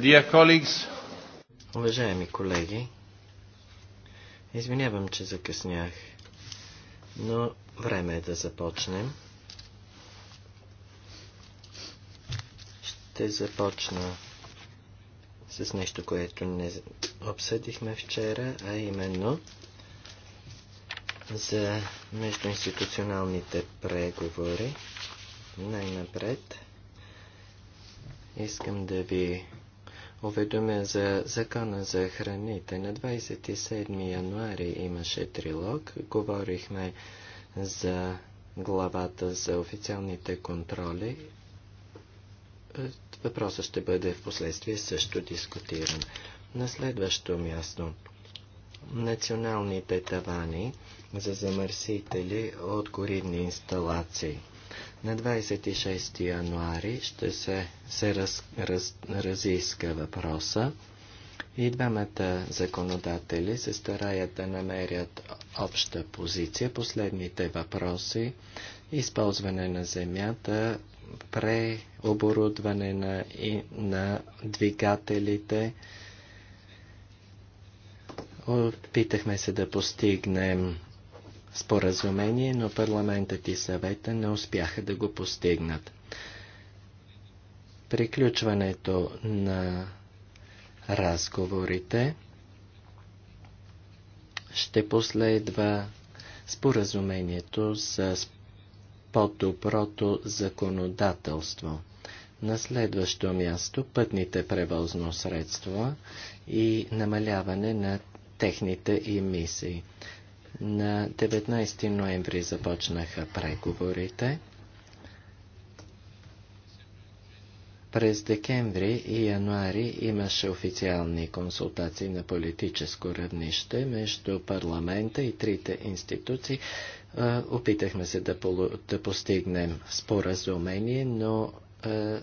Dear colleagues, Уважаеми колеги, извинявам, че закъснях, но време е да започнем. Ще започна с нещо, което не обсъдихме вчера, а именно за междуинституционалните преговори. Най-напред искам да ви уведомя за закона за храните. На 27 януари имаше трилог. Говорихме за главата за официалните контроли. Въпросът ще бъде в последствие също дискутиран. На следващо място националните тавани за замърсители от горивни инсталации. На 26 януари ще се, се раз, раз, разиска въпроса и двамата законодатели се стараят да намерят обща позиция. Последните въпроси използване на земята, преоборудване на, и, на двигателите. Опитахме се да постигнем споразумение, но парламентът и съвета не успяха да го постигнат. Приключването на разговорите ще последва споразумението с по-доброто законодателство. На следващо място пътните превозно средства и намаляване на техните емисии. На 19 ноември започнаха преговорите. През декември и януари имаше официални консултации на политическо равнище между парламента и трите институции. Е, опитахме се да, полу... да постигнем споразумение, но е,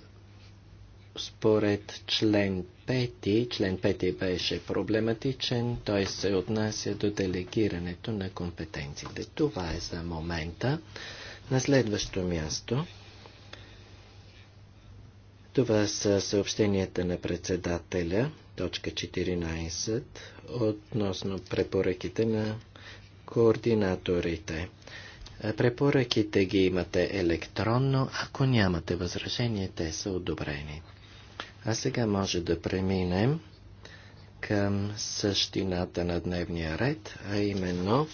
според член 5, член 5 беше проблематичен, той се отнася до делегирането на компетенциите. Това е за момента. На следващо място, това са съобщенията на председателя, точка 14, относно препоръките на координаторите. Препоръките ги имате електронно, ако нямате възражение, те са одобрени. А сега може да преминем към същината на дневния ред, а именно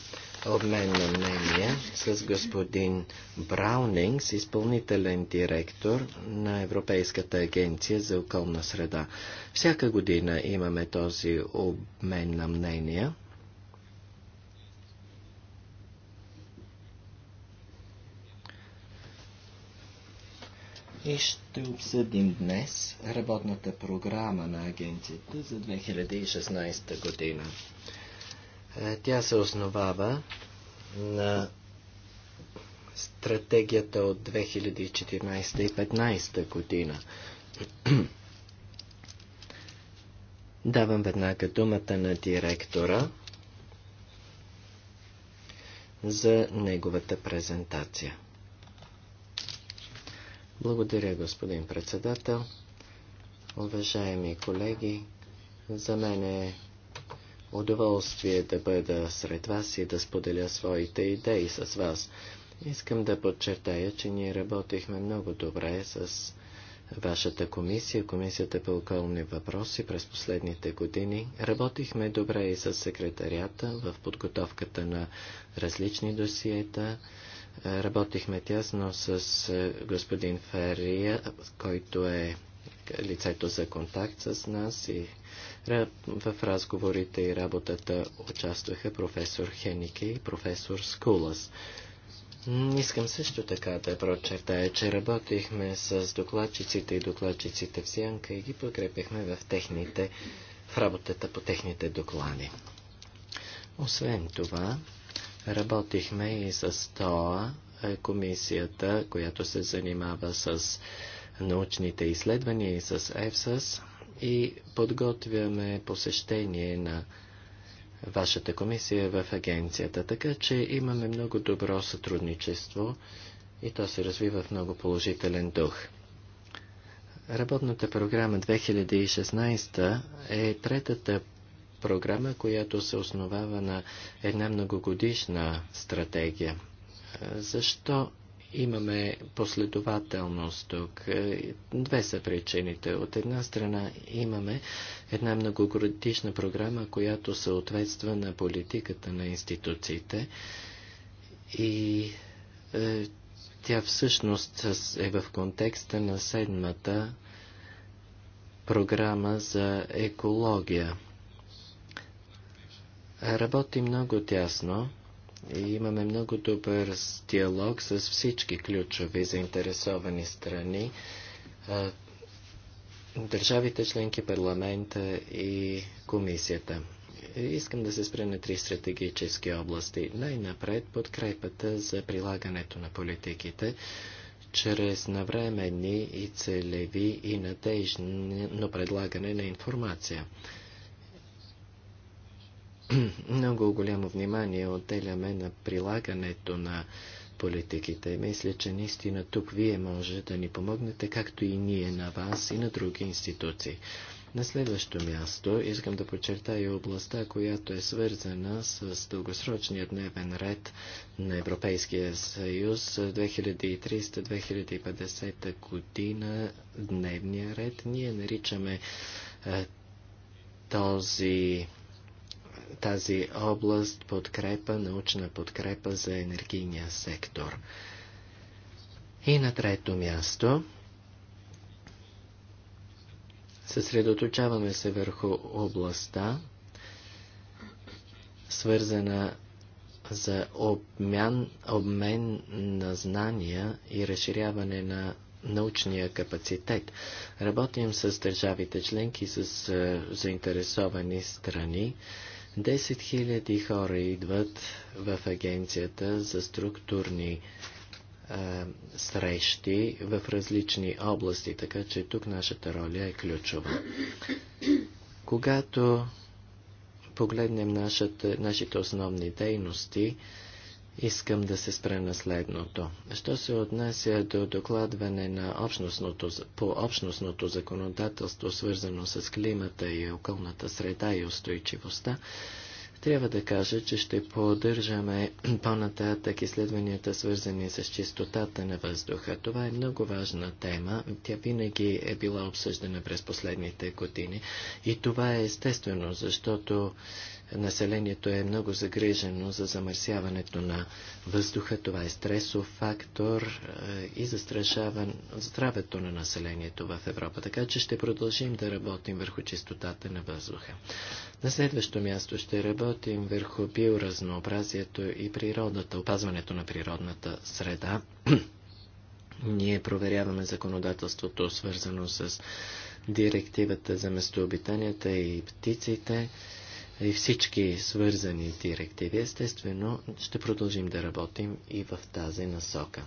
обмен на мнение с господин с изпълнителен директор на Европейската агенция за околна среда. Всяка година имаме този обмен на мнения. и ще обсъдим днес работната програма на агенцията за 2016 година. Е, тя се основава на стратегията от 2014 и 2015 година. Давам веднага думата на директора за неговата презентация. Благодаря, господин председател. Уважаеми колеги, за мен е удоволствие да бъда сред вас и да споделя своите идеи с вас. Искам да подчертая, че ние работихме много добре с вашата комисия, Комисията по околни въпроси през последните години. Работихме добре и с секретарията в подготовката на различни досиета. Работихме тясно с е, господин Ферия, който е лицето за контакт с нас и в разговорите и работата участваха професор Хенике и професор Скулас. Искам също така да прочертая, че работихме с докладчиците и докладчиците в Сянка и ги подкрепихме в, техните, в работата по техните доклади. Освен това, Работихме и с ТОА, е комисията, която се занимава с научните изследвания и с ЕФСАС и подготвяме посещение на вашата комисия в агенцията. Така че имаме много добро сътрудничество и то се развива в много положителен дух. Работната програма 2016 е третата програма, която се основава на една многогодишна стратегия. Защо имаме последователност тук. Две са причините. От една страна имаме една многогодишна програма, която съответства на политиката на институциите и е, тя всъщност е в контекста на седмата програма за екология. Работи много тясно и имаме много добър диалог с всички ключови заинтересовани страни, държавите членки, парламента и комисията. Искам да се спра на три стратегически области. Най-напред подкрепата за прилагането на политиките чрез навременни и целеви и но предлагане на информация. много голямо внимание отделяме на прилагането на политиките. Мисля, че наистина тук вие може да ни помогнете, както и ние на вас и на други институции. На следващо място искам да подчертая областта, която е свързана с дългосрочния дневен ред на Европейския съюз 2300-2050 година дневния ред. Ние наричаме е, този тази област подкрепа, научна подкрепа за енергийния сектор. И на трето място съсредоточаваме се върху областта, свързана за обмян, обмен на знания и разширяване на научния капацитет. Работим с държавите членки, с заинтересовани страни 10 хиляди хора идват в агенцията за структурни а, срещи в различни области, така че тук нашата роля е ключова. Когато погледнем нашата, нашите основни дейности, искам да се спра на следното. Що се отнася до докладване на общностното, по общностното законодателство, свързано с климата и околната среда и устойчивостта, трябва да кажа, че ще поддържаме по-нататък изследванията, свързани с чистотата на въздуха. Това е много важна тема. Тя винаги е била обсъждана през последните години. И това е естествено, защото населението е много загрижено за замърсяването на въздуха. Това е стресов фактор е, и застрашава здравето на населението в Европа. Така че ще продължим да работим върху чистотата на въздуха. На следващо място ще работим върху биоразнообразието и природата, опазването на природната среда. Ние проверяваме законодателството, свързано с директивата за местообитанията и птиците и всички свързани директиви, естествено ще продължим да работим и в тази насока.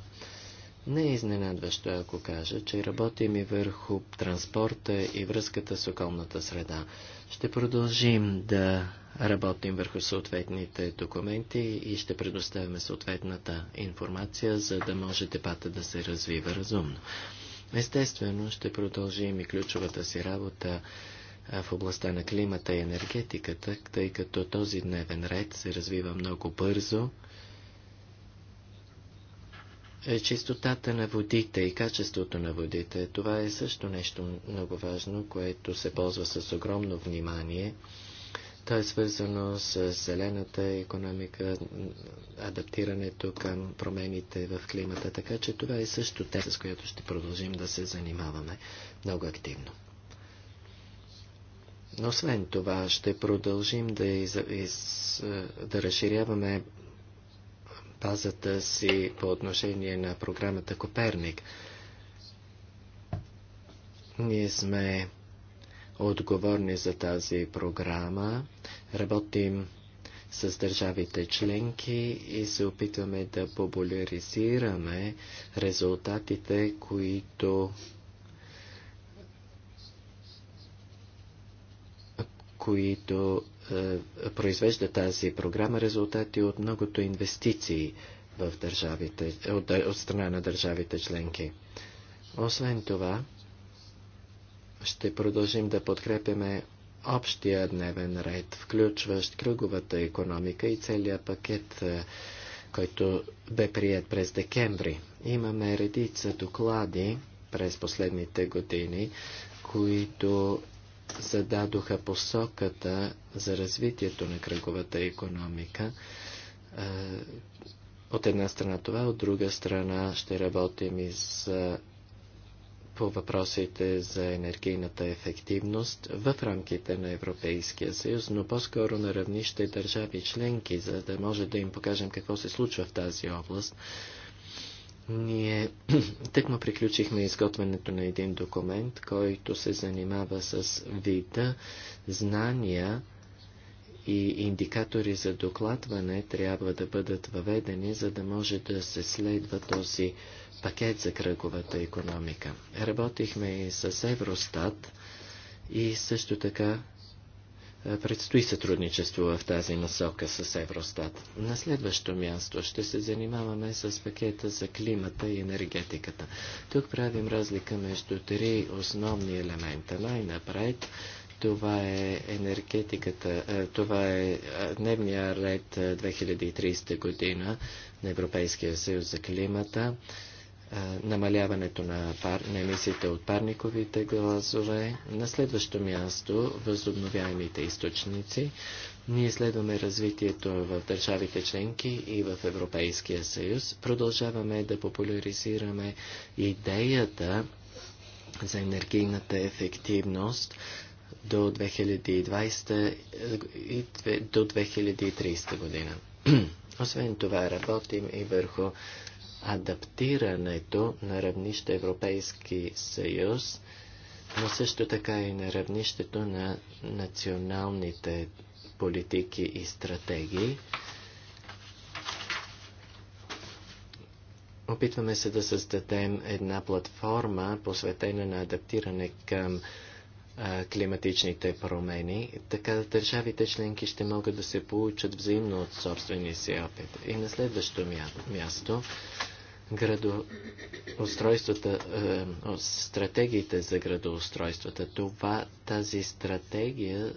Не е изненадващо, ако кажа, че работим и върху транспорта и връзката с околната среда. Ще продължим да работим върху съответните документи и ще предоставяме съответната информация, за да може дебата да се развива разумно. Естествено, ще продължим и ключовата си работа в областта на климата и енергетиката, тъй като този дневен ред се развива много бързо. Е, чистотата на водите и качеството на водите, това е също нещо много важно, което се ползва с огромно внимание. То е свързано с зелената економика, адаптирането към промените в климата, така че това е също тема, с която ще продължим да се занимаваме много активно. Освен това, ще продължим да, из, из, да разширяваме базата си по отношение на програмата Коперник. Ние сме отговорни за тази програма, работим с държавите членки и се опитваме да популяризираме резултатите, които които е, произвежда тази програма, резултати от многото инвестиции в държавите, от, от страна на държавите членки. Освен това, ще продължим да подкрепяме общия дневен ред, включващ кръговата економика и целият пакет, е, който бе прият през декември. Имаме редица доклади през последните години, които зададоха посоката за развитието на кръговата економика. От една страна това, от друга страна ще работим и за, по въпросите за енергийната ефективност в рамките на Европейския съюз, но по-скоро на равнище държави членки, за да може да им покажем какво се случва в тази област ние тъкмо приключихме изготвянето на един документ, който се занимава с вида, знания и индикатори за докладване трябва да бъдат въведени, за да може да се следва този пакет за кръговата економика. Работихме и с Евростат и също така е, предстои сътрудничество в тази насока с Евростат. На следващо място ще се занимаваме с пакета за климата и енергетиката. Тук правим разлика между три основни елемента. Най-напред това е енергетиката, е, това е, е дневния ред 2030 година на Европейския съюз за климата намаляването на, пар, на емисиите от парниковите газове. На следващо място възобновяемите източници. Ние следваме развитието в държавите членки и в Европейския съюз. Продължаваме да популяризираме идеята за енергийната ефективност до 2020 и до 2030 година. Освен това работим и върху адаптирането на равнище Европейски съюз, но също така и на равнището на националните политики и стратегии. Опитваме се да създадем една платформа, посветена на адаптиране към а, климатичните промени. Така държавите членки ще могат да се получат взаимно от собствения си опит. И на следващо място градоустройствата, э, стратегиите за градоустройствата. Това, тази стратегия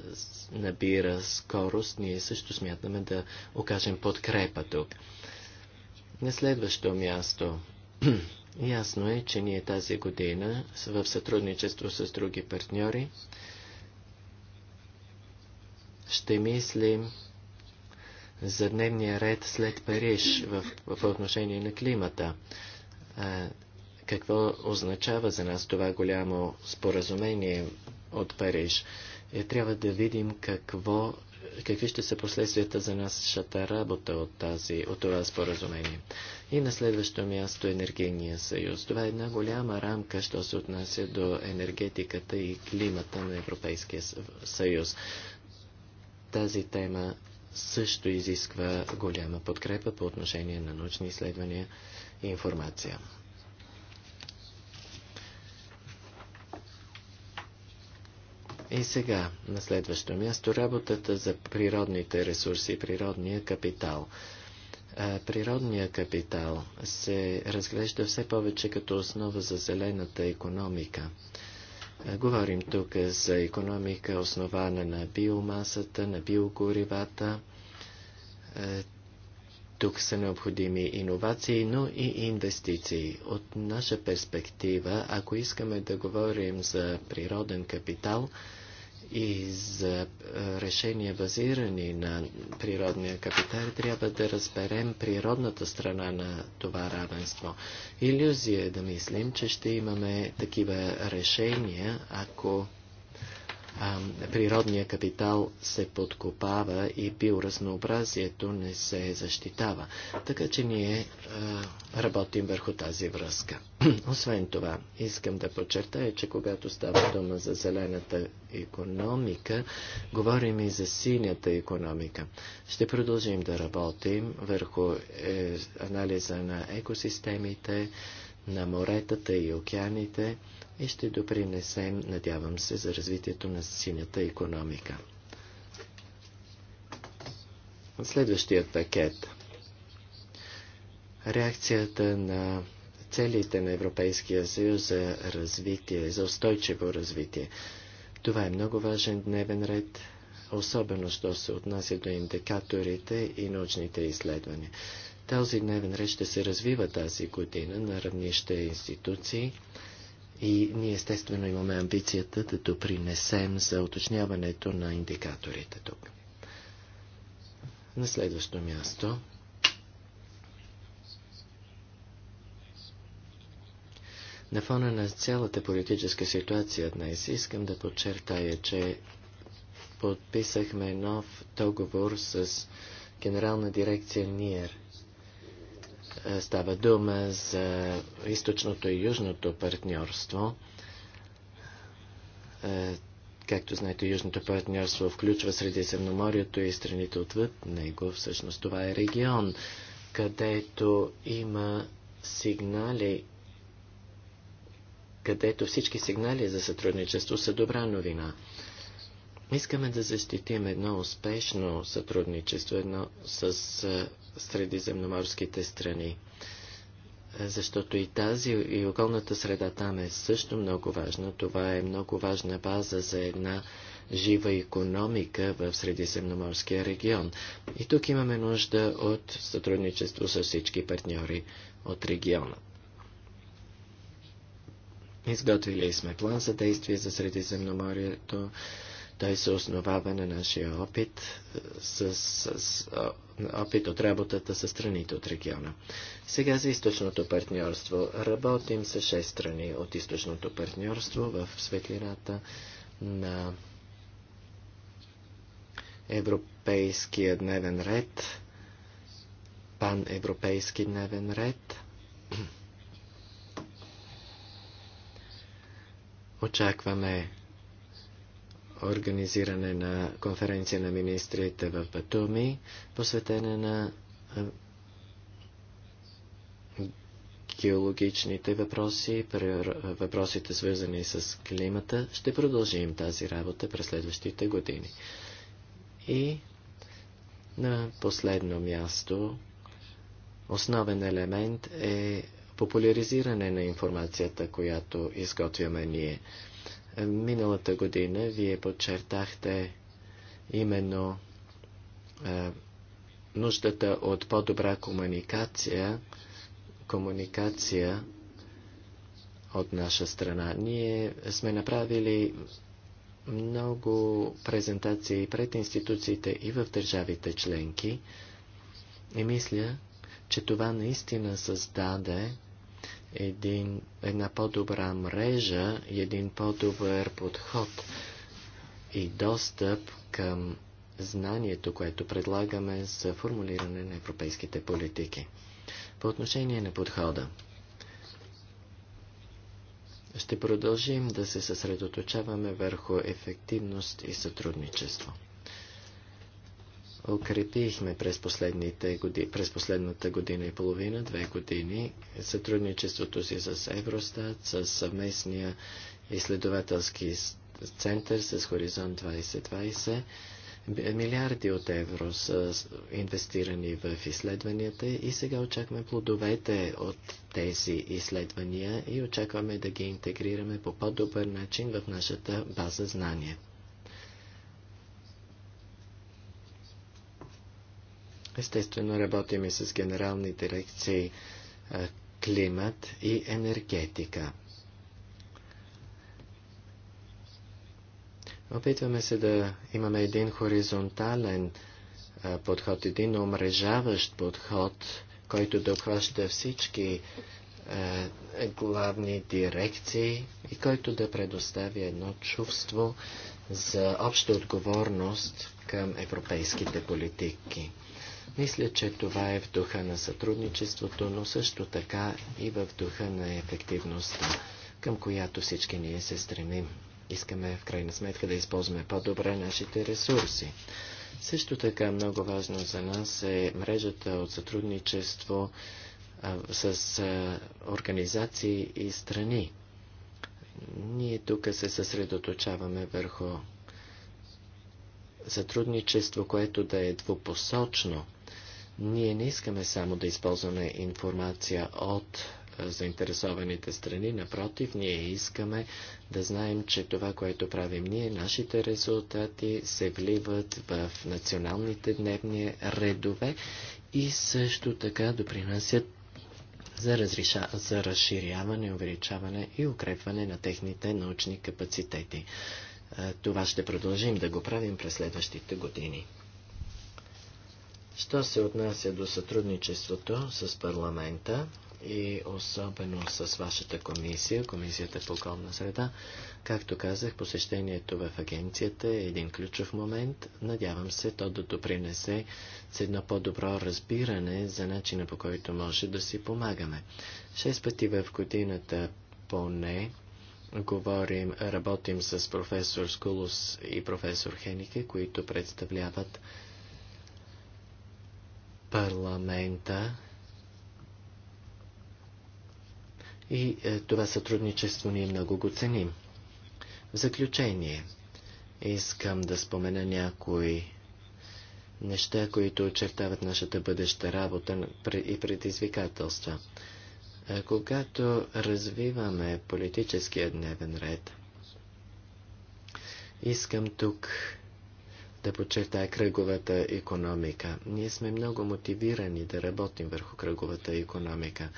набира скорост. Ние също смятаме да окажем подкрепа тук. На следващо място. Ясно е, че ние тази година в сътрудничество с други партньори ще мислим за дневния ред след Париж в, в отношение на климата. А, какво означава за нас това голямо споразумение от Париж? И е, трябва да видим какво, какви ще са последствията за нашата работа от, тази, от това споразумение. И на следващо място Енергийния съюз. Това е една голяма рамка, що се отнася до енергетиката и климата на Европейския съюз. Тази тема също изисква голяма подкрепа по отношение на научни изследвания и информация. И сега, на следващо място, работата за природните ресурси, природния капитал. Природният капитал се разглежда все повече като основа за зелената економика. Е, говорим тук за економика, основана на биомасата, на биогоривата. Е, тук са необходими иновации, но и инвестиции. От наша перспектива, ако искаме да говорим за природен капитал, и за е, решения базирани на природния капитал, трябва да разберем природната страна на това равенство. Иллюзия е да мислим, че ще имаме такива решения, ако природния капитал се подкопава и биоразнообразието не се защитава. Така че ние а, работим върху тази връзка. Освен това, искам да подчертая, че когато става дума за зелената економика, говорим и за синята економика. Ще продължим да работим върху е, анализа на екосистемите, на моретата и океаните, и ще допринесем, надявам се, за развитието на синята економика. Следващият пакет. Реакцията на целите на Европейския съюз за развитие, за устойчиво развитие. Това е много важен дневен ред, особено що се отнася до индикаторите и научните изследвания. Този дневен ред ще се развива тази година на равнище институции. И ние естествено имаме амбицията да допринесем за уточняването на индикаторите тук. На следващо място На фона на цялата политическа ситуация днес искам да подчертая, че подписахме нов договор с Генерална дирекция НИЕР. Става дума за източното и южното партньорство. Е, както знаете, Южното партньорство включва Средиземноморието и страните отвъд него. Всъщност това е регион, където има сигнали, където всички сигнали за сътрудничество са добра новина. Искаме да защитим едно успешно сътрудничество едно с е, средиземноморските страни. Защото и тази, и околната среда там е също много важна. Това е много важна база за една жива економика в Средиземноморския регион. И тук имаме нужда от сътрудничество с всички партньори от региона. Изготвили сме план за действие за Средиземноморието. Той се основава на нашия опит, е, с, с, с опит от работата с страните от региона. Сега за източното партньорство. Работим с 6 страни от източното партньорство в светлината на европейския дневен ред, паневропейски дневен ред. Очакваме организиране на конференция на министрите в Батуми, посветена на геологичните въпроси, въпросите свързани с климата. Ще продължим тази работа през следващите години. И на последно място, основен елемент е популяризиране на информацията, която изготвяме ние. Миналата година вие подчертахте именно е, нуждата от по-добра комуникация, комуникация от наша страна. Ние сме направили много презентации пред институциите и в държавите членки и мисля, че това наистина създаде един, една по-добра мрежа и един по-добър подход и достъп към знанието, което предлагаме за формулиране на европейските политики. По отношение на подхода, ще продължим да се съсредоточаваме върху ефективност и сътрудничество укрепихме през, последните години през последната година и половина, две години, сътрудничеството си с Евростат, с съвместния изследователски център, с Хоризонт 2020. Милиарди от евро са инвестирани в изследванията и сега очакваме плодовете от тези изследвания и очакваме да ги интегрираме по по-добър начин в нашата база знания. Естествено, работим и с генерални дирекции климат и енергетика. Опитваме се да имаме един хоризонтален подход, един омрежаващ подход, който да обхваща всички главни дирекции и който да предостави едно чувство за обща отговорност към европейските политики. Мисля, че това е в духа на сътрудничеството, но също така и в духа на ефективността, към която всички ние се стремим. Искаме в крайна сметка да използваме по-добре нашите ресурси. Също така много важно за нас е мрежата от сътрудничество а, с а, организации и страни. Ние тук се съсредоточаваме върху сътрудничество, което да е двупосочно. Ние не искаме само да използваме информация от е, заинтересованите страни. Напротив, ние искаме да знаем, че това, което правим ние, нашите резултати се вливат в националните дневни редове и също така допринасят за, разриша, за разширяване, увеличаване и укрепване на техните научни капацитети. Е, това ще продължим да го правим през следващите години. Що се отнася до сътрудничеството с парламента и особено с вашата комисия, Комисията по околна среда, както казах, посещението в агенцията е един ключов момент. Надявам се то да допринесе с едно по-добро разбиране за начина по който може да си помагаме. Шест пъти в годината поне говорим, работим с професор Скулус и професор Хенике, които представляват парламента. И е, това сътрудничество ние много го ценим. В заключение, искам да спомена някои неща, които очертават нашата бъдеща работа и предизвикателства. Е, когато развиваме политическия дневен ред, искам тук да подчертая кръговата економика. Ние сме много мотивирани да работим върху кръговата економика.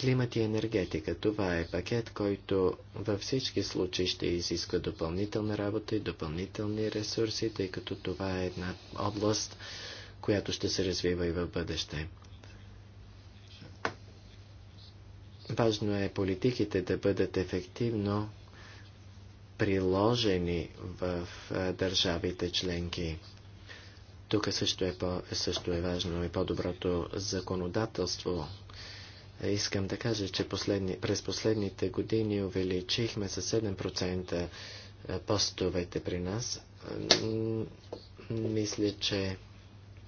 Климат и енергетика – това е пакет, който във всички случаи ще изисква допълнителна работа и допълнителни ресурси, тъй като това е една област, която ще се развива и в бъдеще. Важно е политиките да бъдат ефективно приложени в държавите членки. Тук също е, по, също е важно и по-доброто законодателство. Искам да кажа, че последни, през последните години увеличихме със 7% постовете при нас. Мисля, че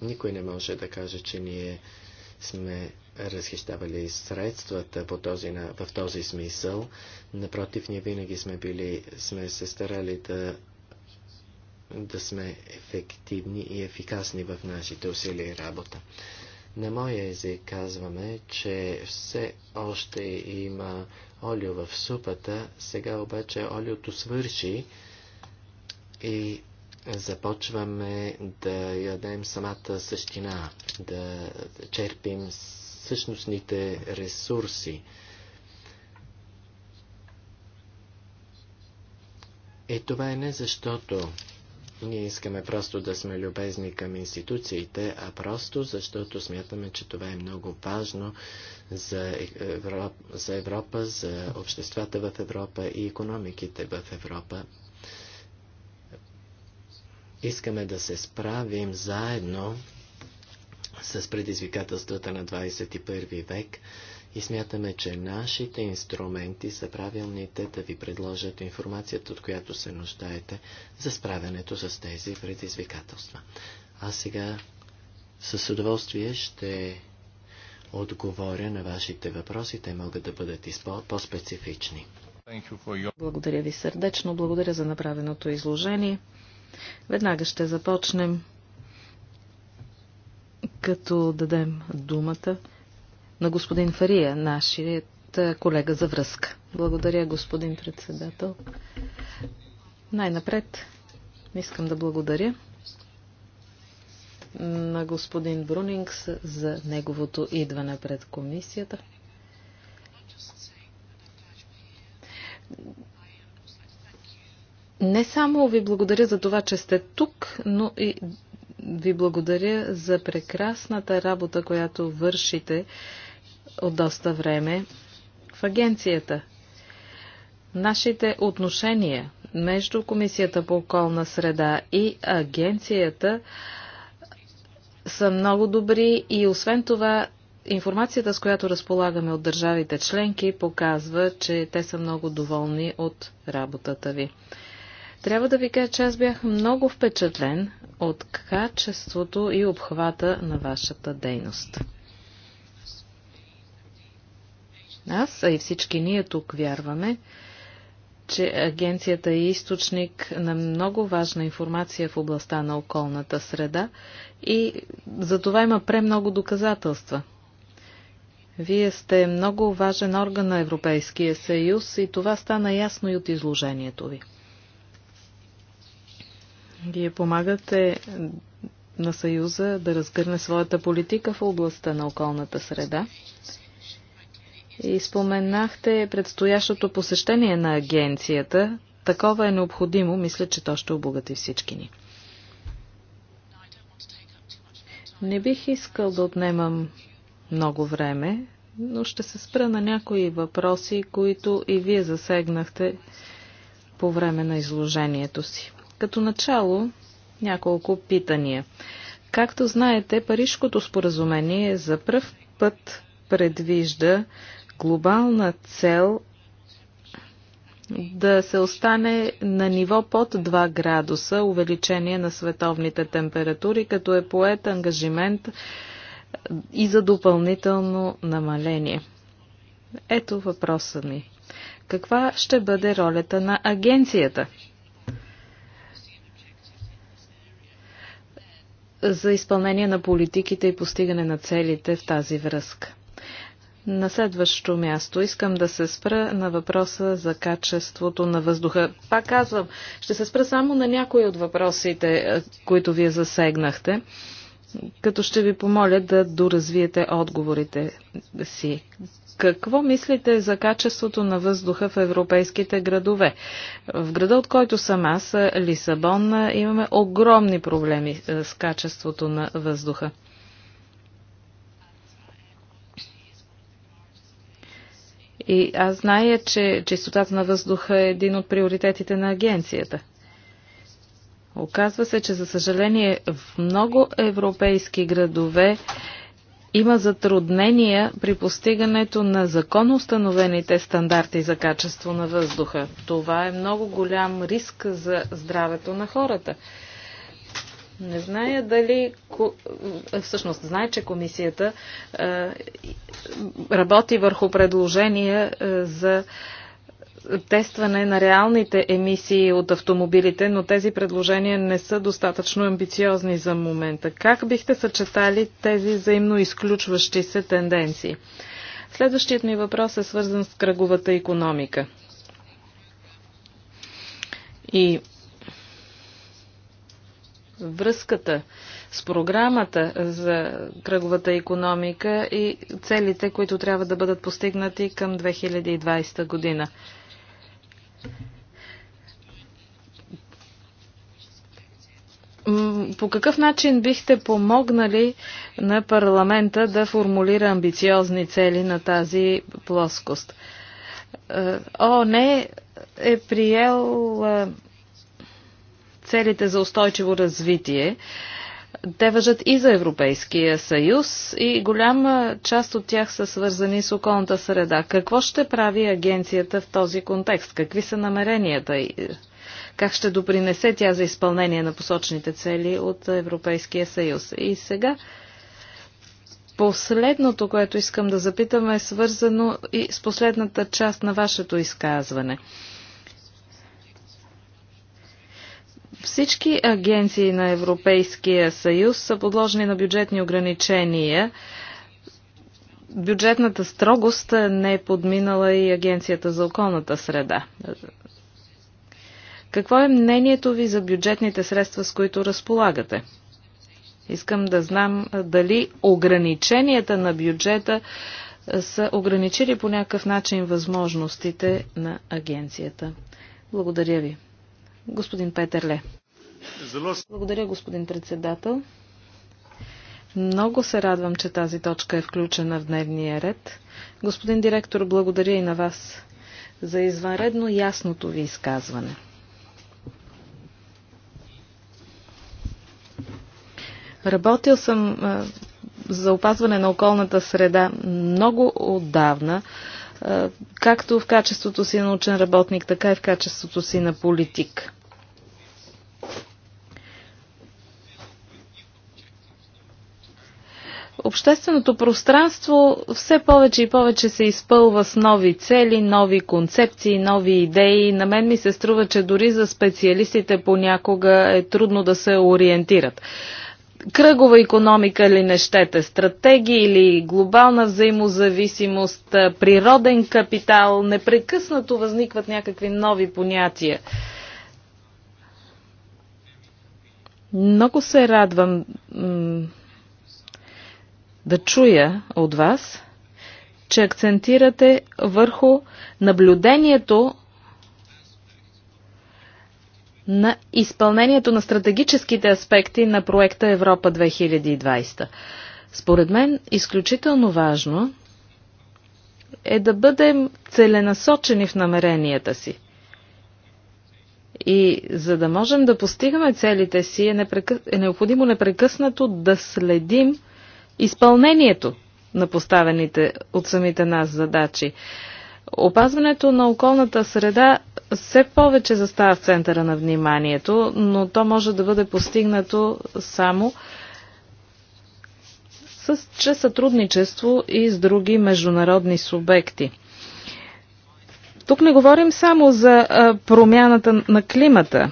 никой не може да каже, че ние сме разхищавали средствата по този, в този смисъл. Напротив, ние винаги сме, били, сме се старали да, да сме ефективни и ефикасни в нашите усилия и работа. На моя език казваме, че все още има олио в супата, сега обаче олиото свърши и започваме да ядем самата същина, да черпим същностните ресурси. Е това е не защото ние искаме просто да сме любезни към институциите, а просто защото смятаме, че това е много важно за Европа, за, Европа, за обществата в Европа и економиките в Европа. Искаме да се справим заедно с предизвикателствата на 21 век и смятаме, че нашите инструменти са правилните да ви предложат информацията, от която се нуждаете за справянето с тези предизвикателства. А сега с удоволствие ще отговоря на вашите въпроси. Те могат да бъдат и по-специфични. Благодаря ви сърдечно, благодаря за направеното изложение. Веднага ще започнем като дадем думата на господин Фария, нашият колега за връзка. Благодаря, господин председател. Най-напред искам да благодаря на господин Брунингс за неговото идване пред комисията. Не само ви благодаря за това, че сте тук, но и ви благодаря за прекрасната работа, която вършите от доста време в агенцията. Нашите отношения между Комисията по околна среда и агенцията са много добри и освен това информацията, с която разполагаме от държавите членки, показва, че те са много доволни от работата ви. Трябва да ви кажа, че аз бях много впечатлен от качеството и обхвата на вашата дейност. Аз, а и всички ние тук вярваме, че агенцията е източник на много важна информация в областта на околната среда и за това има премного доказателства. Вие сте много важен орган на Европейския съюз и това стана ясно и от изложението ви. Вие помагате на Съюза да разгърне своята политика в областта на околната среда. И споменахте предстоящото посещение на агенцията. Такова е необходимо. Мисля, че то ще обогати всички ни. Не бих искал да отнемам много време, но ще се спра на някои въпроси, които и вие засегнахте по време на изложението си. Като начало, няколко питания. Както знаете, Парижското споразумение за пръв път предвижда глобална цел да се остане на ниво под 2 градуса увеличение на световните температури, като е поет ангажимент и за допълнително намаление. Ето въпроса ми. Каква ще бъде ролята на агенцията? за изпълнение на политиките и постигане на целите в тази връзка. На следващо място искам да се спра на въпроса за качеството на въздуха. Пак казвам, ще се спра само на някои от въпросите, е, които вие засегнахте, като ще ви помоля да доразвиете отговорите си. Какво мислите за качеството на въздуха в европейските градове? В града, от който съм аз, Лисабон, имаме огромни проблеми е, с качеството на въздуха. И аз зная, че чистотата на въздуха е един от приоритетите на агенцията. Оказва се, че за съжаление в много европейски градове има затруднения при постигането на законоустановените стандарти за качество на въздуха. Това е много голям риск за здравето на хората. Не зная дали... Всъщност, знае, че комисията работи върху предложения за тестване на реалните емисии от автомобилите, но тези предложения не са достатъчно амбициозни за момента. Как бихте съчетали тези взаимно изключващи се тенденции? Следващият ми въпрос е свързан с кръговата економика. И връзката с програмата за кръговата економика и целите, които трябва да бъдат постигнати към 2020 година. По какъв начин бихте помогнали на парламента да формулира амбициозни цели на тази плоскост? Е, не е приел е, целите за устойчиво развитие те въжат и за Европейския съюз и голяма част от тях са свързани с околната среда. Какво ще прави агенцията в този контекст? Какви са намеренията и как ще допринесе тя за изпълнение на посочните цели от Европейския съюз? И сега последното, което искам да запитам е свързано и с последната част на вашето изказване – Всички агенции на Европейския съюз са подложени на бюджетни ограничения. Бюджетната строгост не е подминала и Агенцията за околната среда. Какво е мнението ви за бюджетните средства, с които разполагате? Искам да знам дали ограниченията на бюджета са ограничили по някакъв начин възможностите на агенцията. Благодаря ви. Господин Петерле. Благодаря, господин председател. Много се радвам, че тази точка е включена в дневния ред. Господин директор, благодаря и на вас за извънредно ясното ви изказване. Работил съм за опазване на околната среда много отдавна както в качеството си на научен работник, така и в качеството си на политик. Общественото пространство все повече и повече се изпълва с нови цели, нови концепции, нови идеи. На мен ми се струва, че дори за специалистите понякога е трудно да се ориентират кръгова економика ли не щете, стратегии или глобална взаимозависимост, природен капитал, непрекъснато възникват някакви нови понятия. Много се радвам да чуя от вас, че акцентирате върху наблюдението на изпълнението на стратегическите аспекти на проекта Европа 2020. Според мен изключително важно е да бъдем целенасочени в намеренията си. И за да можем да постигаме целите си, е, непрекъс... е необходимо непрекъснато да следим изпълнението на поставените от самите нас задачи. Опазването на околната среда все повече застава в центъра на вниманието, но то може да бъде постигнато само с, чрез сътрудничество и с други международни субекти. Тук не говорим само за промяната на климата.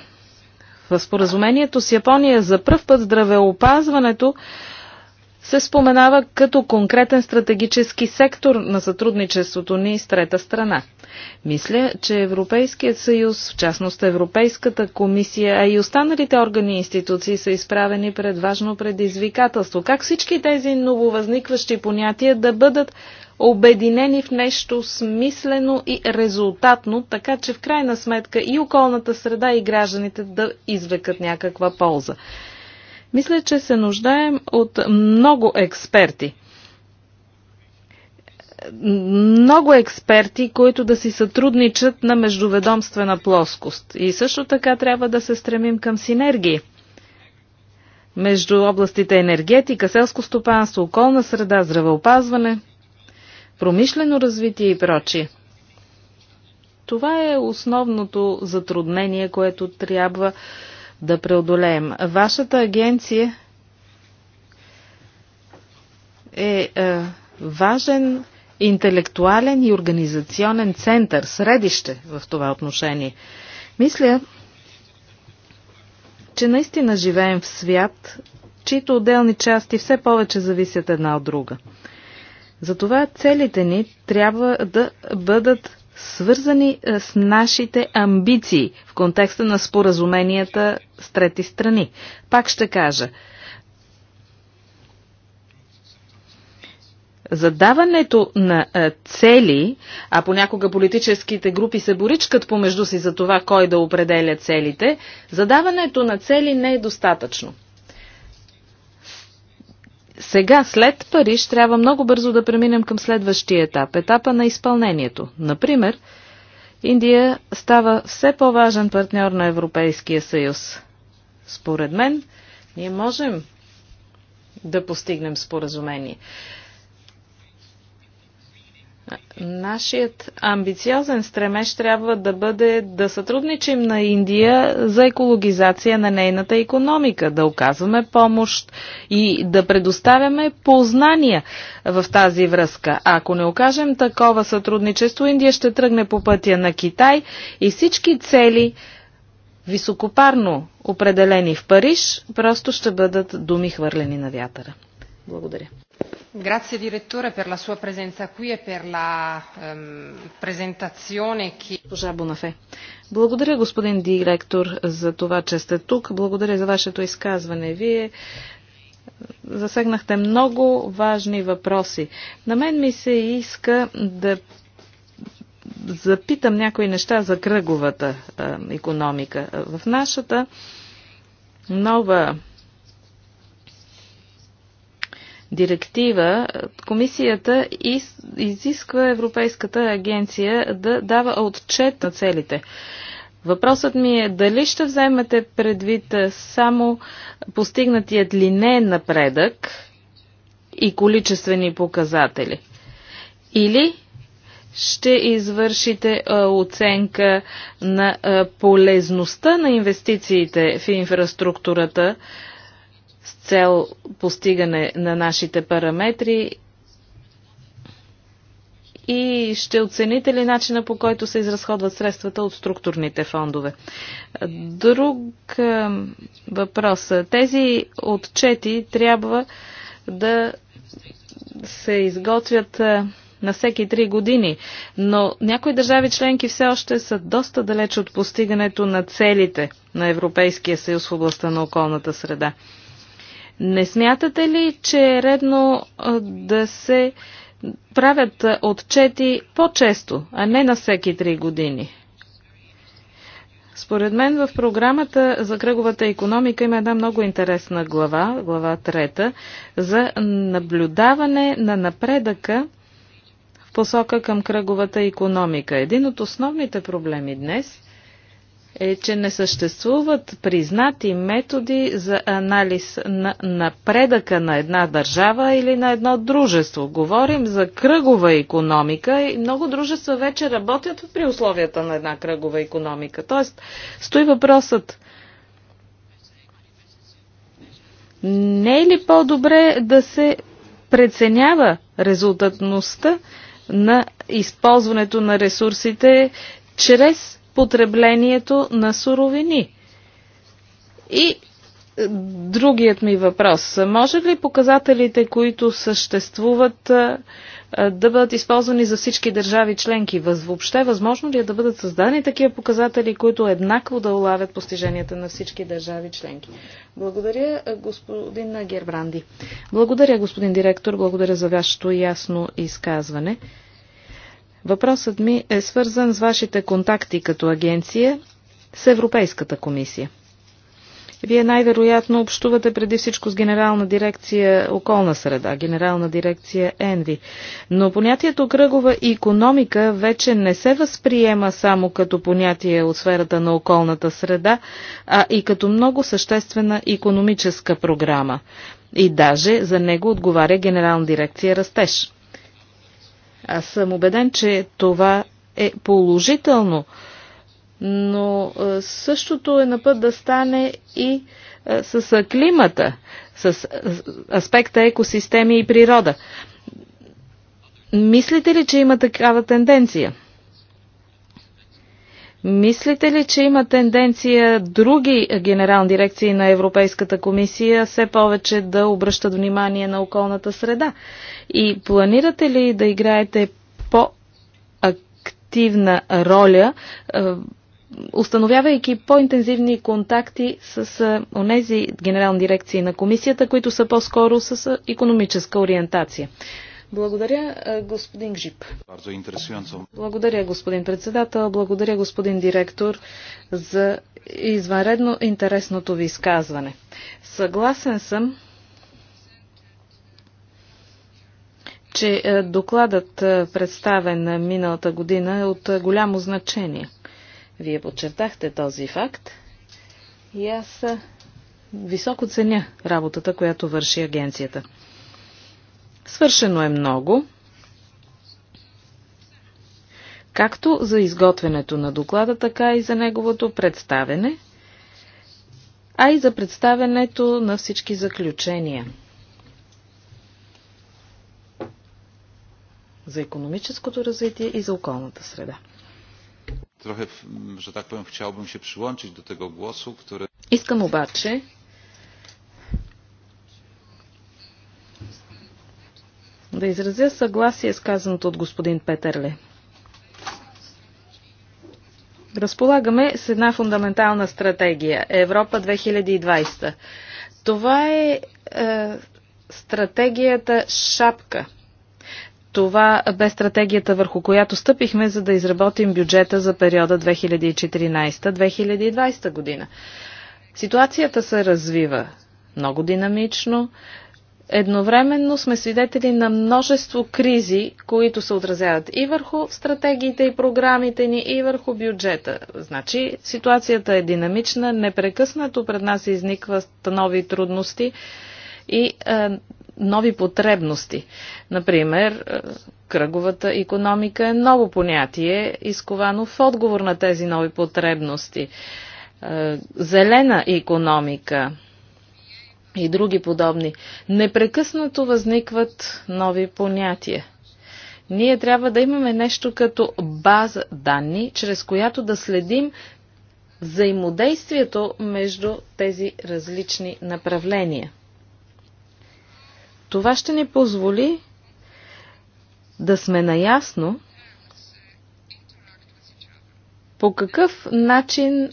В споразумението с Япония за пръв път здравеопазването се споменава като конкретен стратегически сектор на сътрудничеството ни с трета страна. Мисля, че Европейският съюз, в частност Европейската комисия, а и останалите органи и институции са изправени пред важно предизвикателство. Как всички тези нововъзникващи понятия да бъдат обединени в нещо смислено и резултатно, така че в крайна сметка и околната среда и гражданите да извлекат някаква полза. Мисля, че се нуждаем от много експерти много експерти, които да си сътрудничат на междуведомствена плоскост. И също така трябва да се стремим към синергии между областите енергетика, селско стопанство, околна среда, здравеопазване, промишлено развитие и прочие. Това е основното затруднение, което трябва да преодолеем. Вашата агенция е, е важен интелектуален и организационен център, средище в това отношение. Мисля, че наистина живеем в свят, чието отделни части все повече зависят една от друга. Затова целите ни трябва да бъдат свързани е, с нашите амбиции в контекста на споразуменията с трети страни. Пак ще кажа, Задаването на е, цели, а понякога политическите групи се боричкат помежду си за това кой да определя целите, задаването на цели не е достатъчно. Сега, след Париж, трябва много бързо да преминем към следващия етап, етапа на изпълнението. Например, Индия става все по-важен партньор на Европейския съюз. Според мен, ние можем да постигнем споразумение. Нашият амбициозен стремеж трябва да бъде да сътрудничим на Индия за екологизация на нейната економика, да оказваме помощ и да предоставяме познания в тази връзка. А ако не окажем такова сътрудничество, Индия ще тръгне по пътя на Китай и всички цели, високопарно определени в Париж, просто ще бъдат думи хвърлени на вятъра. Благодаря. Grazie direttore per la sua presenza qui e per la um, presentazione. che... Госпожа Бонафе. Благодаря, господин директор, за това, че сте тук. Благодаря за вашето изказване. Вие засегнахте много важни въпроси. На мен ми се иска да запитам някои неща за кръговата економика. В нашата нова директива, комисията из, изисква Европейската агенция да дава отчет на целите. Въпросът ми е дали ще вземете предвид само постигнатият не напредък и количествени показатели? Или ще извършите оценка на полезността на инвестициите в инфраструктурата с цел постигане на нашите параметри и ще оцените ли начина по който се изразходват средствата от структурните фондове? Друг е, въпрос. Тези отчети трябва да се изготвят е, на всеки три години, но някои държави членки все още са доста далеч от постигането на целите на Европейския съюз в областта на околната среда. Не смятате ли, че е редно да се правят отчети по-често, а не на всеки три години? Според мен в програмата за кръговата економика има една много интересна глава, глава трета, за наблюдаване на напредъка в посока към кръговата економика. Един от основните проблеми днес е, че не съществуват признати методи за анализ на напредъка на една държава или на едно дружество. Говорим за кръгова економика и много дружества вече работят при условията на една кръгова економика. Тоест, стои въпросът. Не е ли по-добре да се преценява резултатността на използването на ресурсите чрез потреблението на суровини. И е, другият ми въпрос. Може ли показателите, които съществуват, е, е, да бъдат използвани за всички държави членки? Въобще, възможно ли е да бъдат създадени такива показатели, които еднакво да улавят постиженията на всички държави членки? Благодаря, господин Гербранди. Благодаря, господин директор. Благодаря за вашето ясно изказване. Въпросът ми е свързан с вашите контакти като агенция с Европейската комисия. Вие най-вероятно общувате преди всичко с Генерална дирекция околна среда, Генерална дирекция Енви. Но понятието кръгова економика вече не се възприема само като понятие от сферата на околната среда, а и като много съществена економическа програма. И даже за него отговаря Генерална дирекция Растеж. Аз съм убеден, че това е положително, но е, същото е на път да стане и е, с е, климата, с аспекта екосистеми и природа. Мислите ли, че има такава тенденция? Мислите ли, че има тенденция други генерални дирекции на Европейската комисия все повече да обръщат внимание на околната среда? И планирате ли да играете по-активна роля, е, установявайки по-интензивни контакти с е, онези генерални дирекции на комисията, които са по-скоро с економическа ориентация? Благодаря, господин Гжип. Благодаря, господин председател. Благодаря, господин директор, за извънредно интересното ви изказване. Съгласен съм, че докладът, представен миналата година, е от голямо значение. Вие подчертахте този факт и аз високо ценя работата, която върши агенцията. Свършено е много, както за изготвянето на доклада, така и за неговото представене, а и за представенето на всички заключения. за економическото развитие и за околната среда. Trochę, że tak powiem, chciałbym się przyłączyć do tego głosu, który... Искам обаче да изразя съгласие с казаното от господин Петърле. Разполагаме с една фундаментална стратегия Европа 2020. Това е, е стратегията Шапка. Това бе стратегията, върху която стъпихме, за да изработим бюджета за периода 2014-2020 година. Ситуацията се развива много динамично. Едновременно сме свидетели на множество кризи, които се отразяват и върху стратегиите и програмите ни, и върху бюджета. Значи ситуацията е динамична, непрекъснато пред нас изникват нови трудности и е, нови потребности. Например, е, кръговата економика е ново понятие, изковано в отговор на тези нови потребности. Е, зелена економика – и други подобни. Непрекъснато възникват нови понятия. Ние трябва да имаме нещо като база данни, чрез която да следим взаимодействието между тези различни направления. Това ще ни позволи да сме наясно по какъв начин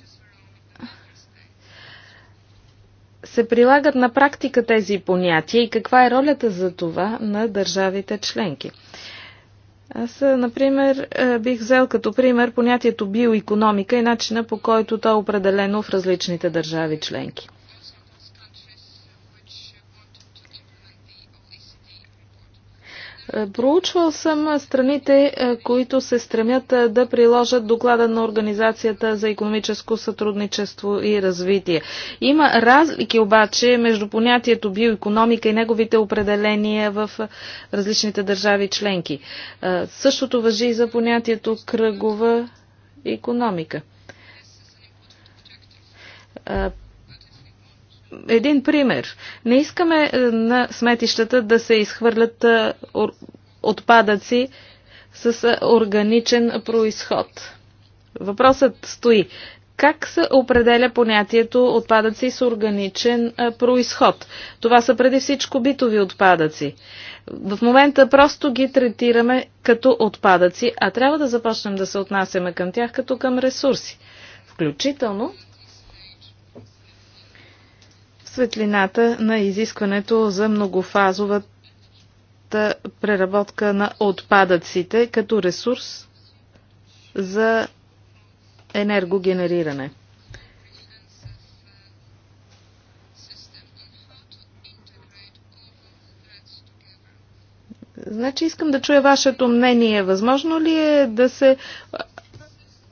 се прилагат на практика тези понятия и каква е ролята за това на държавите членки? Аз, е, например, е, бих взел като пример понятието биоекономика и начина по който то е определено в различните държави членки. Е, проучвал съм страните, е, които се стремят е, да приложат доклада на Организацията за економическо сътрудничество и развитие. Има разлики обаче между понятието биоекономика и неговите определения в различните държави членки. Същото въжи и за понятието кръгова економика един пример. Не искаме е, на сметищата да се изхвърлят е, отпадъци с е, органичен происход. Въпросът стои. Как се определя понятието отпадъци с органичен происход? Това са преди всичко битови отпадъци. В момента просто ги третираме като отпадъци, а трябва да започнем да се отнасяме към тях като към ресурси. Включително светлината на изискването за многофазовата преработка на отпадъците като ресурс за енергогенериране. Значи искам да чуя вашето мнение. Възможно ли е да се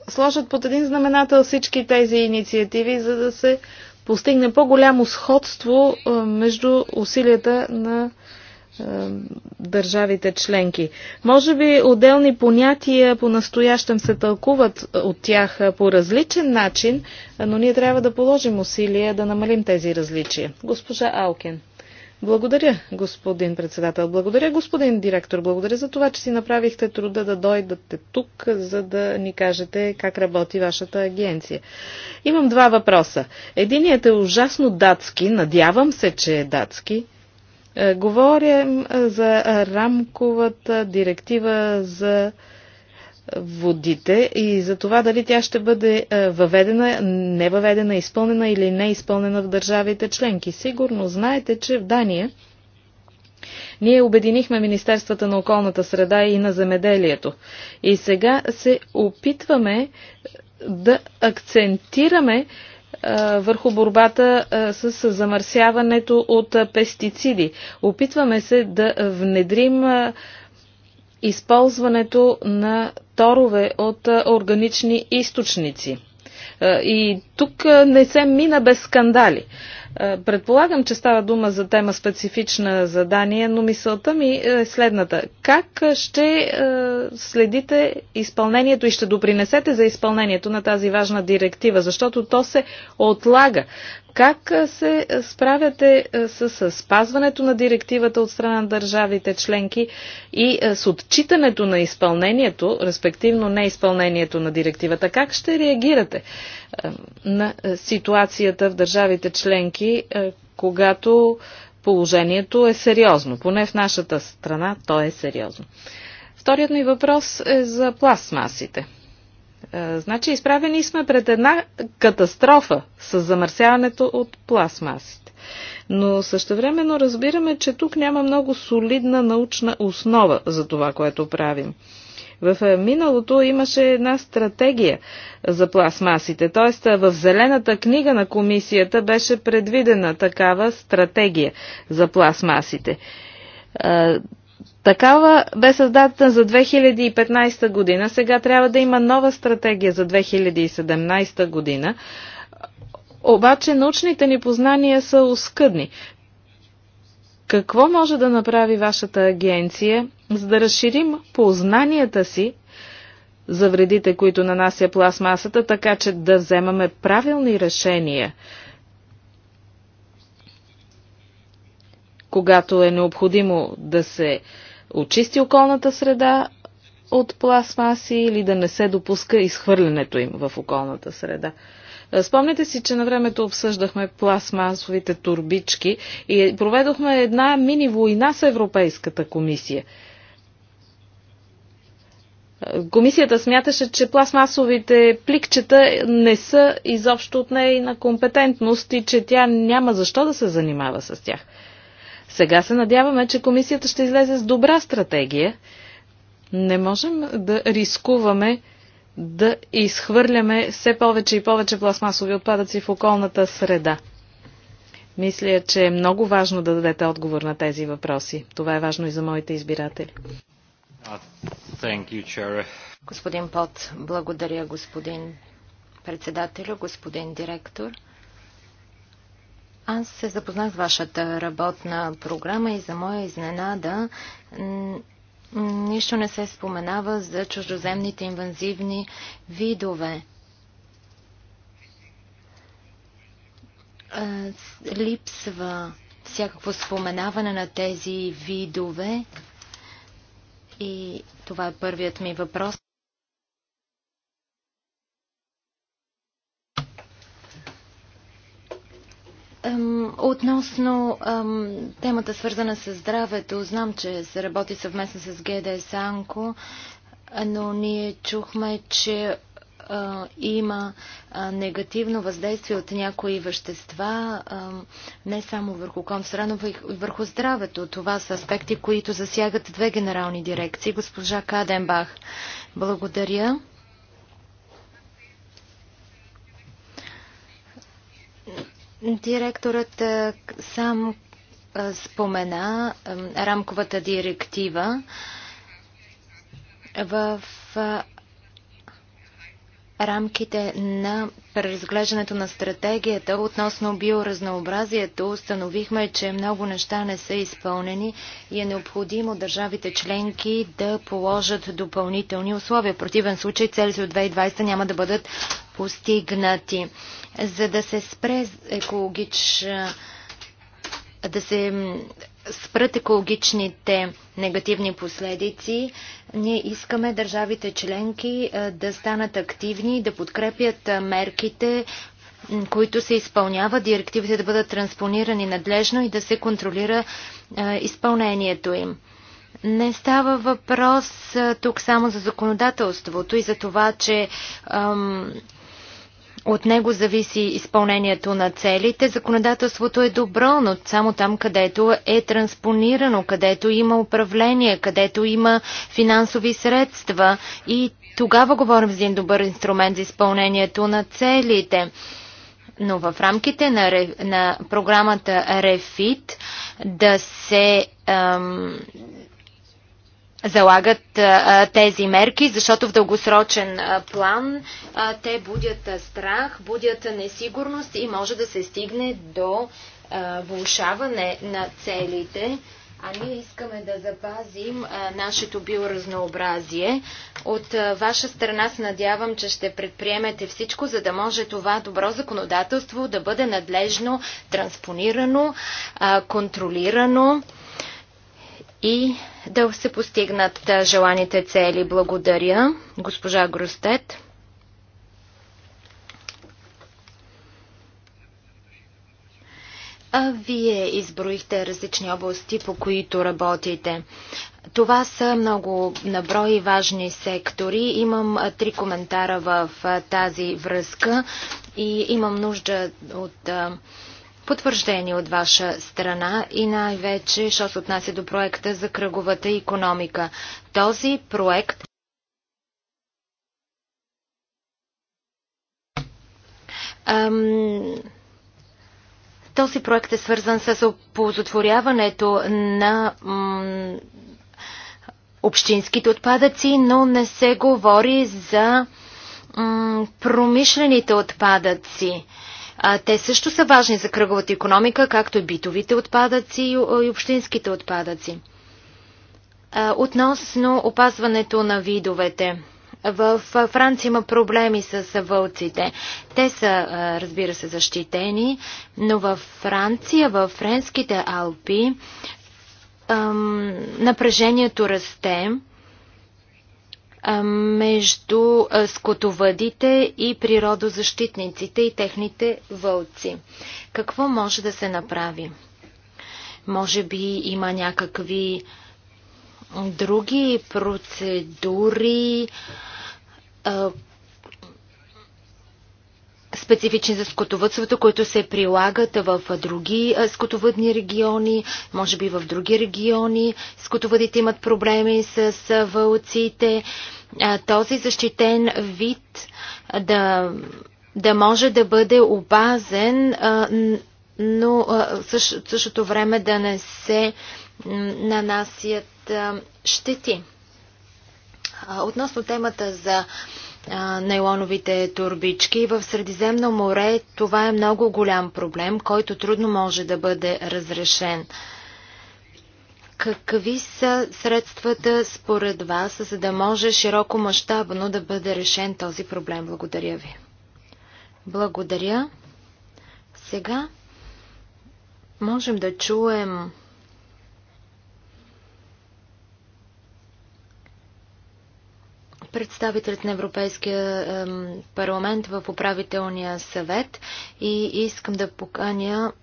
сложат под един знаменател всички тези инициативи, за да се постигне по-голямо сходство между усилията на държавите членки. Може би отделни понятия по-настоящем се тълкуват от тях по различен начин, но ние трябва да положим усилия да намалим тези различия. Госпожа Алкен. Благодаря, господин председател. Благодаря, господин директор. Благодаря за това, че си направихте труда да дойдете тук, за да ни кажете как работи вашата агенция. Имам два въпроса. Единият е ужасно датски. Надявам се, че е датски. Е, говорим за рамковата директива за водите и за това дали тя ще бъде е, въведена, не въведена, изпълнена или не изпълнена в държавите членки. Сигурно знаете, че в Дания ние обединихме Министерствата на околната среда и на земеделието. И сега се опитваме да акцентираме е, върху борбата е, с замърсяването от пестициди. Опитваме се да внедрим използването на торове от органични източници. И тук не се мина без скандали. Е, предполагам, че става дума за тема специфична за Дания, но мисълта ми е следната. Как ще е, следите изпълнението и ще допринесете за изпълнението на тази важна директива, защото то се отлага. Как е, се справяте с спазването на директивата от страна на държавите членки и с отчитането на изпълнението, респективно неизпълнението на директивата? Как ще реагирате? Е, на е, ситуацията в държавите членки, е, когато положението е сериозно. Поне в нашата страна то е сериозно. Вторият ми въпрос е за пластмасите. Значи, изправени сме пред една катастрофа с замърсяването от пластмасите. Но същевременно разбираме, че тук няма много солидна научна основа за това, което правим. В е, миналото имаше една стратегия за пластмасите, т.е. в зелената книга на комисията беше предвидена такава стратегия за пластмасите. Е, такава бе създадена за 2015 година. Сега трябва да има нова стратегия за 2017 година. Обаче научните ни познания са оскъдни. Какво може да направи вашата агенция, за да разширим познанията си за вредите, които нанася пластмасата, така че да вземаме правилни решения, когато е необходимо да се очисти околната среда от пластмаси или да не се допуска изхвърлянето им в околната среда? Е, спомняте си, че на времето обсъждахме пластмасовите турбички и проведохме една мини война с Европейската комисия. Е, комисията смяташе, че пластмасовите пликчета не са изобщо от нея и на компетентност и че тя няма защо да се занимава с тях. Сега се надяваме, че комисията ще излезе с добра стратегия. Не можем да рискуваме да изхвърляме все повече и повече пластмасови отпадъци в околната среда. Мисля, че е много важно да дадете отговор на тези въпроси. Това е важно и за моите избиратели. Uh, господин Пот, благодаря господин председателю, господин директор. Аз се запознах с вашата работна програма и за моя изненада нищо не се споменава за чуждоземните инвазивни видове. Липсва всякакво споменаване на тези видове и това е първият ми въпрос. Относно темата свързана с здравето, знам, че се работи съвместно с ГДС Анко, но ние чухме, че има негативно въздействие от някои вещества, не само върху консера, но върху здравето. Това са аспекти, които засягат две генерални дирекции. Госпожа Каденбах, благодаря. Директорът сам спомена рамковата директива в рамките на преразглеждането на стратегията относно биоразнообразието установихме, че много неща не са изпълнени и е необходимо държавите членки да положат допълнителни условия. В противен случай целите от 2020 няма да бъдат постигнати. За да се спре екологич да се спрат екологичните негативни последици, ние искаме държавите членки е, да станат активни, да подкрепят е, мерките, които се изпълняват, директивите да бъдат транспонирани надлежно и да се контролира е, изпълнението им. Не става въпрос тук само за законодателството и за това, че ам, от него зависи изпълнението на целите. Законодателството е добро, но само там, където е транспонирано, където има управление, където има финансови средства. И тогава говорим за един добър инструмент за изпълнението на целите. Но в рамките на, на програмата REFIT да се ам, залагат тези мерки, защото в дългосрочен план те будят страх, будят несигурност и може да се стигне до влушаване на целите. А ние искаме да запазим а, нашето биоразнообразие. От а, ваша страна се надявам, че ще предприемете всичко, за да може това добро законодателство да бъде надлежно транспонирано, а, контролирано и да се постигнат желаните цели. Благодаря, госпожа Гростет. А вие изброихте различни области, по които работите. Това са много наброи важни сектори. Имам три коментара в тази връзка и имам нужда от потвърждени от ваша страна и най-вече, що се отнася до проекта за кръговата економика. Този проект ам, този проект е свързан с оползотворяването на м, общинските отпадъци, но не се говори за м, промишлените отпадъци. А, те също са важни за кръговата економика, както и битовите отпадъци и общинските отпадъци. А, относно опазването на видовете. В Франция има проблеми с вълците. Те са, разбира се, защитени, но в Франция, в френските Алпи, напрежението расте между скотовъдите и природозащитниците и техните вълци. Какво може да се направи? Може би има някакви други процедури, специфични за скотовътството, които се прилагат в други скотовъдни региони, може би в други региони. Скотовъдите имат проблеми с вълците. Този защитен вид да, да може да бъде опазен, но в същото време да не се нанасят щети. Относно темата за Нейлоновите турбички. В Средиземно море това е много голям проблем, който трудно може да бъде разрешен. Какви са средствата според вас, за да може широко мащабно да бъде решен този проблем? Благодаря ви. Благодаря. Сега можем да чуем представителят на Европейския парламент в управителния съвет и искам да поканя,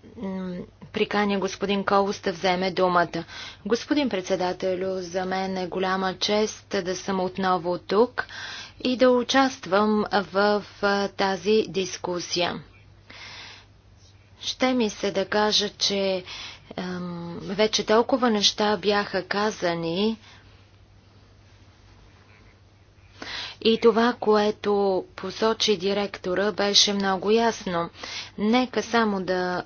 приканя господин Колус да вземе думата. Господин председателю, за мен е голяма чест да съм отново тук и да участвам в е, тази дискусия. Ще ми се да кажа, че вече толкова неща бяха казани, И това, което посочи директора, беше много ясно. Нека само да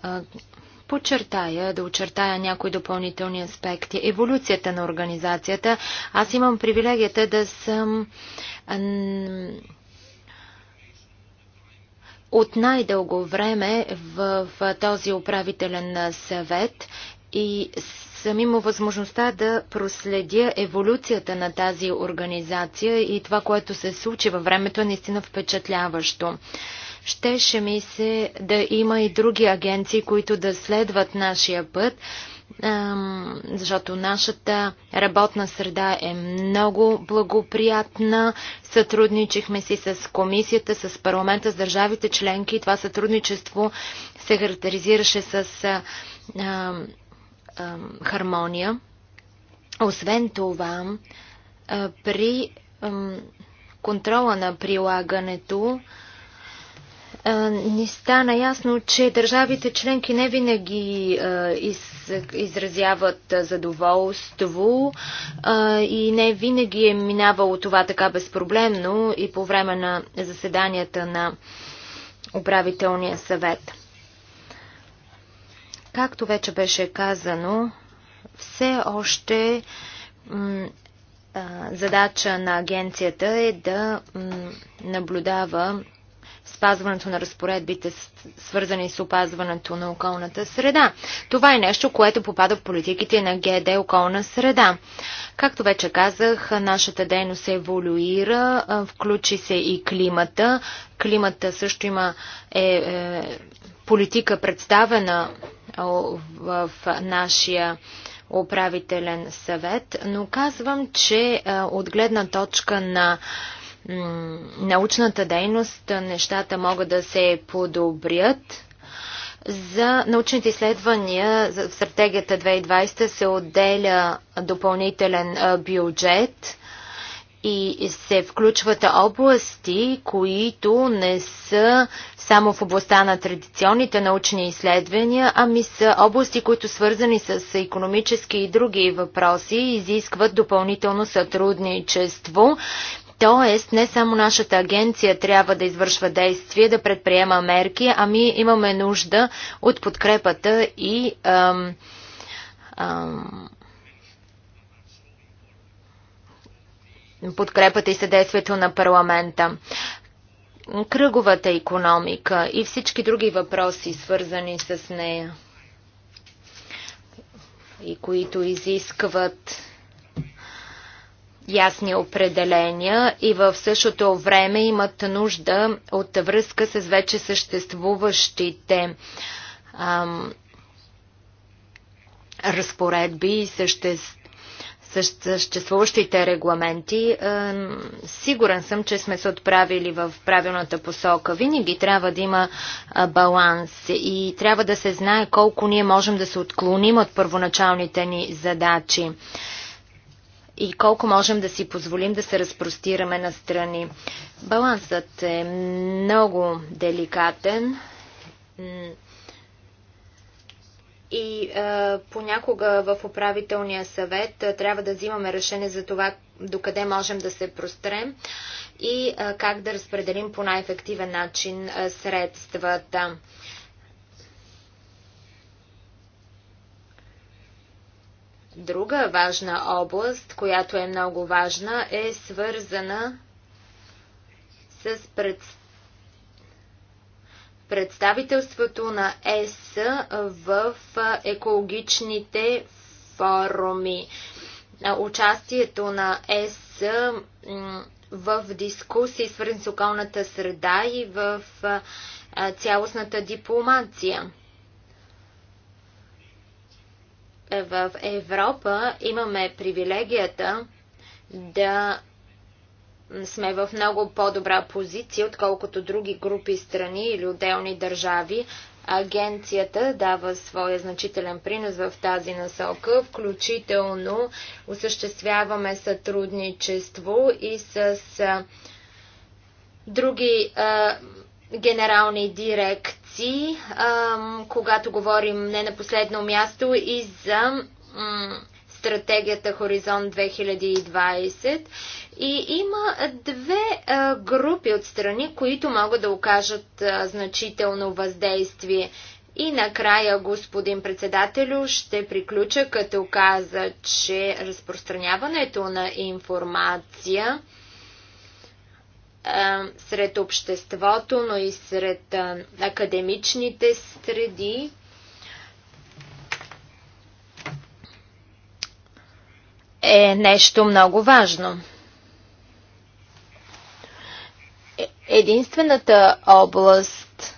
подчертая, да очертая някои допълнителни аспекти. Еволюцията на организацията. Аз имам привилегията да съм от най-дълго време в, този управителен съвет и съм имал възможността да проследя еволюцията на тази организация и това, което се случи във времето е наистина впечатляващо. Щеше ми се да има и други агенции, които да следват нашия път, защото нашата работна среда е много благоприятна. Сътрудничихме си с комисията, с парламента, с държавите членки и това сътрудничество се характеризираше с хармония. Освен това, при контрола на прилагането ни стана ясно, че държавите членки не винаги изразяват задоволство и не винаги е минавало това така безпроблемно и по време на заседанията на управителния съвет. Както вече беше казано, все още задача на агенцията е да наблюдава спазването на разпоредбите, свързани с опазването на околната среда. Това е нещо, което попада в политиките на ГД околна среда. Както вече казах, нашата дейност се еволюира, включи се и климата. Климата също има е, е, политика представена в нашия управителен съвет, но казвам, че от гледна точка на научната дейност нещата могат да се подобрят. За научните изследвания в стратегията 2020 се отделя допълнителен бюджет и се включват области, които не са само в областта на традиционните научни изследвания, ами са области, които свързани с економически и други въпроси изискват допълнително сътрудничество. Тоест, не само нашата агенция трябва да извършва действие, да предприема мерки, ами имаме нужда от подкрепата и ам, ам, подкрепата и съдействието на парламента. Кръговата економика и всички други въпроси, свързани с нея и които изискват ясни определения и в същото време имат нужда от връзка с вече съществуващите ам, разпоредби и съществ съществуващите регламенти, е, сигурен съм, че сме се отправили в правилната посока. Винаги трябва да има баланс и трябва да се знае колко ние можем да се отклоним от първоначалните ни задачи и колко можем да си позволим да се разпростираме на страни. Балансът е много деликатен и а, понякога в управителния съвет а, трябва да взимаме решение за това докъде можем да се прострем и а, как да разпределим по най-ефективен начин а, средствата. Друга важна област, която е много важна, е свързана с представителството представителството на ЕС в екологичните форуми. Участието на ЕС в дискусии свързани с околната среда и в цялостната дипломация. Е, в Европа имаме привилегията да сме в много по-добра позиция, отколкото други групи страни или отделни държави. Агенцията дава своя значителен принос в тази насока, включително осъществяваме сътрудничество и с а, други а, генерални дирекции, а, когато говорим не на последно място и за стратегията Хоризонт 2020 и има две а, групи от страни, които могат да окажат а, значително въздействие. И накрая, господин председателю, ще приключа като каза, че разпространяването на информация а, сред обществото, но и сред академичните среди е нещо много важно. Единствената област,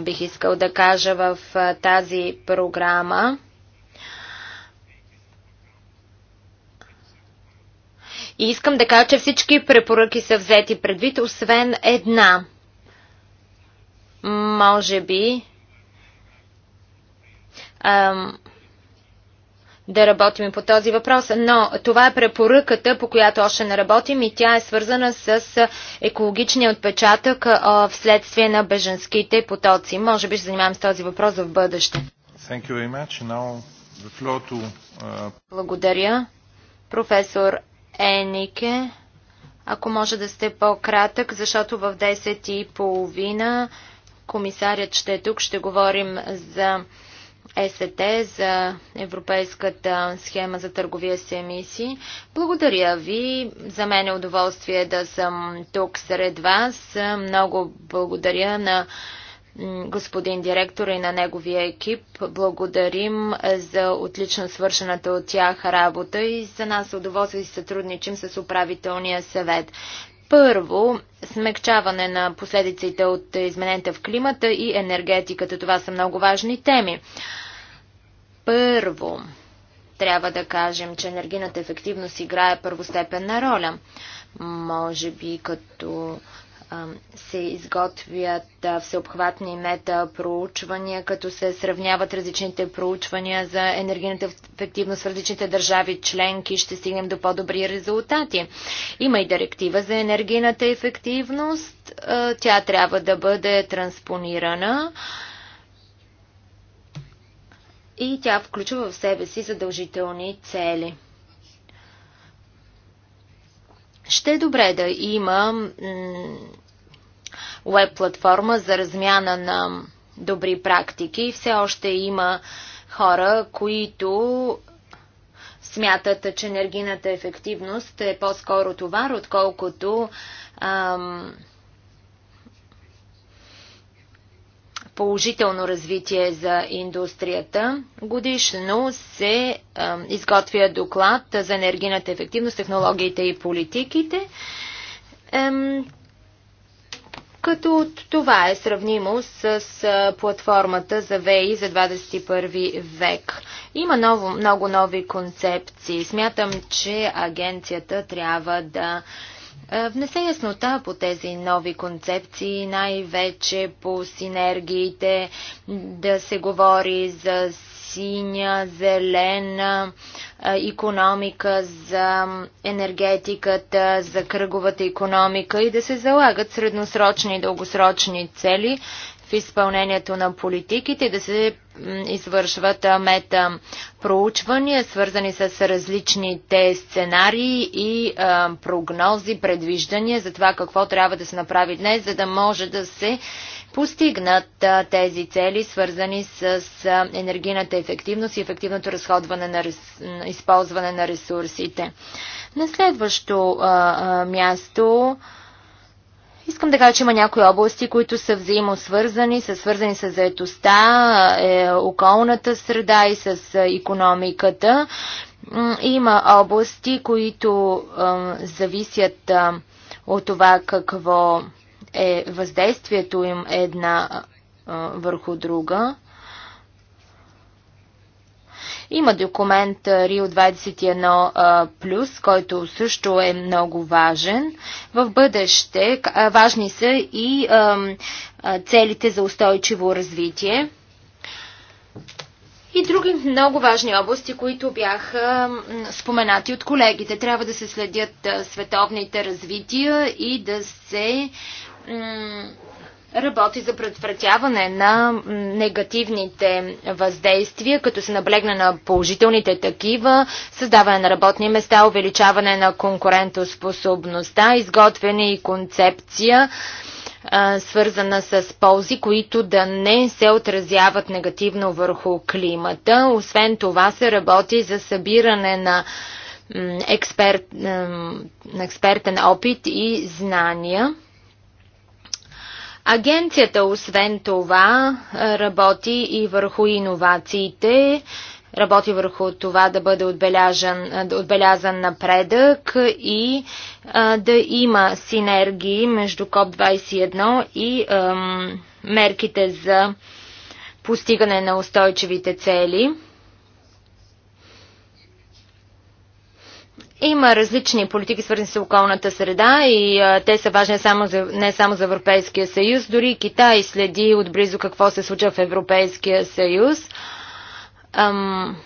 бих искал да кажа в тази програма, И искам да кажа, че всички препоръки са взети предвид, освен една. Може би. Ам, да работим по този въпрос, но това е препоръката, по която още не работим и тя е свързана с екологичния отпечатък вследствие на беженските потоци. Може би ще занимавам с този въпрос в бъдеще. To... Uh, Благодаря. Професор Енике, ако може да сте по-кратък, защото в 10.30 комисарят ще е тук, ще говорим за ЕСТ за Европейската схема за търговия с емисии. Благодаря ви. За мен е удоволствие да съм тук сред вас. Много благодаря на господин директор и на неговия екип. Благодарим за отлично свършената от тях работа и за нас е удоволствие си сътрудничим с управителния съвет. Първо, смягчаване на последиците от измененията в климата и енергетиката. Това са много важни теми. Първо, трябва да кажем, че енергийната ефективност играе първостепенна роля. Може би като се изготвят всеобхватни мета проучвания, като се сравняват различните проучвания за енергийната ефективност в различните държави членки, ще стигнем до по-добри резултати. Има и директива за енергийната ефективност. Тя трябва да бъде транспонирана и тя включва в себе си задължителни цели. Ще е добре да има веб-платформа за размяна на добри практики. Все още има хора, които смятат, че енергийната ефективност е по-скоро товар, отколкото ам, положително развитие за индустрията. Годишно се а, изготвя доклад за енергийната ефективност, технологиите и политиките. Ем, като това е сравнимо с платформата за ВИ за 21 век. Има ново, много нови концепции. Смятам, че агенцията трябва да внесе е, яснота по тези нови концепции, най-вече по синергиите, да се говори за синя, зелена економика, за енергетиката, за кръговата економика и да се залагат средносрочни и дългосрочни цели, в изпълнението на политиките, да се извършват мета проучвания, свързани с различните сценарии и а, прогнози, предвиждания за това какво трябва да се направи днес, за да може да се постигнат а, тези цели, свързани с а, енергийната ефективност и ефективното разходване на рес... използване на ресурсите. На следващо място Искам да кажа, че има някои области, които са взаимосвързани, са свързани с заетостта, е, околната среда и с економиката. Има области, които е, зависят е, от това какво е въздействието им една е, върху друга. Има документ Рио 21+, който също е много важен. В бъдеще важни са и целите за устойчиво развитие. И други много важни области, които бяха споменати от колегите. Трябва да се следят световните развития и да се работи за предотвратяване на негативните въздействия, като се наблегна на положителните такива, създаване на работни места, увеличаване на конкурентоспособността, изготвяне и концепция, свързана с ползи, които да не се отразяват негативно върху климата. Освен това се работи за събиране на експерт, експертен опит и знания Агенцията, освен това, е, работи и върху иновациите, работи върху това да бъде отбелязан, е, отбелязан напредък и а, е, да има синергии между КОП-21 и а, мерките за постигане на устойчивите цели. Има различни политики, свързани с околната среда и а, те са важни само за, не само за Европейския съюз. Дори Китай следи отблизо какво се случва в Европейския съюз. Ам,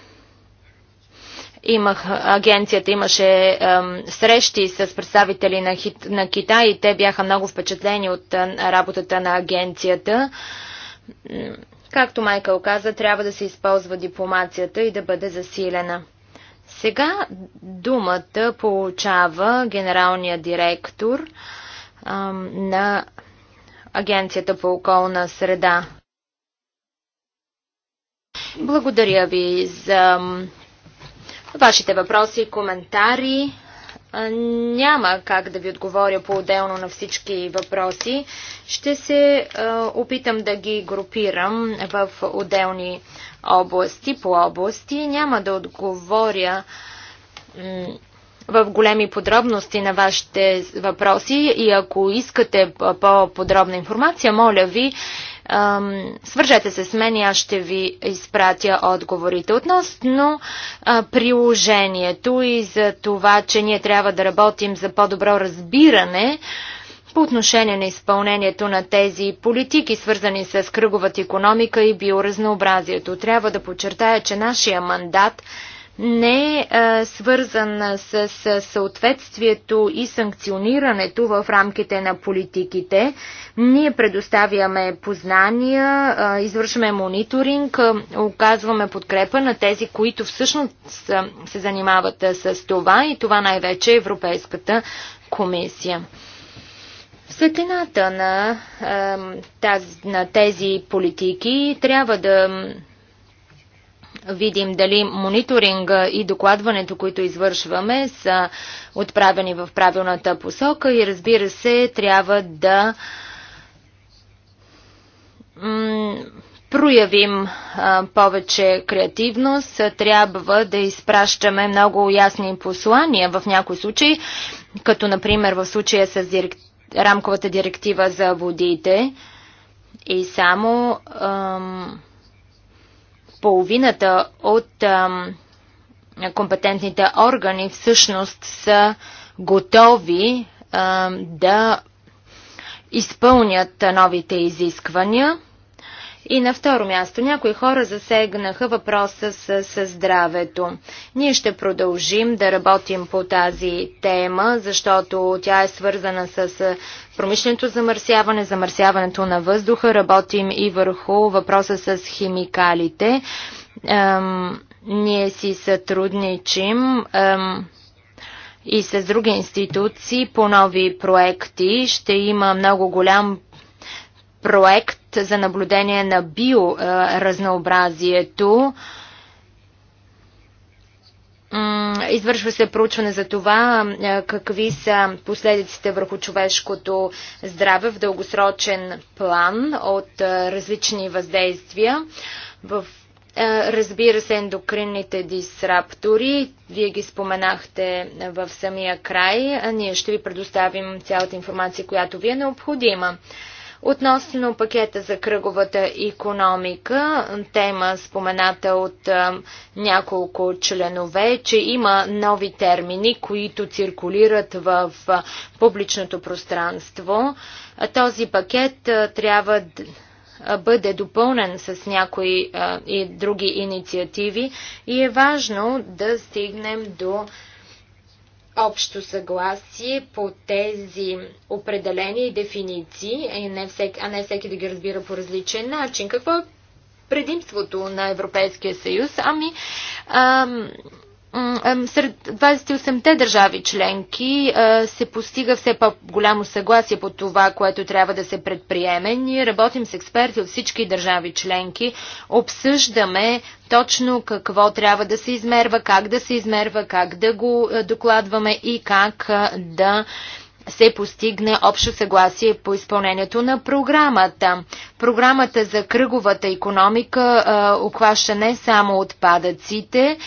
имах, агенцията имаше ам, срещи с представители на, хит, на Китай и те бяха много впечатлени от а, работата на агенцията. Както Майкъл каза, трябва да се използва дипломацията и да бъде засилена. Сега думата получава генералния директор ам, на Агенцията по околна среда. Благодаря ви за вашите въпроси и коментари. Няма как да ви отговоря по-отделно на всички въпроси. Ще се опитам да ги групирам в отделни области по области. Няма да отговоря в големи подробности на вашите въпроси и ако искате по-подробна информация, моля ви, свържете се с мен и аз ще ви изпратя отговорите. Относно приложението и за това, че ние трябва да работим за по-добро разбиране, по отношение на изпълнението на тези политики, свързани с кръговата економика и биоразнообразието. Трябва да подчертая, че нашия мандат не е свързан с съответствието и санкционирането в рамките на политиките. Ние предоставяме познания, извършваме мониторинг, оказваме подкрепа на тези, които всъщност се занимават с това и това най-вече е Европейската комисия. В светлината на, на тези политики трябва да видим дали мониторинга и докладването, които извършваме, са отправени в правилната посока и разбира се, трябва да проявим повече креативност, трябва да изпращаме много ясни послания в някои случаи, като например в случая с рамковата директива за водите и само ам, половината от ам, компетентните органи всъщност са готови ам, да изпълнят новите изисквания. И на второ място, някои хора засегнаха въпроса с, с здравето. Ние ще продължим да работим по тази тема, защото тя е свързана с промишленото замърсяване, замърсяването на въздуха. Работим и върху въпроса с химикалите. Ем, ние си сътрудничим. Ем, и с други институции по нови проекти. Ще има много голям проект за наблюдение на биоразнообразието. Извършва се проучване за това какви са последиците върху човешкото здраве в дългосрочен план от различни въздействия. В, разбира се, ендокринните дисраптори, вие ги споменахте в самия край, ние ще ви предоставим цялата информация, която ви е необходима. Относно пакета за кръговата економика, тема спомената от а, няколко членове, че има нови термини, които циркулират в а, публичното пространство. А, този пакет а, трябва да бъде допълнен с някои а, и други инициативи и е важно да стигнем до а, общо съгласие по тези определения и дефиниции, а не, всеки, а не всеки да ги разбира по различен начин. Какво е предимството на Европейския съюз? Ами, ам, сред 28-те държави членки се постига все по-голямо съгласие по това, което трябва да се предприеме. Ние работим с експерти от всички държави членки, обсъждаме точно какво трябва да се измерва, как да се измерва, как да го докладваме и как да се постигне общо съгласие по изпълнението на програмата. Програмата за кръговата економика обхваща не само отпадъците,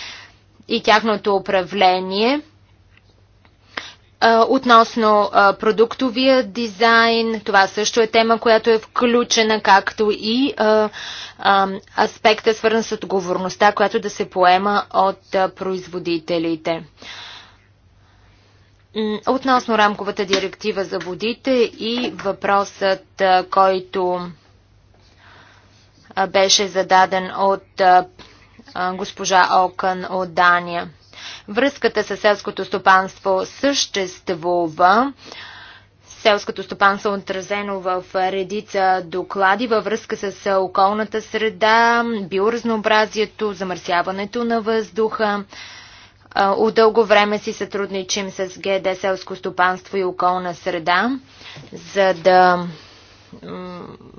и тяхното управление относно продуктовия дизайн. Това също е тема, която е включена, както и аспекта свързан с отговорността, която да се поема от производителите. Относно рамковата директива за водите и въпросът, който беше зададен от госпожа Окън от Дания. Връзката с селското стопанство съществува. Селското стопанство е отразено в редица доклади във връзка с околната среда, биоразнообразието, замърсяването на въздуха. От дълго време си сътрудничим с ГД Селско стопанство и околна среда, за да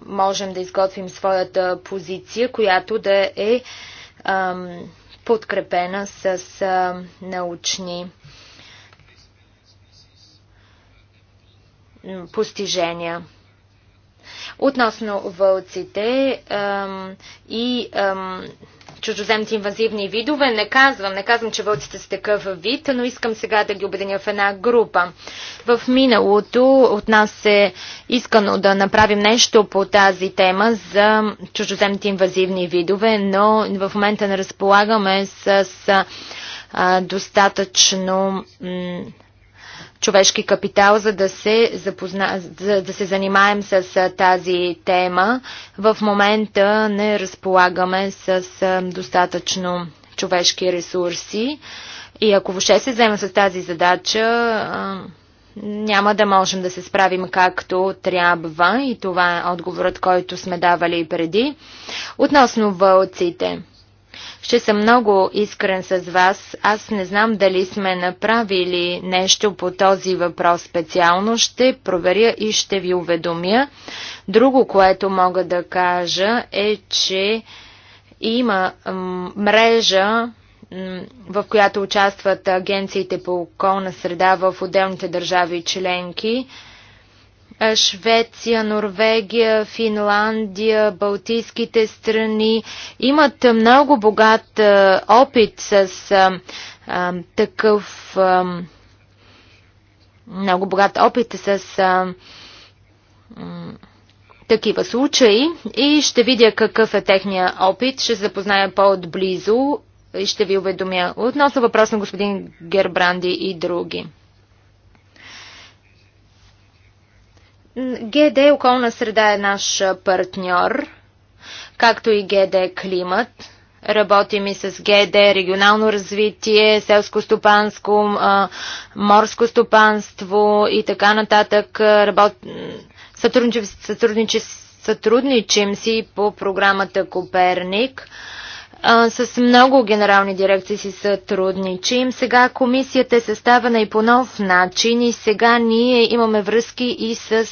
можем да изготвим своята позиция, която да е подкрепена с научни постижения. Относно вълците и чужоземните инвазивни видове. Не казвам, не казвам, че вълците са такъв вид, но искам сега да ги обединя в една група. В миналото от нас е искано да направим нещо по тази тема за чужоземните инвазивни видове, но в момента не разполагаме с, с достатъчно човешки капитал, за да се, запозна, за да се занимаем с тази тема. В момента не разполагаме с достатъчно човешки ресурси и ако въобще се взема с тази задача, няма да можем да се справим както трябва и това е отговорът, който сме давали и преди. Относно вълците. Ще съм много искрен с вас. Аз не знам дали сме направили нещо по този въпрос специално. Ще проверя и ще ви уведомя. Друго, което мога да кажа е, че има мрежа, в която участват агенциите по околна среда в отделните държави членки. Швеция, Норвегия, Финландия, Балтийските страни имат много богат опит с такъв много богат опит с такива случаи и ще видя какъв е техния опит. Ще се запозная по-отблизо и ще ви уведомя относно въпрос на господин Гербранди и други. ГД Околна среда е наш партньор, както и ГД Климат. Работим и с ГД регионално развитие, селско-стопанско, морско стопанство и така нататък. Работ... Сътрудничим, сътрудничим, си по програмата Коперник – а, с много генерални дирекции си сътрудничим. Сега комисията е съставена и по нов начин и сега ние имаме връзки и с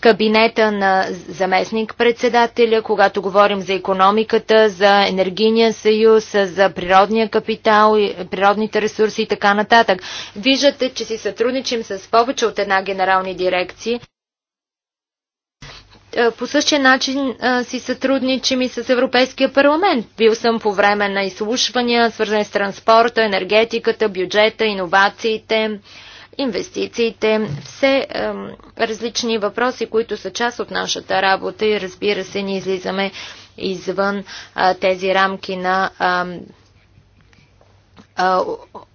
кабинета на заместник-председателя, когато говорим за економиката, за енергийния съюз, за природния капитал, природните ресурси и така нататък. Виждате, че си сътрудничим с повече от една генерални дирекции. Е, по същия начин а, е, си сътрудничим и с Европейския парламент. Бил съм по време на изслушвания, свързани с транспорта, енергетиката, бюджета, иновациите, инвестициите, все а, е, различни въпроси, които са част от нашата работа и разбира се, ние излизаме извън а, тези рамки на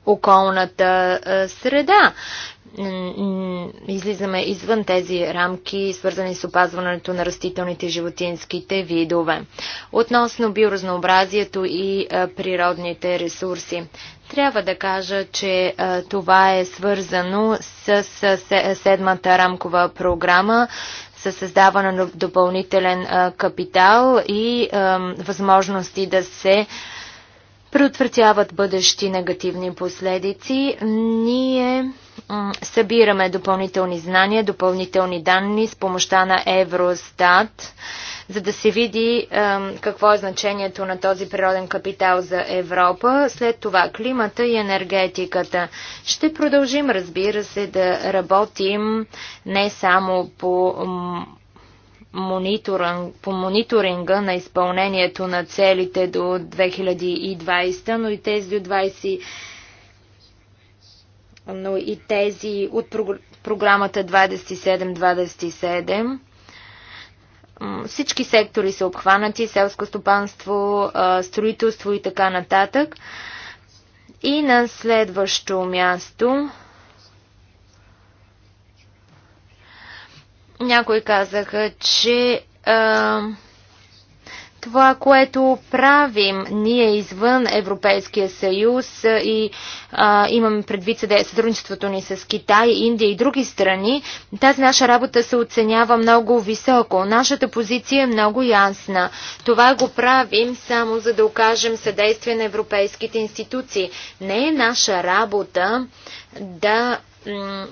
околната среда излизаме извън тези рамки, свързани с опазването на растителните животинските видове. Относно биоразнообразието и природните ресурси. Трябва да кажа, че това е свързано с седмата рамкова програма, със създаване на допълнителен капитал и възможности да се предотвратяват бъдещи негативни последици. Ние събираме допълнителни знания, допълнителни данни с помощта на Евростат, за да се види е, какво е значението на този природен капитал за Европа. След това климата и енергетиката. Ще продължим, разбира се, да работим не само по мониторинг, по мониторинга на изпълнението на целите до 2020, но и тези до 20 но и тези от програмата 27-27. Всички сектори са обхванати, селско стопанство, строителство и така нататък. И на следващо място Някои казаха, че а, това, което правим ние извън Европейския съюз и а, имаме предвид сътрудничеството ни с Китай, Индия и други страни, тази наша работа се оценява много високо. Нашата позиция е много ясна. Това го правим само за да окажем съдействие на европейските институции. Не е наша работа да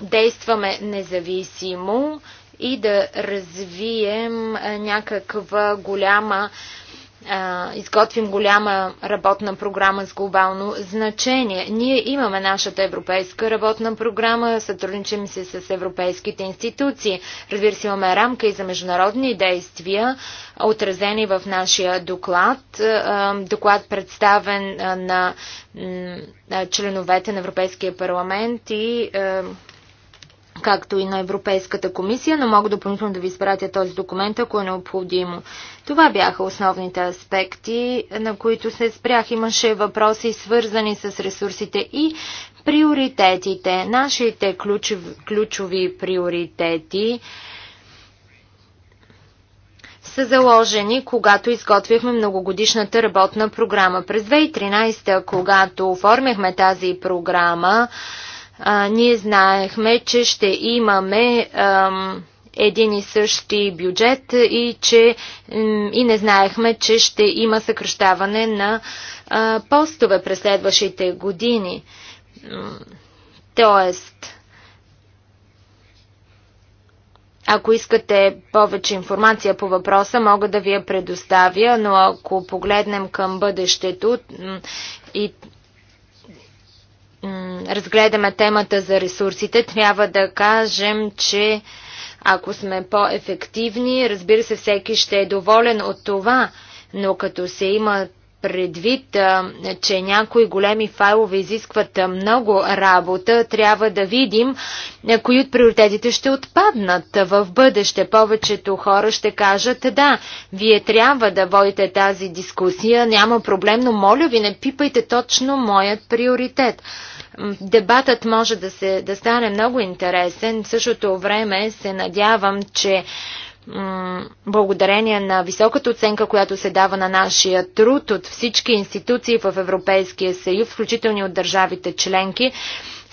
действаме независимо, и да развием някаква голяма изготвим голяма работна програма с глобално значение. Ние имаме нашата европейска работна програма, сътрудничим се с европейските институции. Разбира се, имаме рамка и за международни действия, отразени в нашия доклад. Доклад представен на членовете на Европейския парламент и както и на Европейската комисия, но мога допълнително да ви изпратя този документ, ако е необходимо. Това бяха основните аспекти, на които се спрях. Имаше въпроси, свързани с ресурсите и приоритетите. Нашите ключов, ключови приоритети са заложени, когато изготвихме многогодишната работна програма. През 2013, когато оформяхме тази програма, а, ние знаехме, че ще имаме ам, един и същи бюджет и, че, и не знаехме, че ще има съкръщаване на а, постове през следващите години. Тоест, ако искате повече информация по въпроса, мога да ви я предоставя, но ако погледнем към бъдещето и разгледаме темата за ресурсите, трябва да кажем, че ако сме по-ефективни, разбира се, всеки ще е доволен от това, но като се има предвид, че някои големи файлове изискват много работа, трябва да видим кои от приоритетите ще отпаднат в бъдеще. Повечето хора ще кажат, да, вие трябва да водите тази дискусия, няма проблем, но моля ви, не пипайте точно моят приоритет. Дебатът може да, се, да стане много интересен. В същото време се надявам, че благодарение на високата оценка, която се дава на нашия труд от всички институции в Европейския съюз, включително от държавите членки,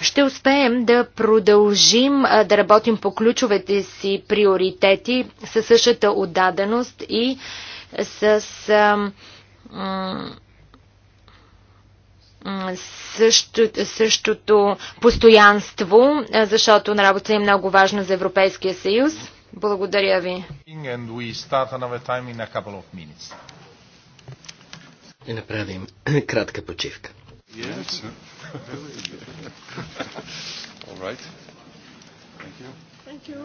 ще успеем да продължим да работим по ключовете си приоритети със същата отдаденост и с също, същото постоянство, защото на работа е много важно за Европейския съюз. Благодаря ви. И направим кратка почивка. Yes. All right. Thank you. Thank you.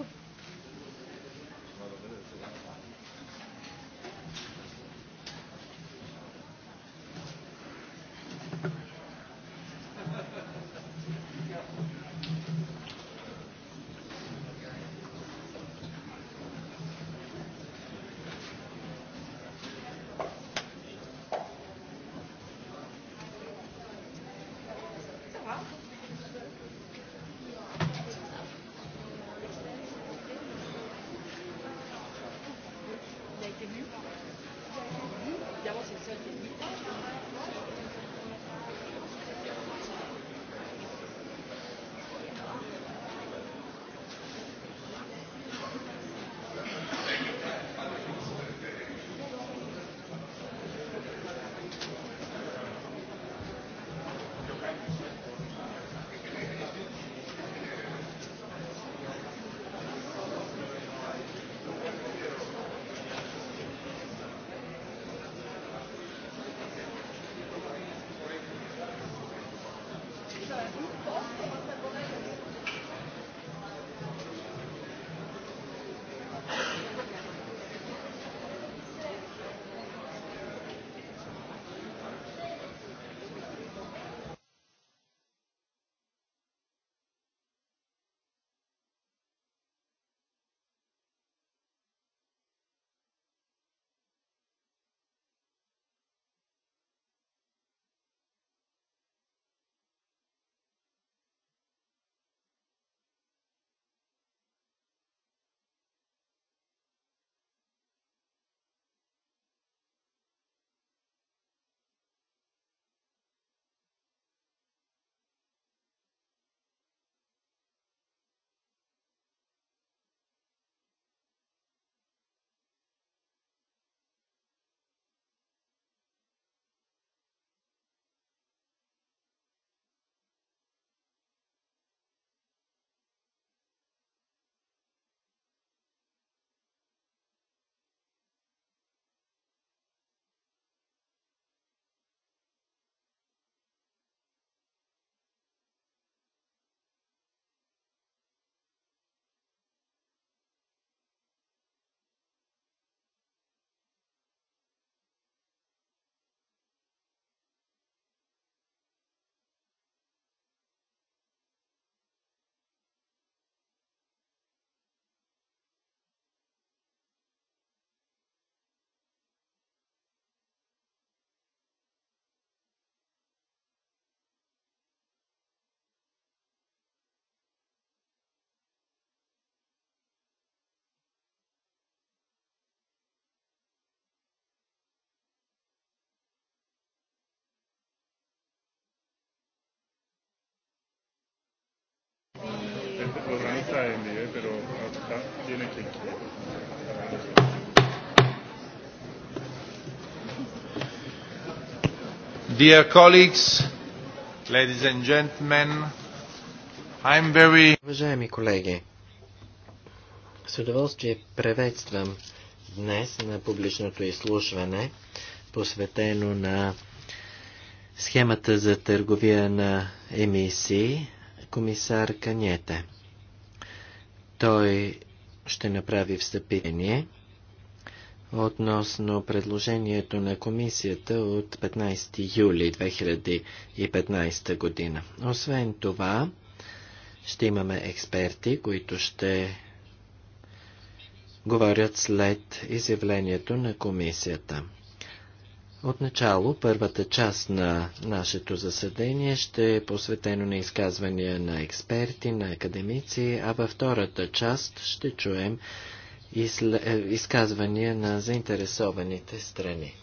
Dear colleagues, ladies and gentlemen, I'm very... Уважаеми колеги, с удоволствие приветствам днес на публичното изслушване, посветено на схемата за търговия на емисии, комисар Каньете. Той ще направи встъпление относно предложението на комисията от 15 юли 2015 година. Освен това, ще имаме експерти, които ще говорят след изявлението на комисията. Отначало първата част на нашето заседание ще е посветено на изказвания на експерти, на академици, а във втората част ще чуем е, изказвания на заинтересованите страни.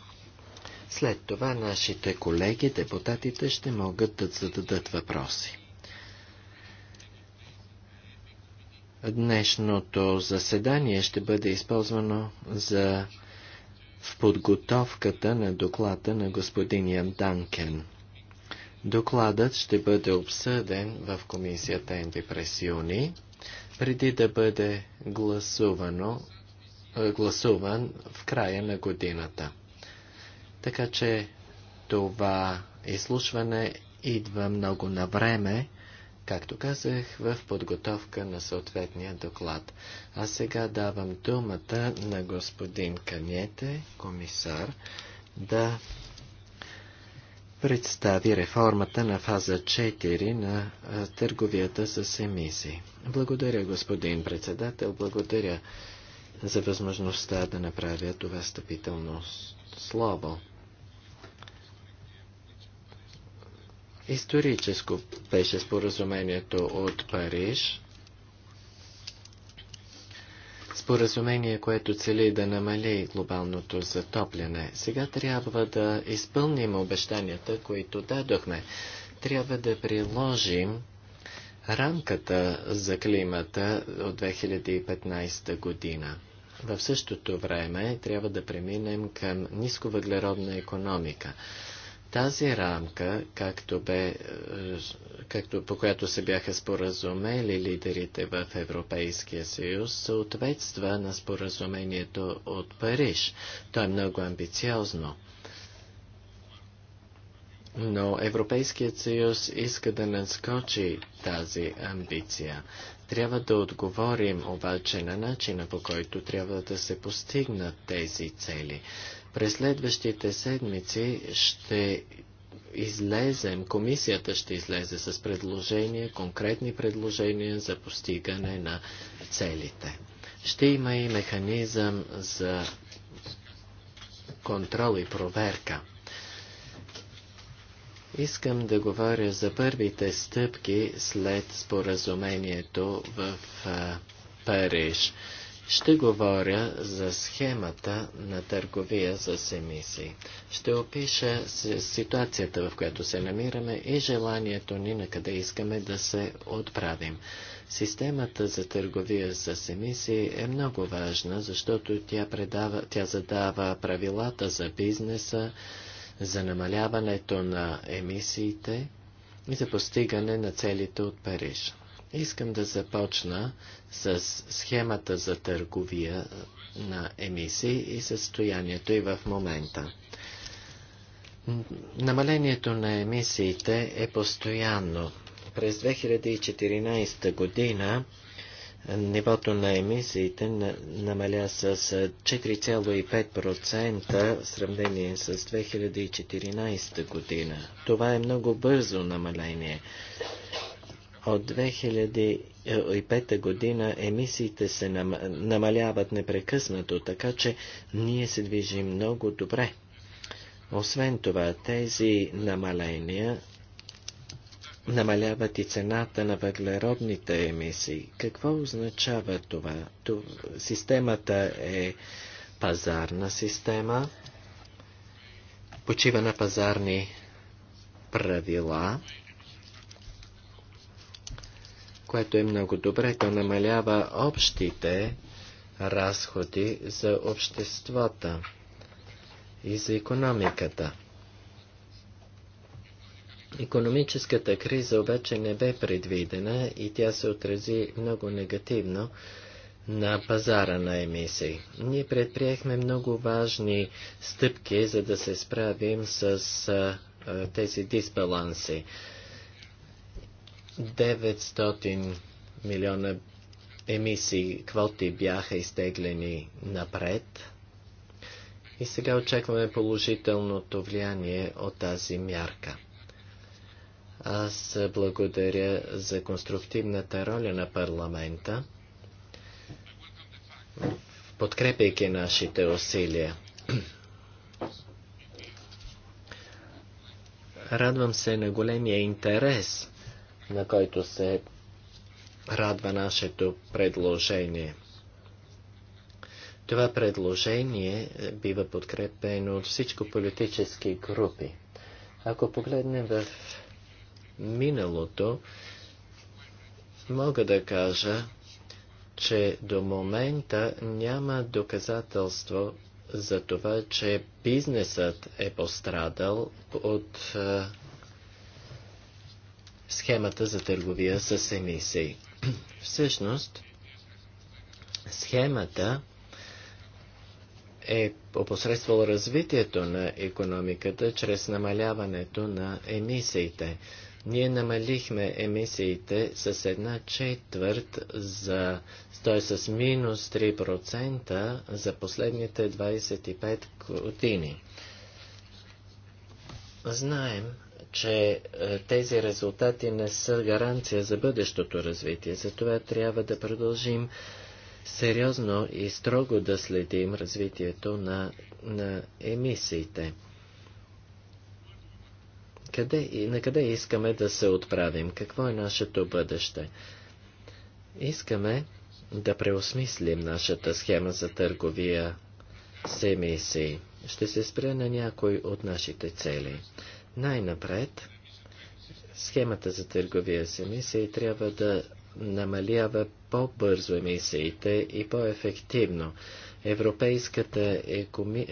След това нашите колеги, депутатите, ще могат да зададат въпроси. Днешното заседание ще бъде използвано за в подготовката на доклада на господин Ян Данкен. Докладът ще бъде обсъден в комисията ендипресиони преди да бъде гласувано, е, гласуван в края на годината. Така че това изслушване идва много на време, както казах, в подготовка на съответния доклад. А сега давам думата на господин Канете, комисар, да представи реформата на фаза 4 на търговията с емисии. Благодаря, господин председател, благодаря за възможността да направя това стъпително слово. Историческо беше споразумението от Париж споразумение, което цели да намали глобалното затопляне. Сега трябва да изпълним обещанията, които дадохме. Трябва да приложим рамката за климата от 2015 година. В същото време трябва да преминем към нисковъглеродна економика. Тази рамка, както бе, е, както, по която се бяха споразумели лидерите в Европейския съюз, съответства на споразумението от Париж. То е много амбициозно. Но Европейският съюз иска да наскочи тази амбиция. Трябва да отговорим обаче на начина по който трябва да се постигнат тези цели. През следващите седмици ще излезем, комисията ще излезе с предложения, конкретни предложения за постигане на целите. Ще има и механизъм за контрол и проверка. Искам да говоря за първите стъпки след споразумението в Париж ще говоря за схемата на търговия с емисии. Ще опиша ситуацията, в която се намираме и желанието ни на къде искаме да се отправим. Системата за търговия с емисии е много важна, защото тя, предава, тя задава правилата за бизнеса, за намаляването на емисиите и за постигане на целите от Париж. Искам да започна с схемата за търговия на емисии и състоянието и в момента. Намалението на емисиите е постоянно. През 2014 година нивото на емисиите намаля с 4,5% в сравнение с 2014 година. Това е много бързо намаление. От 2005 година емисиите се намаляват непрекъснато, така че ние се движим много добре. Освен това, тези намаления намаляват и цената на въглеродните емисии. Какво означава това? Системата е пазарна система, почива на пазарни правила, което е много добре. То намалява общите разходи за обществата и за економиката. Економическата криза обаче не бе предвидена и тя се отрази много негативно на пазара на емисии. Ние предприехме много важни стъпки, за да се справим с тези дисбаланси. 900 милиона емисии квоти бяха изтеглени напред. И сега очакваме положителното влияние от тази мярка. Аз благодаря за конструктивната роля на парламента, подкрепяйки нашите усилия. Радвам се на големия интерес на който се радва нашето предложение. Това предложение бива подкрепено от всичко политически групи. Ако погледнем в миналото, мога да кажа, че до момента няма доказателство за това, че бизнесът е пострадал от схемата за търговия с емисии. Всъщност, схемата е опосредствала развитието на економиката чрез намаляването на емисиите. Ние намалихме емисиите с една четвърт, за, т.е. с минус 3% за последните 25 години. Знаем, че е, тези резултати не са гаранция за бъдещото развитие. Затова трябва да продължим сериозно и строго да следим развитието на, на емисиите. Къде, и на къде искаме да се отправим? Какво е нашето бъдеще? Искаме да преосмислим нашата схема за търговия с емисии. Ще се спря на някой от нашите цели. Най-напред, схемата за търговия с емисии трябва да намалява по-бързо емисиите и по-ефективно. Европейската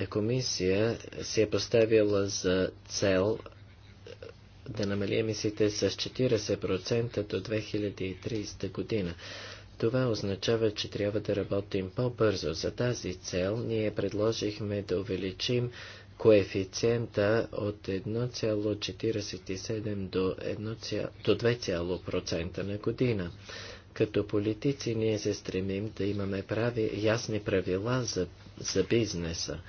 комисия се е поставила за цел да намали емисиите с 40% до 2030 година. Това означава, че трябва да работим по-бързо. За тази цел ние предложихме да увеличим коефициента от 1,47 до, 1, до 2% на година. Като политици ние се стремим да имаме прави, ясни правила за, за бизнеса.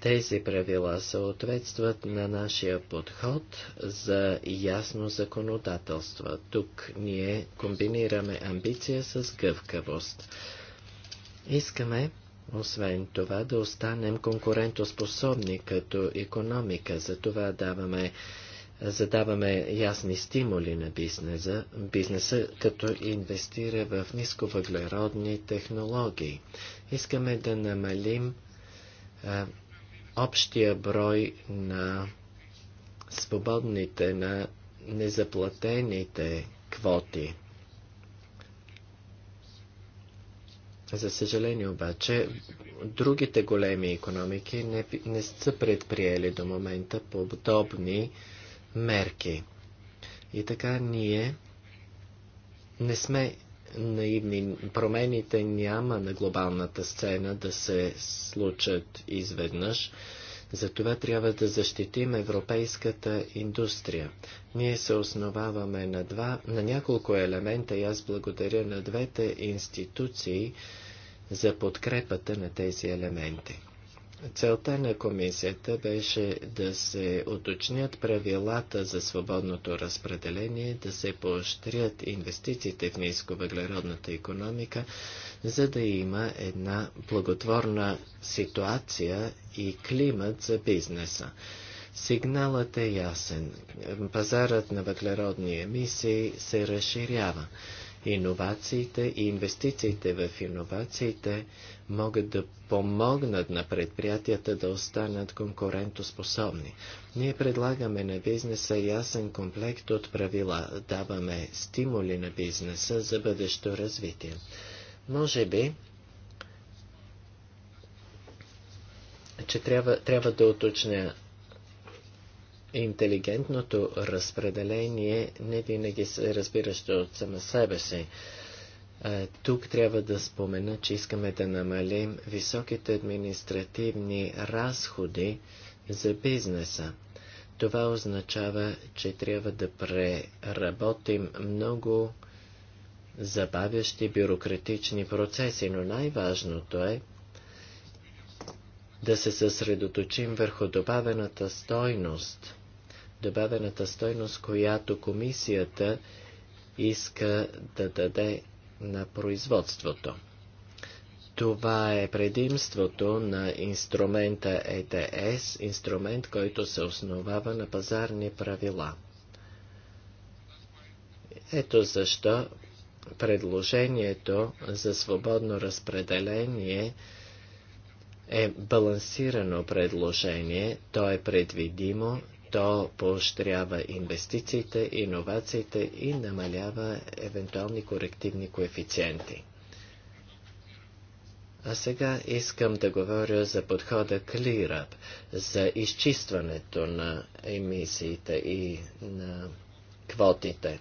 Тези правила съответстват на нашия подход за ясно законодателство. Тук ние комбинираме амбиция с гъвкавост. Искаме освен това да останем конкурентоспособни като економика, за това даваме, задаваме ясни стимули на бизнеса, бизнеса, като инвестира в нисковъглеродни технологии. Искаме да намалим а, общия брой на свободните, на незаплатените квоти – За съжаление обаче, другите големи економики не, не са предприели до момента подобни мерки. И така ние не сме наивни. Промените няма на глобалната сцена да се случат изведнъж. Затова трябва да защитим европейската индустрия. Ние се основаваме на, два, на няколко елемента и аз благодаря на двете институции, за подкрепата на тези елементи. Целта на комисията беше да се уточнят правилата за свободното разпределение, да се поощрят инвестициите в нисковъглеродната економика, за да има една благотворна ситуация и климат за бизнеса. Сигналът е ясен. Пазарът на въглеродни емисии се разширява иновациите и инвестициите в иновациите могат да помогнат на предприятията да останат конкурентоспособни. Ние предлагаме на бизнеса ясен комплект от правила, даваме стимули на бизнеса за бъдещо развитие. Може би, че трябва, трябва да уточня интелигентното разпределение не винаги се разбиращо от само себе си. Тук трябва да спомена, че искаме да намалим високите административни разходи за бизнеса. Това означава, че трябва да преработим много забавящи бюрократични процеси, но най-важното е да се съсредоточим върху добавената стойност – добавената стойност, която комисията иска да даде на производството. Това е предимството на инструмента ЕТС, инструмент, който се основава на пазарни правила. Ето защо предложението за свободно разпределение е балансирано предложение, то е предвидимо то поощрява инвестициите, иновациите и намалява евентуални корективни коефициенти. А сега искам да говоря за подхода ClearUp, за изчистването на емисиите и на квотите.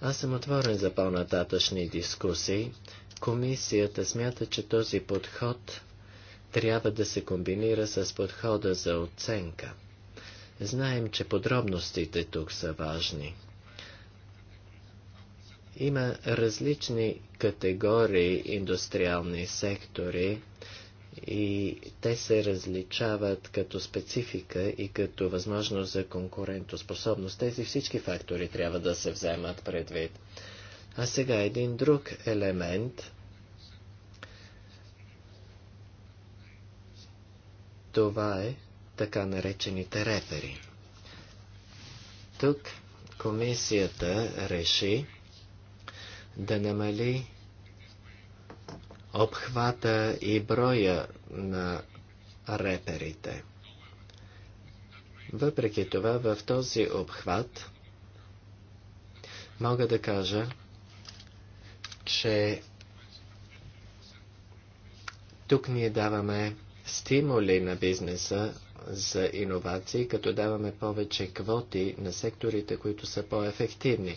Аз съм отворен за по-нататъчни дискусии. Комисията смята, че този подход трябва да се комбинира с подхода за оценка. Знаем, че подробностите тук са важни. Има различни категории индустриални сектори и те се различават като специфика и като възможност за конкурентоспособност. Тези всички фактори трябва да се вземат предвид. А сега един друг елемент. Това е така наречените репери. Тук комисията реши да намали обхвата и броя на реперите. Въпреки това, в този обхват мога да кажа, че тук ние даваме стимули на бизнеса за иновации, като даваме повече квоти на секторите, които са по-ефективни.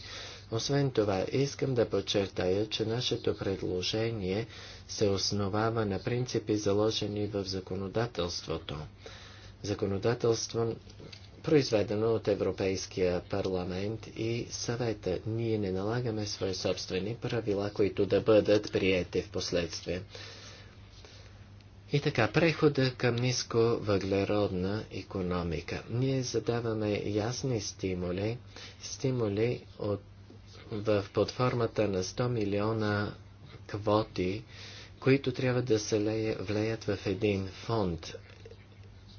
Освен това, искам да подчертая, че нашето предложение се основава на принципи, заложени в законодателството. Законодателство, произведено от Европейския парламент и съвета. Ние не налагаме свои собствени правила, които да бъдат приети в последствие. И така, прехода към ниско въглеродна економика. Ние задаваме ясни стимули, стимули от, в подформата на 100 милиона квоти, които трябва да се лее, влеят в един фонд.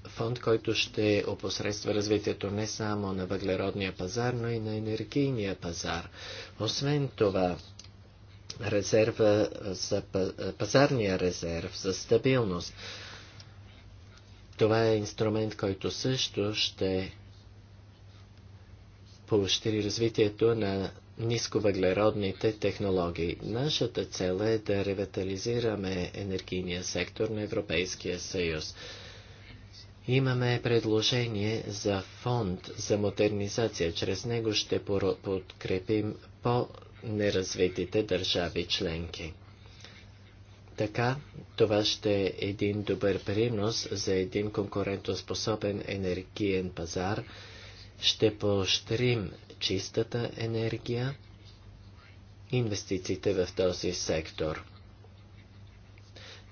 Фонд, който ще опосредства развитието не само на въглеродния пазар, но и на енергийния пазар. Освен това, резерва, за пазарния резерв, за стабилност. Това е инструмент, който също ще поощри развитието на нисковъглеродните технологии. Нашата цел е да ревитализираме енергийния сектор на Европейския съюз. Имаме предложение за фонд за модернизация. Чрез него ще подкрепим по неразвитите държави членки. Така, това ще е един добър принос за един конкурентоспособен енергиен пазар. Ще поощрим чистата енергия, инвестициите в този сектор.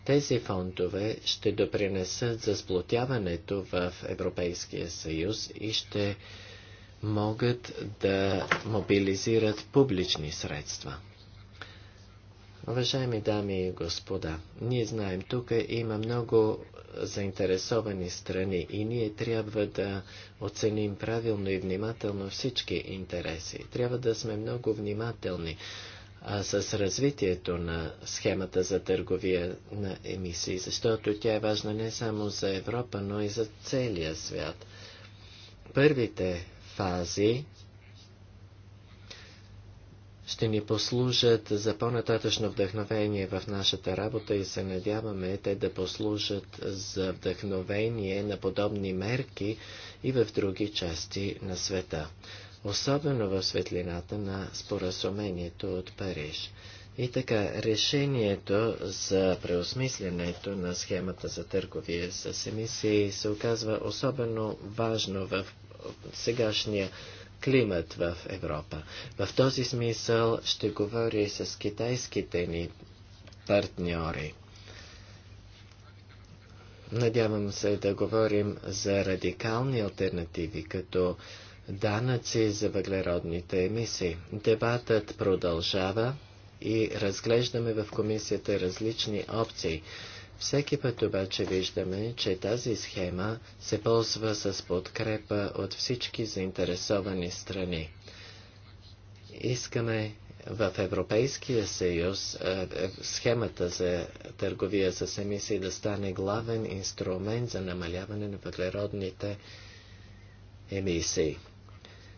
Тези фондове ще допринесат за сплотяването в Европейския съюз и ще могат да мобилизират публични средства. Уважаеми дами и господа, ние знаем, тук има много заинтересовани страни и ние трябва да оценим правилно и внимателно всички интереси. Трябва да сме много внимателни а, с развитието на схемата за търговия на емисии, защото тя е важна не само за Европа, но и за целия свят. Първите фази ще ни послужат за по-нататъчно вдъхновение в нашата работа и се надяваме те да послужат за вдъхновение на подобни мерки и в други части на света, особено в светлината на споразумението от Париж. И така, решението за преосмислянето на схемата за търговия с емисии се оказва особено важно в сегашния климат в Европа. В този смисъл ще говоря и с китайските ни партньори. Надявам се да говорим за радикални альтернативи, като данъци за въглеродните емисии. Дебатът продължава и разглеждаме в комисията различни опции. Всеки път обаче виждаме, че тази схема се ползва с подкрепа от всички заинтересовани страни. Искаме в Европейския съюз е, е, схемата за търговия с емисии да стане главен инструмент за намаляване на въглеродните емисии.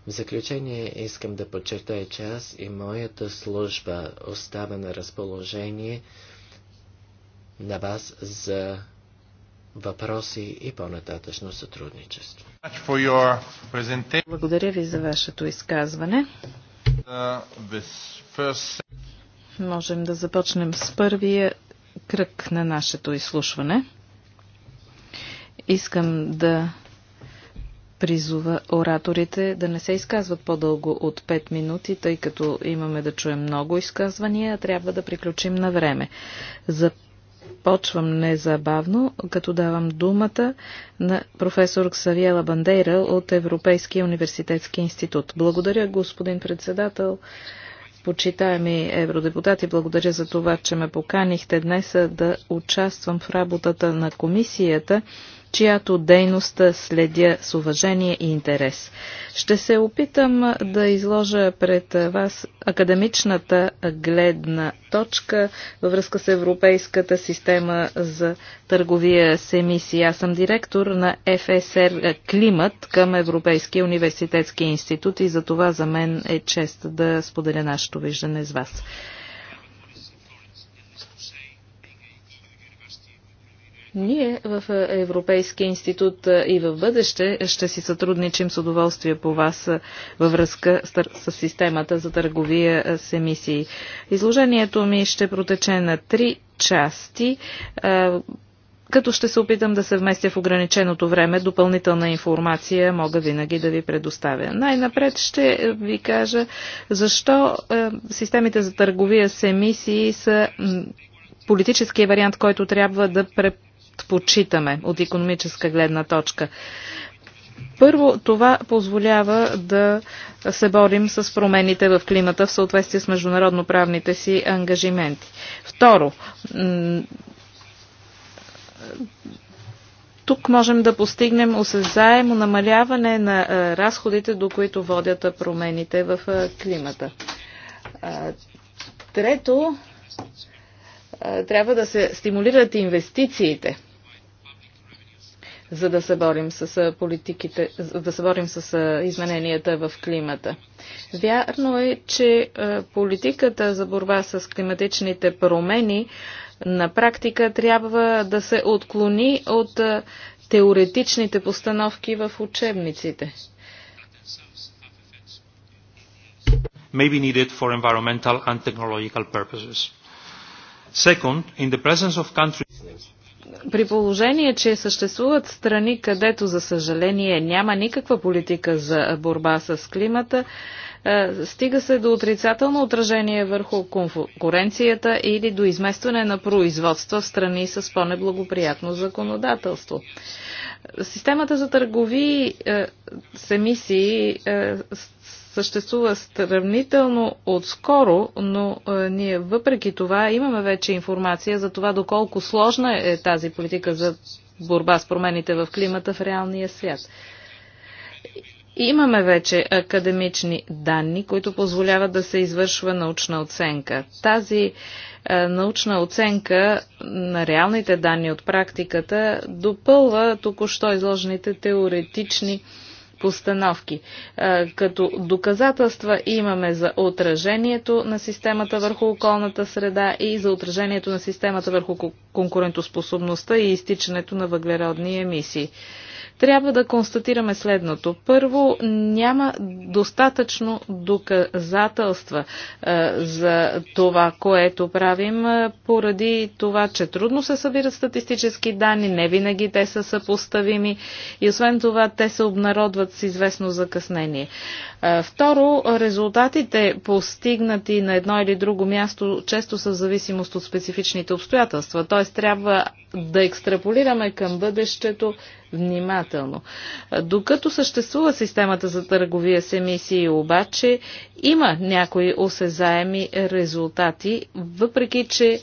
В заключение искам да подчертая, че аз и моята служба остава на разположение на вас за въпроси и по-нататъчно сътрудничество. Благодаря ви за вашето изказване. Uh, Можем да започнем с първия кръг на нашето изслушване. Искам да призова ораторите да не се изказват по-дълго от 5 минути, тъй като имаме да чуем много изказвания, а трябва да приключим на време. За Започвам незабавно, като давам думата на професор Ксавиела Бандейра от Европейския университетски институт. Благодаря, господин председател. Почитаеми евродепутати, благодаря за това, че ме поканихте днес да участвам в работата на комисията чиято дейност следя с уважение и интерес. Ще се опитам да изложа пред вас академичната гледна точка във връзка с Европейската система за търговия с емисии. Аз съм директор на ФСР е Климат към Европейския университетски институт и за това за мен е чест да споделя нашето виждане с вас. Ние в Европейския институт и в бъдеще ще си сътрудничим с удоволствие по вас във връзка с системата за търговия с емисии. Изложението ми ще протече на три части като ще се опитам да се вместя в ограниченото време, допълнителна информация мога винаги да ви предоставя. Най-напред ще ви кажа защо системите за търговия с емисии са политическия вариант, който трябва да препоръчаме предпочитаме от економическа гледна точка. Първо, това позволява да се борим с промените в климата в съответствие с международно-правните си ангажименти. Второ, тук можем да постигнем осезаемо намаляване на разходите, до които водят промените в климата. Трето, трябва да се стимулират инвестициите за да се борим с политиките, за да се борим с измененията в климата. Вярно е, че политиката за борба с климатичните промени на практика трябва да се отклони от теоретичните постановки в учебниците. may be needed for environmental and technological purposes. Second, in the presence of countries при положение, че съществуват страни, където, за съжаление, няма никаква политика за борба с климата, стига се до отрицателно отражение върху конкуренцията или до изместване на производства в страни с по-неблагоприятно законодателство. Системата за търгови с емисии съществува сравнително отскоро, но е, ние въпреки това имаме вече информация за това доколко сложна е тази политика за борба с промените в климата в реалния свят. Имаме вече академични данни, които позволяват да се извършва научна оценка. Тази е, научна оценка на реалните данни от практиката допълва току-що изложените теоретични постановки. Като доказателства имаме за отражението на системата върху околната среда и за отражението на системата върху конкурентоспособността и изтичането на въглеродни емисии трябва да констатираме следното. Първо, няма достатъчно доказателства а, е, за това, което правим, а, е, поради това, че трудно се събират статистически данни, не винаги те са съпоставими и освен това те се обнародват с известно закъснение. А, е, второ, резултатите постигнати на едно или друго място често са в зависимост от специфичните обстоятелства, т.е. трябва да екстраполираме към бъдещето внимателно. Докато съществува системата за търговия с емисии, обаче има някои осезаеми резултати, въпреки че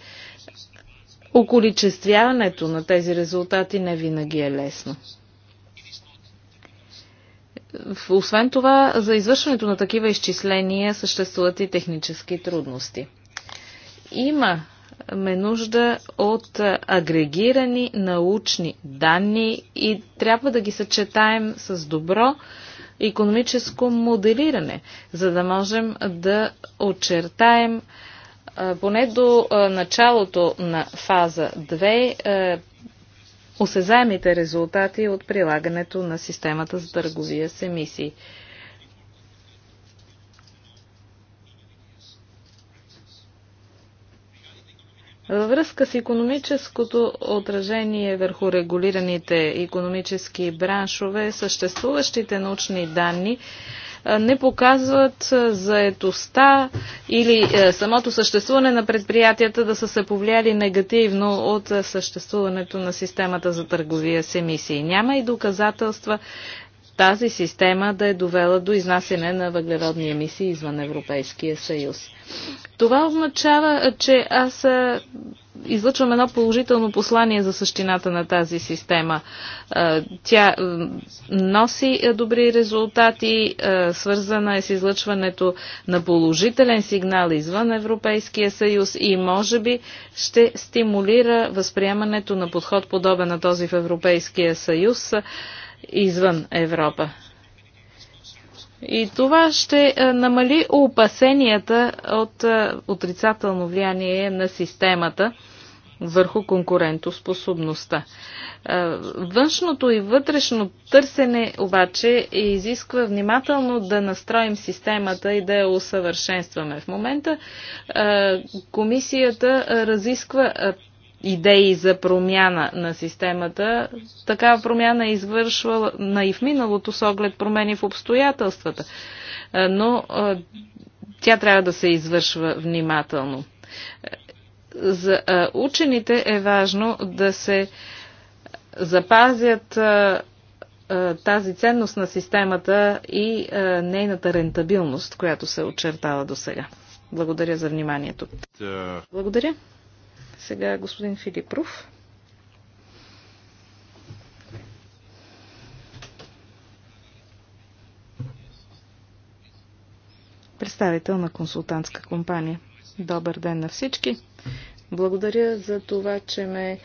околичествяването на тези резултати не винаги е лесно. Освен това, за извършването на такива изчисления съществуват и технически трудности. Има имаме нужда от агрегирани научни данни и трябва да ги съчетаем с добро економическо моделиране, за да можем да очертаем поне до началото на фаза 2 осезаемите резултати от прилагането на системата за търговия с емисии. Във връзка с економическото отражение върху регулираните економически браншове, съществуващите научни данни не показват заетостта или самото съществуване на предприятията да са се повлияли негативно от съществуването на системата за търговия с емисии. Няма и доказателства тази система да е довела до изнасяне на въглеродни емисии извън Европейския съюз. Това означава, че аз излъчвам едно положително послание за същината на тази система. Тя носи добри резултати, свързана е с излъчването на положителен сигнал извън Европейския съюз и може би ще стимулира възприемането на подход подобен на този в Европейския съюз извън Европа. И това ще е, намали опасенията от е, отрицателно влияние на системата върху конкурентоспособността. Е, външното и вътрешно търсене обаче изисква внимателно да настроим системата и да я усъвършенстваме. В момента комисията разисква идеи за промяна на системата, такава промяна е на и в миналото с оглед промени в обстоятелствата. Е, но е, тя трябва да се извършва внимателно. За е, учените е важно да се запазят тази ценност на системата и нейната рентабилност, която се очертава до сега. Благодаря за вниманието. Благодаря. Сега господин Филипров. Представител на консултантска компания. Добър ден на всички! Благодаря за това, че ме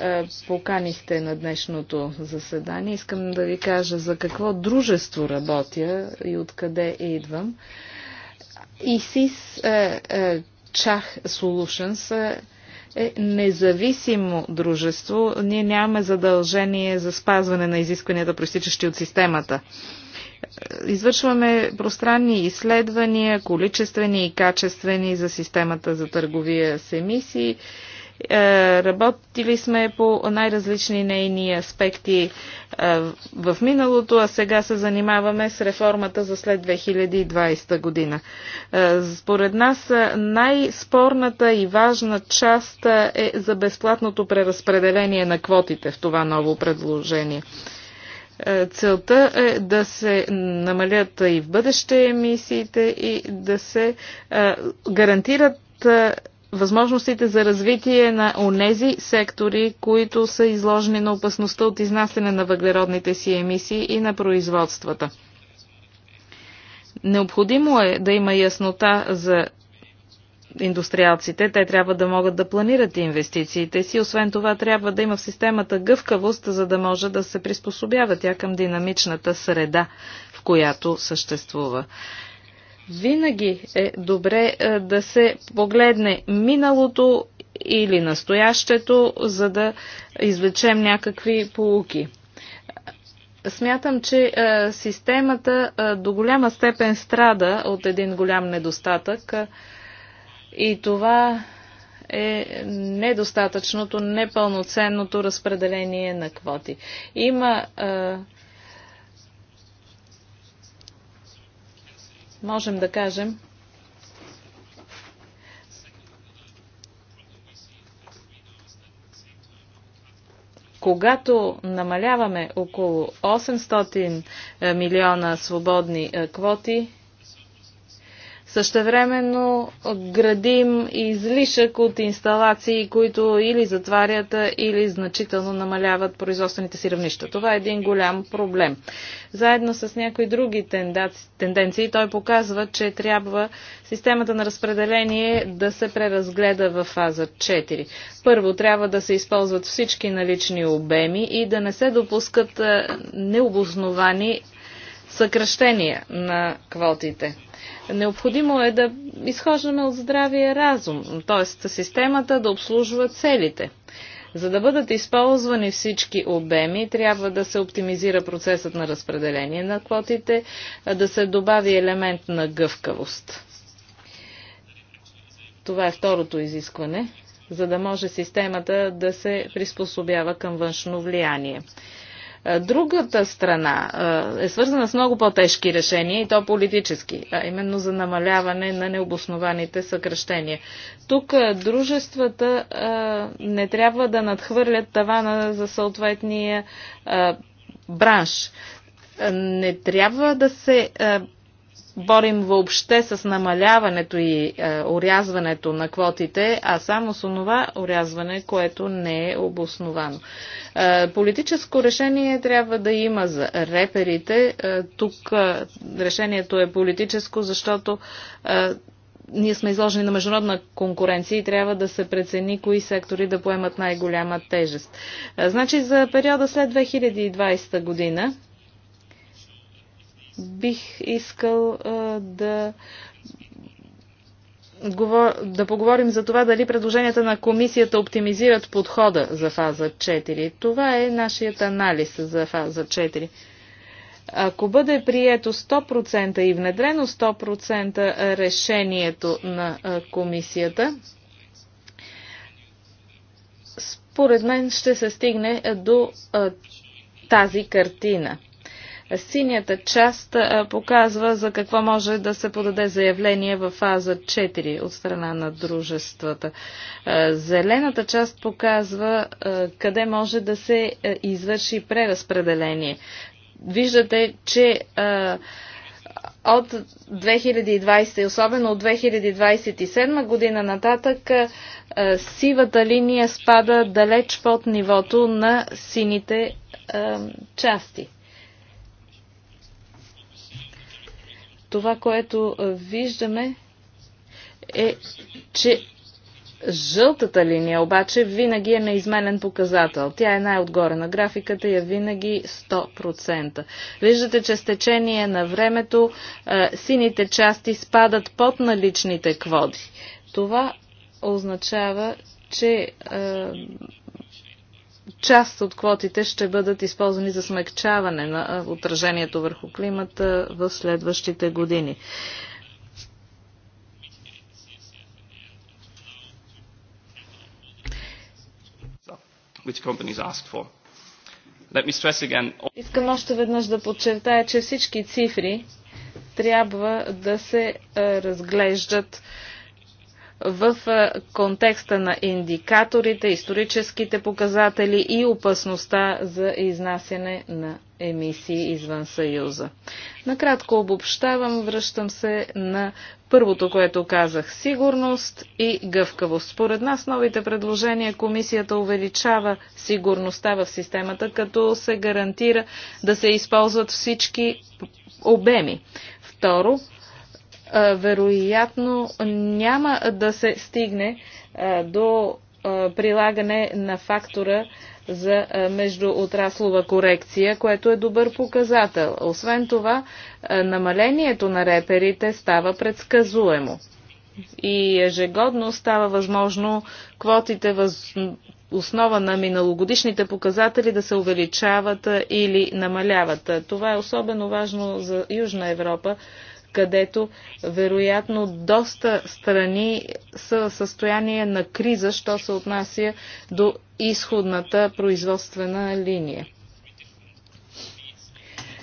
е, поканихте на днешното заседание. Искам да ви кажа за какво дружество работя и откъде идвам. ИСИС е, е, Чах Solutions е, е независимо дружество. Ние нямаме задължение за спазване на изискванията, проистичащи от системата. Е, извършваме пространни изследвания, количествени и качествени за системата за търговия с емисии. Е, работили сме по най-различни нейни аспекти е, в миналото, а сега се занимаваме с реформата за след 2020 година. Е, според нас най-спорната и важна част е за безплатното преразпределение на квотите в това ново предложение. Целта е да се намалят и в бъдеще емисиите и да се гарантират възможностите за развитие на онези сектори, които са изложени на опасността от изнасяне на въглеродните си емисии и на производствата. Необходимо е да има яснота за индустриалците. Те трябва да могат да планират инвестициите си. Освен това, трябва да има в системата гъвкавост, за да може да се приспособява тя към динамичната среда, в която съществува. Винаги е добре е, да се погледне миналото или настоящето, за да извлечем някакви полуки. Смятам, че е, системата е, до голяма степен страда от един голям недостатък и това е недостатъчното, непълноценното разпределение на квоти. Има можем да кажем, когато намаляваме около 800 е, милиона свободни е, квоти, Същевременно градим излишък от инсталации, които или затварят, или значително намаляват производствените си равнища. Това е един голям проблем. Заедно с някои други тенденции, той показва, че трябва системата на разпределение да се преразгледа в фаза 4. Първо, трябва да се използват всички налични обеми и да не се допускат е, необосновани съкръщения на квотите. Необходимо е да изхождаме от здравия разум, т.е. системата да обслужва целите. За да бъдат използвани всички обеми, трябва да се оптимизира процесът на разпределение на квотите, да се добави елемент на гъвкавост. Това е второто изискване, за да може системата да се приспособява към външно влияние. Е, другата страна е, е свързана с много по-тежки решения и то политически, а именно за намаляване на необоснованите съкръщения. Тук е, дружествата не трябва да надхвърлят тавана за съответния бранш. Не трябва да се борим въобще с намаляването и е, урязването на квотите, а само с онова урязване, което не е обосновано. Е, политическо решение трябва да има за реперите. Е, тук е, решението е политическо, защото е, ние сме изложени на международна конкуренция и трябва да се прецени кои сектори да поемат най-голяма тежест. Е, значи за периода след 2020 година бих искал да да поговорим за това дали предложенията на комисията оптимизират подхода за фаза 4. Това е нашият анализ за фаза 4. Ако бъде прието 100% и внедрено 100% решението на комисията, според мен ще се стигне до тази картина – Синята част показва за какво може да се подаде заявление в фаза 4 от страна на дружествата. Зелената част показва къде може да се извърши преразпределение. Виждате, че от 2020, особено от 2027 година нататък, сивата линия спада далеч под нивото на сините части. това, което виждаме е, че жълтата линия обаче винаги е неизменен показател. Тя е най-отгоре на графиката и е винаги 100%. Виждате, че с течение на времето сините части спадат под наличните кводи. Това означава, че част от квотите ще бъдат използвани за смягчаване на отражението върху климата в следващите години. which companies ask for. Let me stress again. Искам още веднъж да подчертая, че всички цифри трябва да се разглеждат в е, контекста на индикаторите, историческите показатели и опасността за изнасяне на емисии извън Съюза. Накратко обобщавам, връщам се на първото, което казах – сигурност и гъвкавост. Според нас новите предложения комисията увеличава сигурността в системата, като се гарантира да се използват всички обеми. Второ, вероятно няма да се стигне до прилагане на фактора за междуотраслова корекция, което е добър показател. Освен това, намалението на реперите става предсказуемо и ежегодно става възможно квотите въз основа на миналогодишните показатели да се увеличават или намаляват. Това е особено важно за Южна Европа, където вероятно доста страни са в състояние на криза, що се отнася до изходната производствена линия.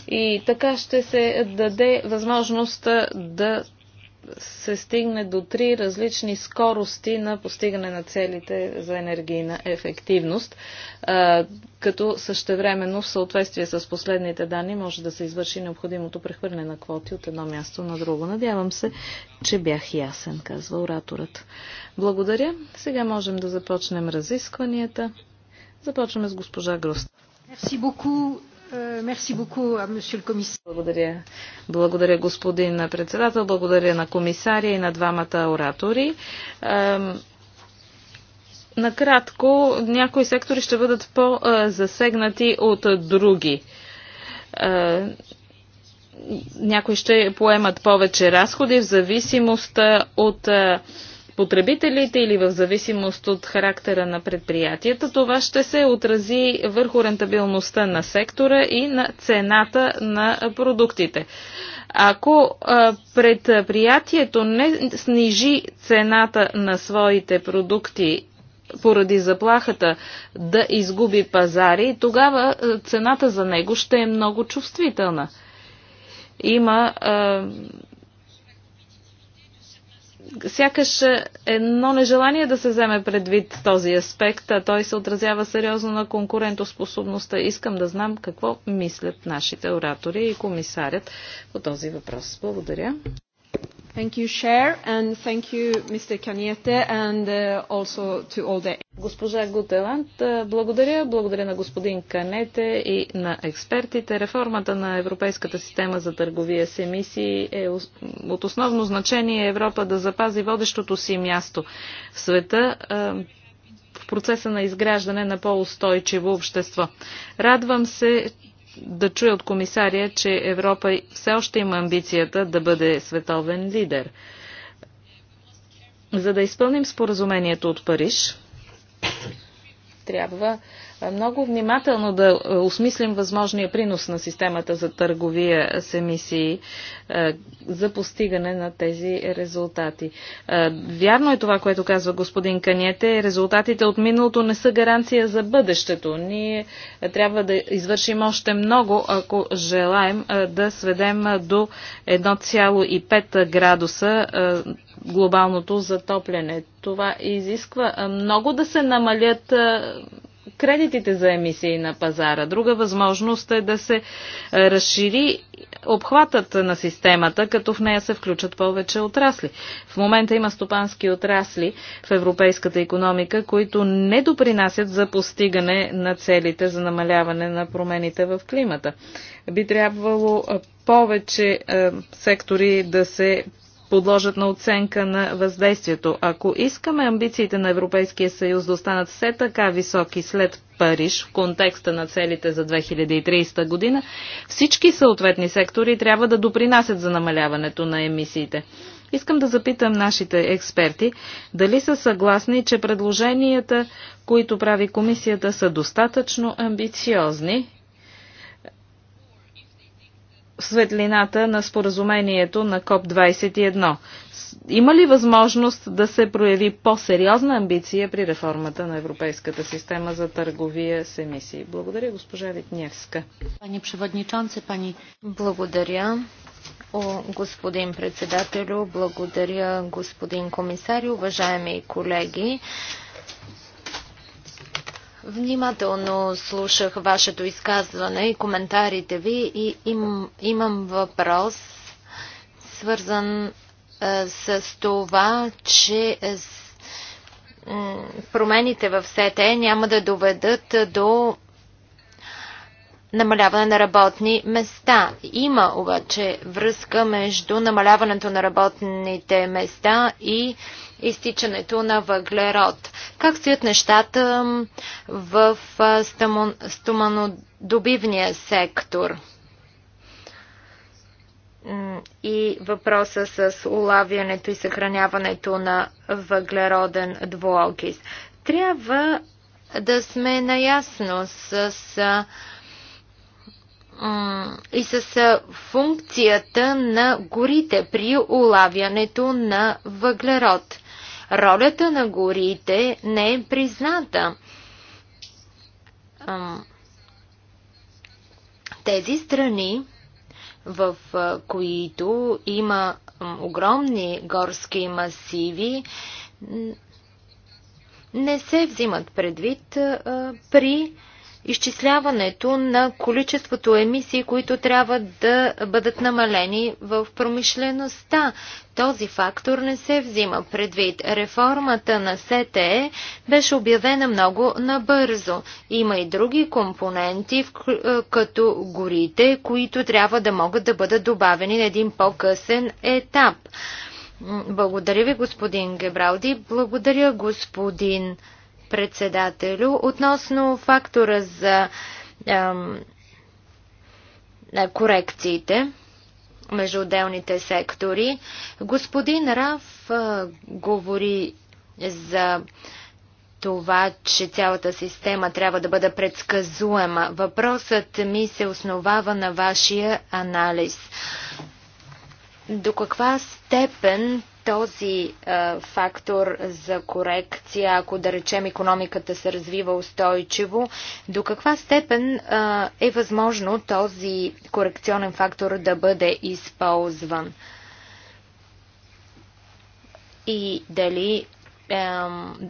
И така ще се даде възможност да се стигне до три различни скорости на постигане на целите за енергийна ефективност, като същевременно в съответствие с последните данни може да се извърши необходимото прехвърляне на квоти от едно място на друго. Надявам се, че бях ясен, казва ораторът. Благодаря. Сега можем да започнем разискванията. Започваме с госпожа Груст. Merci beaucoup. Euh, Благодаря. господин председател. Благодаря на комисария и на двамата оратори. Накратко, някои сектори ще бъдат по-засегнати от други някои ще поемат повече разходи в зависимост от е, потребителите или в зависимост от характера на предприятията, това ще се отрази върху рентабилността на сектора и на цената на продуктите. Ако предприятието не снижи цената на своите продукти поради заплахата да изгуби пазари, тогава цената за него ще е много чувствителна. Има сякаш е, едно нежелание да се вземе предвид този аспект, а той се отразява сериозно на конкурентоспособността. Искам да знам какво мислят нашите оратори и комисарят по този въпрос. Благодаря. Thank you, Chair, and thank you, Mr. and uh, also to all the... Госпожа Гутеланд, благодаря. Благодаря на господин Канете и на експертите. Реформата на Европейската система за търговия с емисии е от основно значение Европа да запази водещото си място в света в процеса на изграждане на по-устойчиво общество. Радвам се, да чуя от комисария, че Европа все още има амбицията да бъде световен лидер. За да изпълним споразумението от Париж, трябва много внимателно да е, осмислим възможния принос на системата за търговия с емисии е, за постигане на тези резултати. Е, вярно е това, което казва господин Каниете. Резултатите от миналото не са гаранция за бъдещето. Ние трябва да извършим още много, ако желаем да сведем до 1,5 градуса глобалното затопляне. Това изисква много да се намалят кредитите за емисии на пазара. Друга възможност е да се е, разшири обхватът на системата, като в нея се включат повече отрасли. В момента има стопански отрасли в европейската економика, които не допринасят за постигане на целите за намаляване на промените в климата. Би трябвало повече е, сектори да се подложат на оценка на въздействието. Ако искаме амбициите на Европейския съюз да останат все така високи след Париж в контекста на целите за 2030 година, всички съответни сектори трябва да допринасят за намаляването на емисиите. Искам да запитам нашите експерти дали са съгласни, че предложенията, които прави комисията, са достатъчно амбициозни светлината на споразумението на КОП-21. Има ли възможност да се прояви по-сериозна амбиция при реформата на Европейската система за търговия с емисии? Благодаря, госпожа Витневска. Пани Преводничонце, пани... Благодаря, о, господин председателю, благодаря, господин комисар, уважаеми колеги. Внимателно слушах вашето изказване и коментарите ви и им, имам въпрос, свързан е, с това, че е, промените в СЕТЕ няма да доведат до намаляване на работни места. Има обаче връзка между намаляването на работните места и е, изтичането на въглерод. Как стоят нещата в стоманодобивния сектор? И въпроса с улавянето и съхраняването на въглероден двуокис. Трябва да сме наясно с и с функцията на горите при улавянето на въглерод. Ролята на горите не е призната. Тези страни, в които има огромни горски масиви, не се взимат предвид при изчисляването на количеството емисии, които трябва да бъдат намалени в промишлеността. Този фактор не се взима предвид. Реформата на СТЕ беше обявена много набързо. Има и други компоненти, е, като горите, които трябва да могат да бъдат добавени на един по-късен етап. Благодаря ви, господин Гебралди. Благодаря, господин председателю. Относно фактора за ем, е, корекциите между отделните сектори, господин Раф а, говори за това, че цялата система трябва да бъде предсказуема. Въпросът ми се основава на вашия анализ. До каква степен този а, е, фактор за корекция, ако да речем економиката се развива устойчиво, до каква степен а, е, е възможно този корекционен фактор да бъде използван? И дали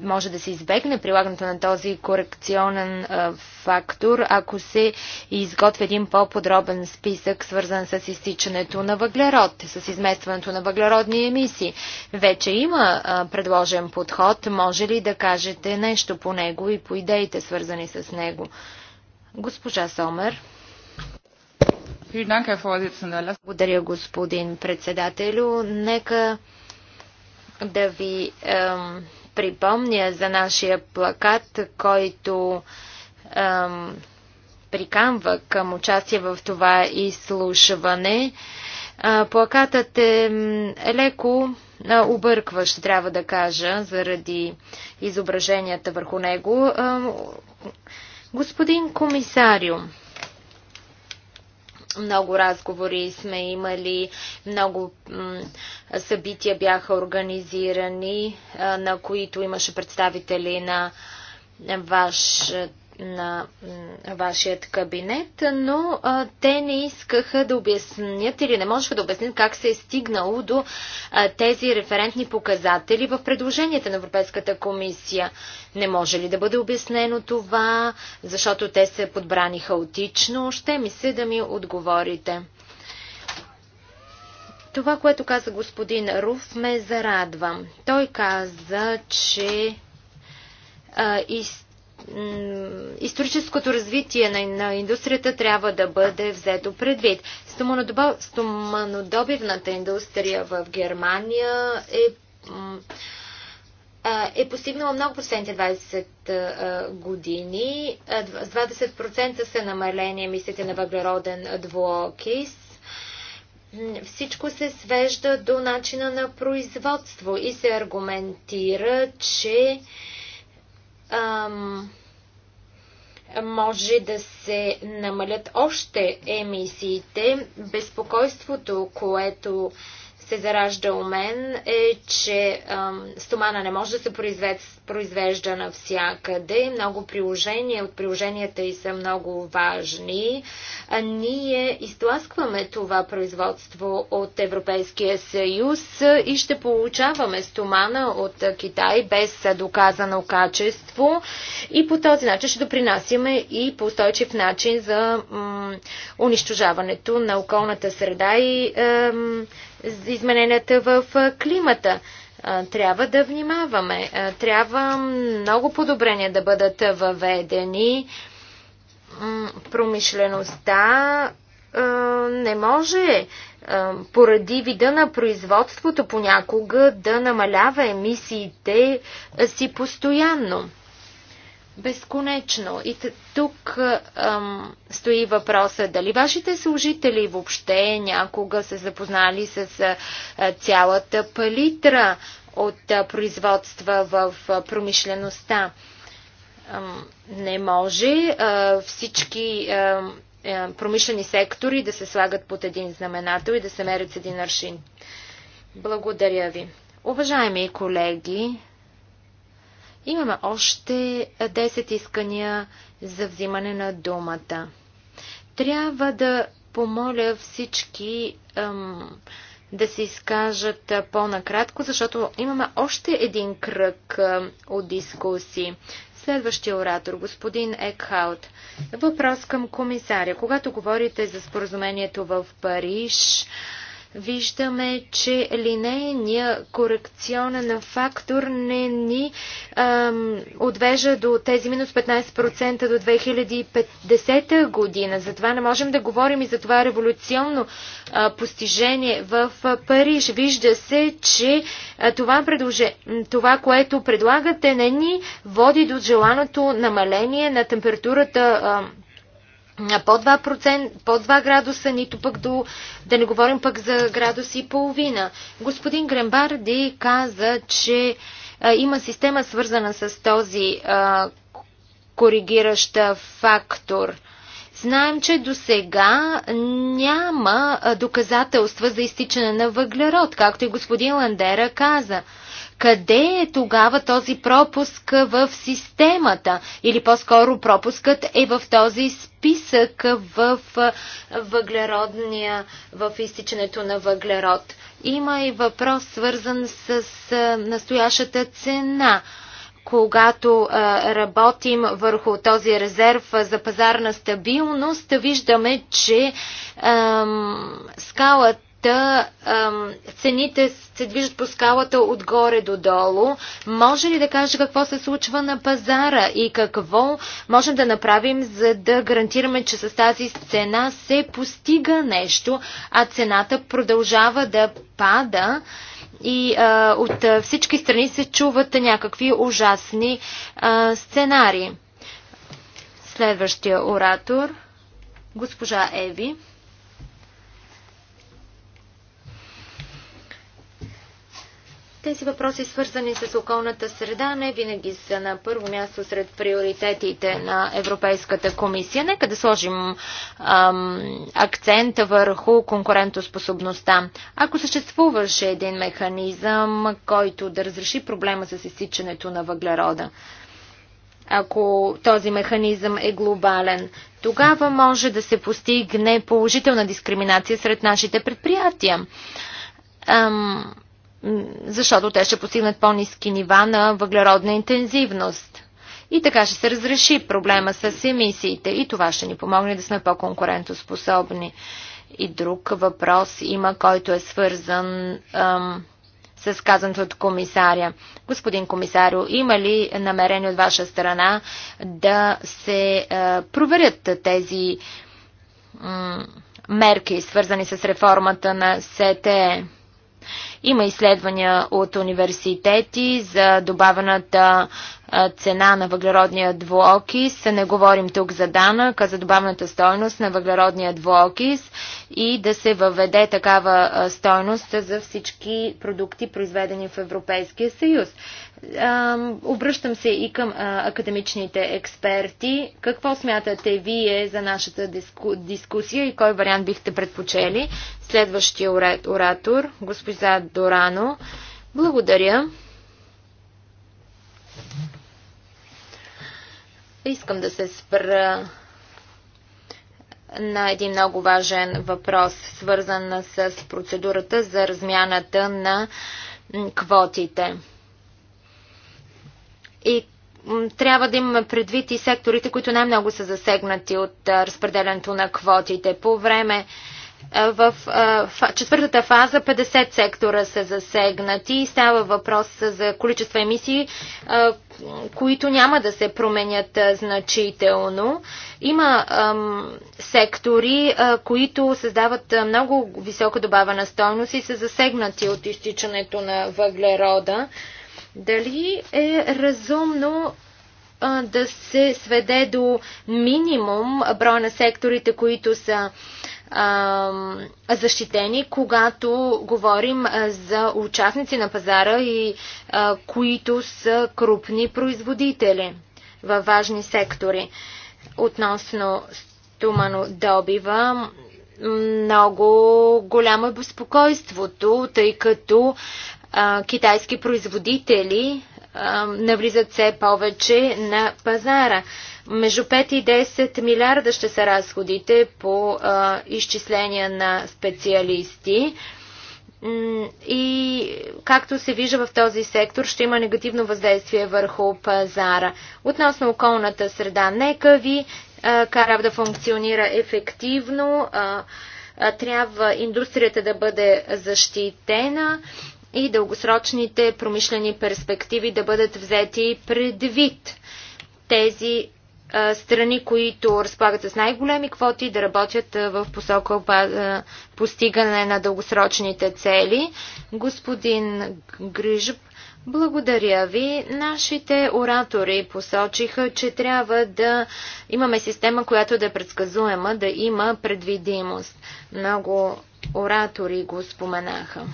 може да се избегне прилагането на този корекционен фактор, ако се изготви един по-подробен списък, свързан с изтичането на въглерод, с изместването на въглеродни емисии. Вече има предложен подход. Може ли да кажете нещо по него и по идеите, свързани с него? Госпожа Сомер. Благодаря, господин председателю. Нека да ви е, припомня за нашия плакат, който е, приканва към участие в това изслушване. Е, плакатът е леко объркващ, трябва да кажа, заради изображенията върху него. Е, господин комисарио, много разговори сме имали, много събития бяха организирани, на които имаше представители на вашата на вашият кабинет, но а, те не искаха да обяснят или не можеха да обяснят как се е стигнало до а, тези референтни показатели в предложенията на Европейската комисия. Не може ли да бъде обяснено това, защото те се подбрани хаотично? Ще ми се да ми отговорите. Това, което каза господин Руф, ме зарадва. Той каза, че а, историческото развитие на, на индустрията трябва да бъде взето предвид. Стоманодобивната индустрия в Германия е, е постигнала много проценти 20 години. С 20% са намалени емисиите на въглероден двуокис. Всичко се свежда до начина на производство и се аргументира, че ам, може да се намалят още емисиите. Безпокойството, което се заражда у мен е, че стомана не може да се произвед, произвежда навсякъде. Много приложения от приложенията и са много важни. А ние изтласкваме това производство от Европейския съюз и ще получаваме стомана от Китай без доказано качество и по този начин ще допринасяме и по устойчив начин за м, унищожаването на околната среда и м, измененията в климата. Трябва да внимаваме. Трябва много подобрения да бъдат въведени. Промишлеността не може поради вида на производството понякога да намалява емисиите си постоянно безконечно. И тук ам, стои въпроса дали вашите служители въобще някога са запознали с а, цялата палитра от а, производства в а, промишлеността. Ам, не може а, всички а, а, промишлени сектори да се слагат под един знаменател и да се мерят с един аршин. Благодаря ви. Уважаеми колеги, Имаме още 10 искания за взимане на думата. Трябва да помоля всички ам, да се изкажат по-накратко, защото имаме още един кръг ам, от дискусии. Следващия оратор, господин Екхаут. Въпрос към комисаря. Когато говорите за споразумението в Париж, виждаме, че линейния корекционен фактор не ни ам, отвежда до тези минус 15% до 2050 година. Затова не можем да говорим и за това революционно а, постижение в а, Париж. Вижда се, че а, това, предложе, това, което предлагате, не ни води до желаното намаление на температурата. А, по 2%, по 2 градуса, нито пък до, да не говорим пък за градус и половина. Господин Гренбарди каза, че а, има система свързана с този а, коригиращ фактор. Знаем, че до сега няма доказателства за изтичане на въглерод, както и господин Ландера каза. Къде е тогава този пропуск в системата? Или по-скоро пропускът е в този списък в въглеродния, в изтичането на въглерод. Има и въпрос свързан с настоящата цена когато а, работим върху този резерв за пазарна стабилност, виждаме, че ам, скалата Та ам, цените се движат по скалата отгоре до долу. Може ли да каже какво се случва на пазара и какво можем да направим, за да гарантираме, че с тази цена се постига нещо, а цената продължава да пада? и а, от всички страни се чуват някакви ужасни а, сценари. Следващия оратор, госпожа Еви. Тези въпроси, свързани с околната среда, не винаги са на първо място сред приоритетите на Европейската комисия. Нека да сложим ам, акцент върху конкурентоспособността. Ако съществуваше един механизъм, който да разреши проблема с изсичането на въглерода, ако този механизъм е глобален, тогава може да се постигне положителна дискриминация сред нашите предприятия. Ам, защото те ще постигнат по-низки нива на въглеродна интензивност. И така ще се разреши проблема с емисиите и това ще ни помогне да сме по-конкурентоспособни. И друг въпрос има, който е свързан ам, с казаното от комисаря. Господин комисарио, има ли намерение от ваша страна да се а, проверят тези м, мерки, свързани с реформата на СТЕ? Има изследвания от университети за добавената цена на въглеродния двуокис. Не говорим тук за данък, а за добавената стойност на въглеродния двуокис и да се въведе такава стойност за всички продукти, произведени в Европейския съюз. Обръщам се и към академичните експерти. Какво смятате вие за нашата диску, дискусия и кой вариант бихте предпочели? Следващия оратор, госпожа Дорано. Благодаря. Искам да се спра на един много важен въпрос, свързан с процедурата за размяната на квотите. И трябва да имаме предвид и секторите, които най-много са засегнати от разпределянето на квотите. По време в четвъртата фаза 50 сектора са засегнати и става въпрос за количество емисии, които няма да се променят значително. Има сектори, които създават много висока добавена стойност и са засегнати от изтичането на въглерода. Дали е разумно да се сведе до минимум броя на секторите, които са защитени, когато говорим за участници на пазара и които са крупни производители във важни сектори. Относно добива много голямо е безпокойството, тъй като китайски производители навлизат все повече на пазара. Между 5 и 10 милиарда ще са разходите по изчисления на специалисти. И както се вижда в този сектор, ще има негативно въздействие върху пазара. Относно околната среда, нека ви кара да функционира ефективно. трябва индустрията да бъде защитена и дългосрочните промишлени перспективи да бъдат взети предвид. Тези страни, които разполагат с най-големи квоти, да работят в посока постигане на дългосрочните цели. Господин Грижб, благодаря ви. Нашите оратори посочиха, че трябва да имаме система, която да е предсказуема, да има предвидимост. Много оратори го споменаха.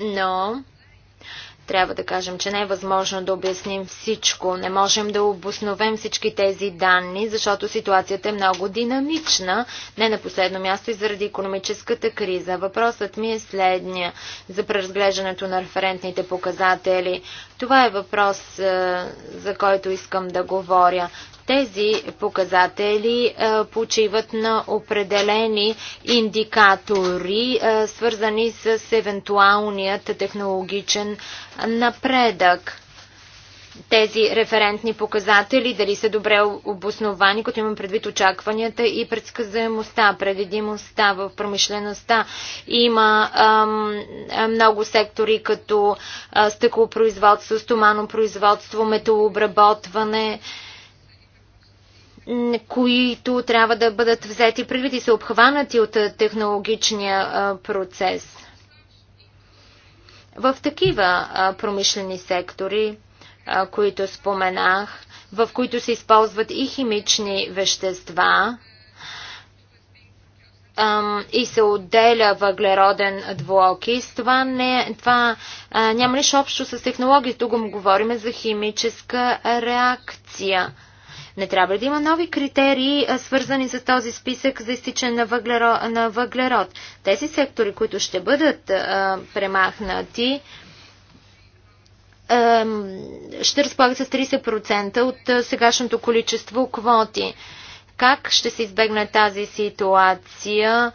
но трябва да кажем, че не е възможно да обясним всичко. Не можем да обосновем всички тези данни, защото ситуацията е много динамична, не на последно място и заради економическата криза. Въпросът ми е следния за преразглеждането на референтните показатели. Това е въпрос, е, за който искам да говоря. Тези показатели е, почиват на определени индикатори, е, свързани с евентуалният технологичен напредък тези референтни показатели, дали са добре обосновани, като имам предвид очакванията и предсказаемостта, предвидимостта в промишлеността. Има ам, много сектори, като стъклопроизводство, стоманопроизводство, металообработване, които трябва да бъдат взети предвид и са обхванати от технологичния процес. В такива промишлени сектори които споменах, в които се използват и химични вещества и се отделя въглероден двуокис. Това, не, това а, няма нищо общо с технологии, Тук му говорим за химическа реакция. Не трябва да има нови критерии, а, свързани с този списък за изтичане на, въглеро, на въглерод. Тези сектори, които ще бъдат а, премахнати, ще разполага с 30% от сегашното количество квоти. Как ще се избегне тази ситуация?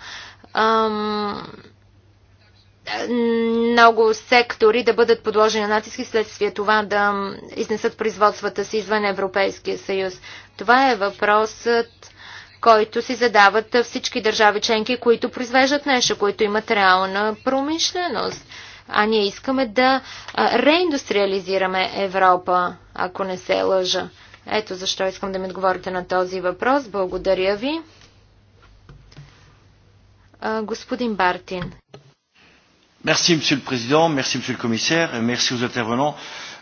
много сектори да бъдат подложени на натиски следствие това да изнесат производствата си извън Европейския съюз. Това е въпросът, който си задават всички държави членки, които произвеждат нещо, които имат реална промишленост а ние искаме да реиндустриализираме Европа, ако не се лъжа. Ето защо искам да ми отговорите на този въпрос. Благодаря ви. Господин Бартин. Merci, Monsieur le Président, merci, Monsieur le Commissaire, et merci aux intervenants.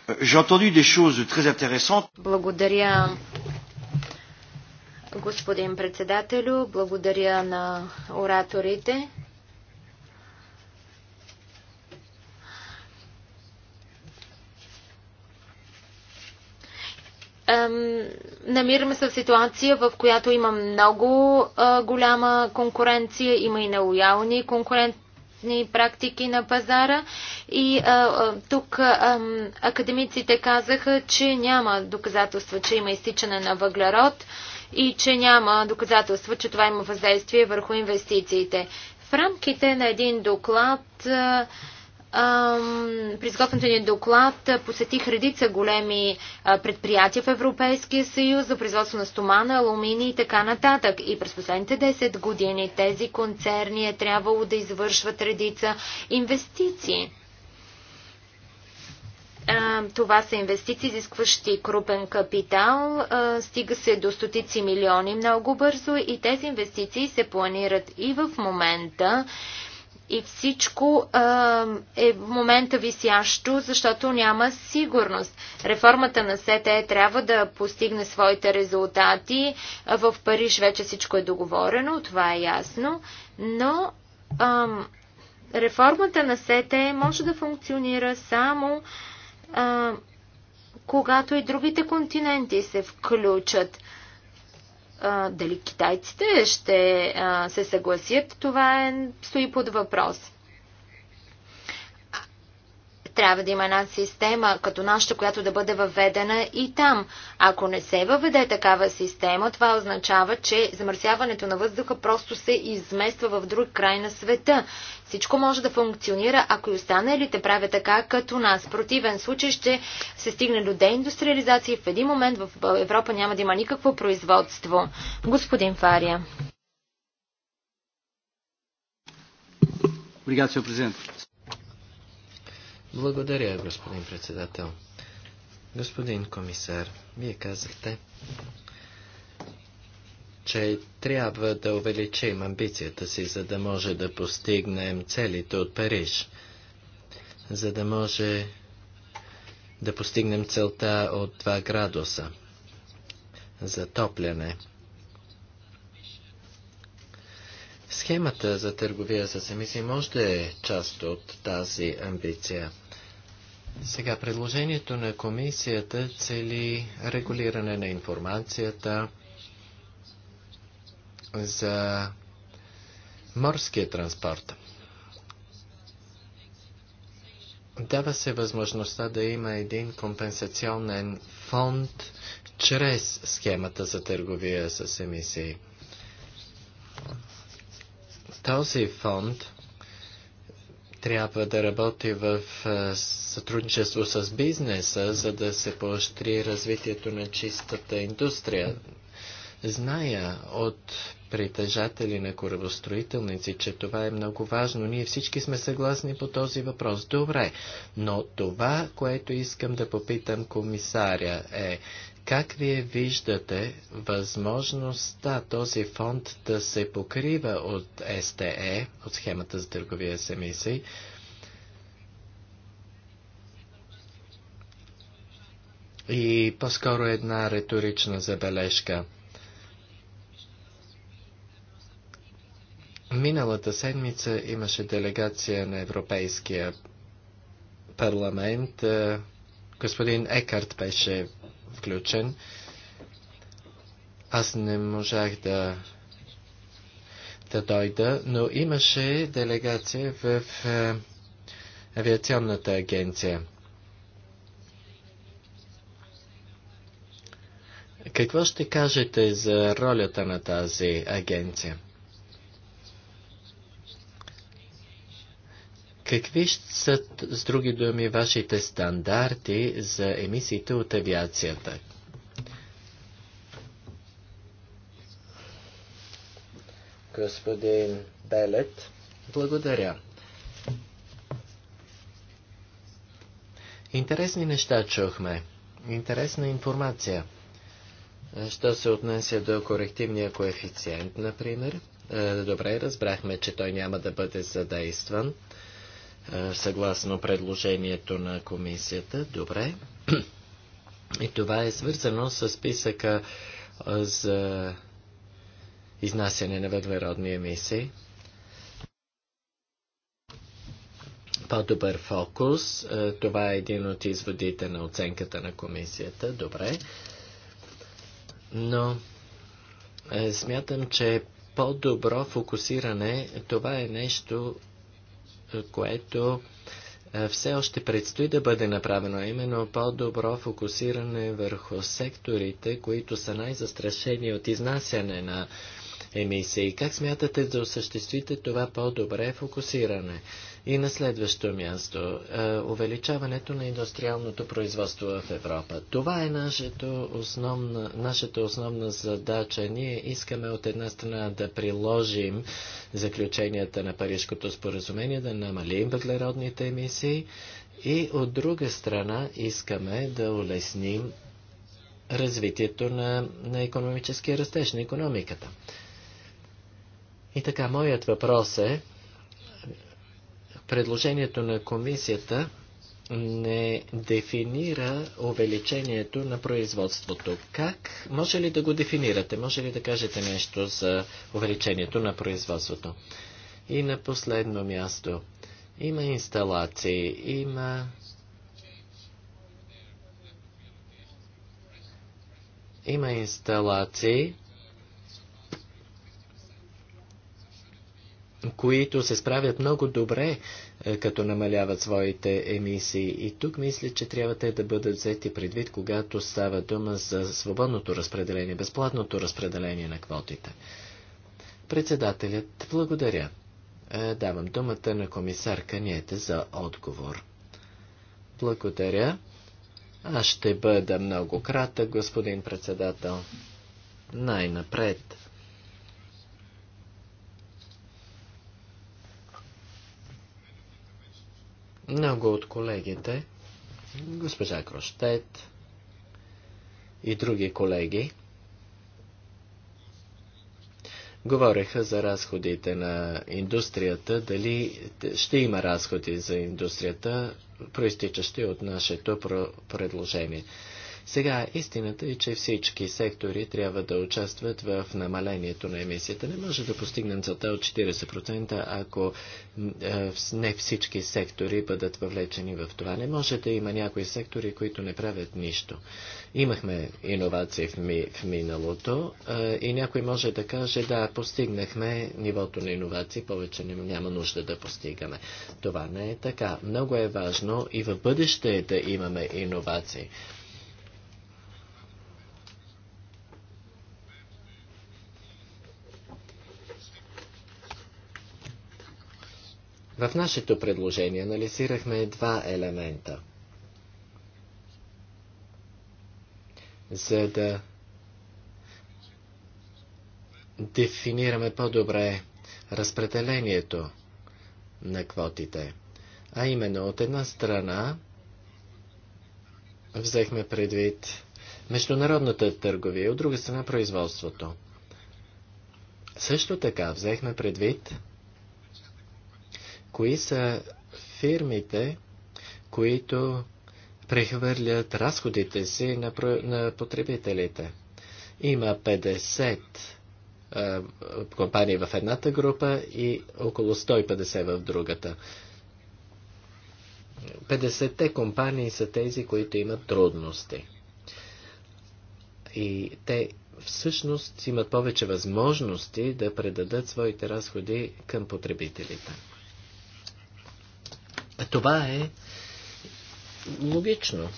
Euh, j'ai entendu des choses très intéressantes. Благодаря, господин председателю, благодаря на ораторите. намираме се в ситуация, в която има много голяма конкуренция, има и нелоялни конкурентни практики на пазара и тук академиците казаха, че няма доказателства, че има изтичане на въглерод и че няма доказателства, че това има въздействие върху инвестициите. В рамките на един доклад при изготвянето ни доклад посетих редица големи предприятия в Европейския съюз за производство на стомана, алумини и така нататък. И през последните 10 години тези концерни е трябвало да извършват редица инвестиции. Това са инвестиции, изискващи крупен капитал. Стига се до стотици милиони много бързо и тези инвестиции се планират и в момента. И всичко а, е в момента висящо, защото няма сигурност. Реформата на СТЕ трябва да постигне своите резултати. В Париж вече всичко е договорено, това е ясно. Но а, реформата на СТЕ може да функционира само а, когато и другите континенти се включат дали китайците ще се съгласят, това е, стои под въпрос. Трябва да има една система като нашата, която да бъде въведена и там. Ако не се въведе такава система, това означава, че замърсяването на въздуха просто се измества в друг край на света. Всичко може да функционира, ако и останалите правят така като нас. В противен случай ще се стигне до деиндустриализация и в един момент в Европа няма да има никакво производство. Господин Фария. Obrigado, Sr. Presidente. Благодаря, господин председател. Господин комисар, вие казахте, че трябва да увеличим амбицията си, за да може да постигнем целите от Париж, за да може да постигнем целта от 2 градуса за топляне. Схемата за търговия с емисии може да е част от тази амбиция. Сега, предложението на комисията цели регулиране на информацията за морския транспорт. Дава се възможността да има един компенсационен фонд чрез схемата за търговия с емисии. Този фонд трябва да работи в е, сътрудничество с бизнеса, за да се поощри развитието на чистата индустрия. Зная от притежатели на корабостроителници, че това е много важно. Ние всички сме съгласни по този въпрос. Добре, но това, което искам да попитам комисаря е, как вие виждате възможността този фонд да се покрива от СТЕ, от схемата за търговия с емисии? И по-скоро една риторична забележка. Миналата седмица имаше делегация на Европейския парламент. Господин Екарт беше включен. Аз не можах да, да дойда, но имаше делегация в е, авиационната агенция. Какво ще кажете за ролята на тази агенция? Какви са, с други думи, вашите стандарти за емисиите от авиацията? Господин Белет, благодаря. Интересни неща чухме. Интересна информация. Що се отнася до корективния коефициент, например, е, добре разбрахме, че той няма да бъде задействан. Е, съгласно предложението на комисията. Добре. И това е свързано с списъка е, за изнасяне на въглеродни емисии. По-добър фокус. Е, това е един от изводите на оценката на комисията. Добре. Но смятам, че по-добро фокусиране, това е нещо, което все още предстои да бъде направено, именно по-добро фокусиране върху секторите, които са най-застрашени от изнасяне на емисии. Как смятате да осъществите това по-добре фокусиране? И на следващо място, е, увеличаването на индустриалното производство в Европа. Това е нашето основна, нашата основна задача. Ние искаме от една страна да приложим заключенията на Парижското споразумение, да намалим въглеродните емисии и от друга страна искаме да улесним развитието на, на економическия растеж на економиката. И така, моят въпрос е, предложението на комисията не дефинира увеличението на производството. Как? Може ли да го дефинирате? Може ли да кажете нещо за увеличението на производството? И на последно място. Има инсталации, има има инсталации, които се справят много добре, е, като намаляват своите емисии. И тук мисля, че трябва те да бъдат взети предвид, когато става дума за свободното разпределение, безплатното разпределение на квотите. Председателят, благодаря. Е, давам думата на комисар Каниете за отговор. Благодаря. Аз ще бъда много кратък, господин председател. Най-напред. Много от колегите, госпожа Кроштет и други колеги, говореха за разходите на индустрията, дали ще има разходи за индустрията, проистичащи от нашето предложение. Сега истината е, че всички сектори трябва да участват в намалението на емисията. Не може да постигнем целта от 40%, ако е, не всички сектори бъдат въвлечени в това. Не може да има някои сектори, които не правят нищо. Имахме иновации в, ми, в миналото е, и някой може да каже, да, постигнахме нивото на иновации, повече няма нужда да постигаме. Това не е така. Много е важно и в бъдеще да имаме иновации. В нашето предложение анализирахме два елемента. За да дефинираме по-добре разпределението на квотите. А именно, от една страна, взехме предвид международната търговия, от друга страна производството. Също така взехме предвид Кои са фирмите, които прехвърлят разходите си на, на потребителите? Има 50 а, компании в едната група и около 150 в другата. 50-те компании са тези, които имат трудности. И те всъщност имат повече възможности да предадат своите разходи към потребителите. Това е логично.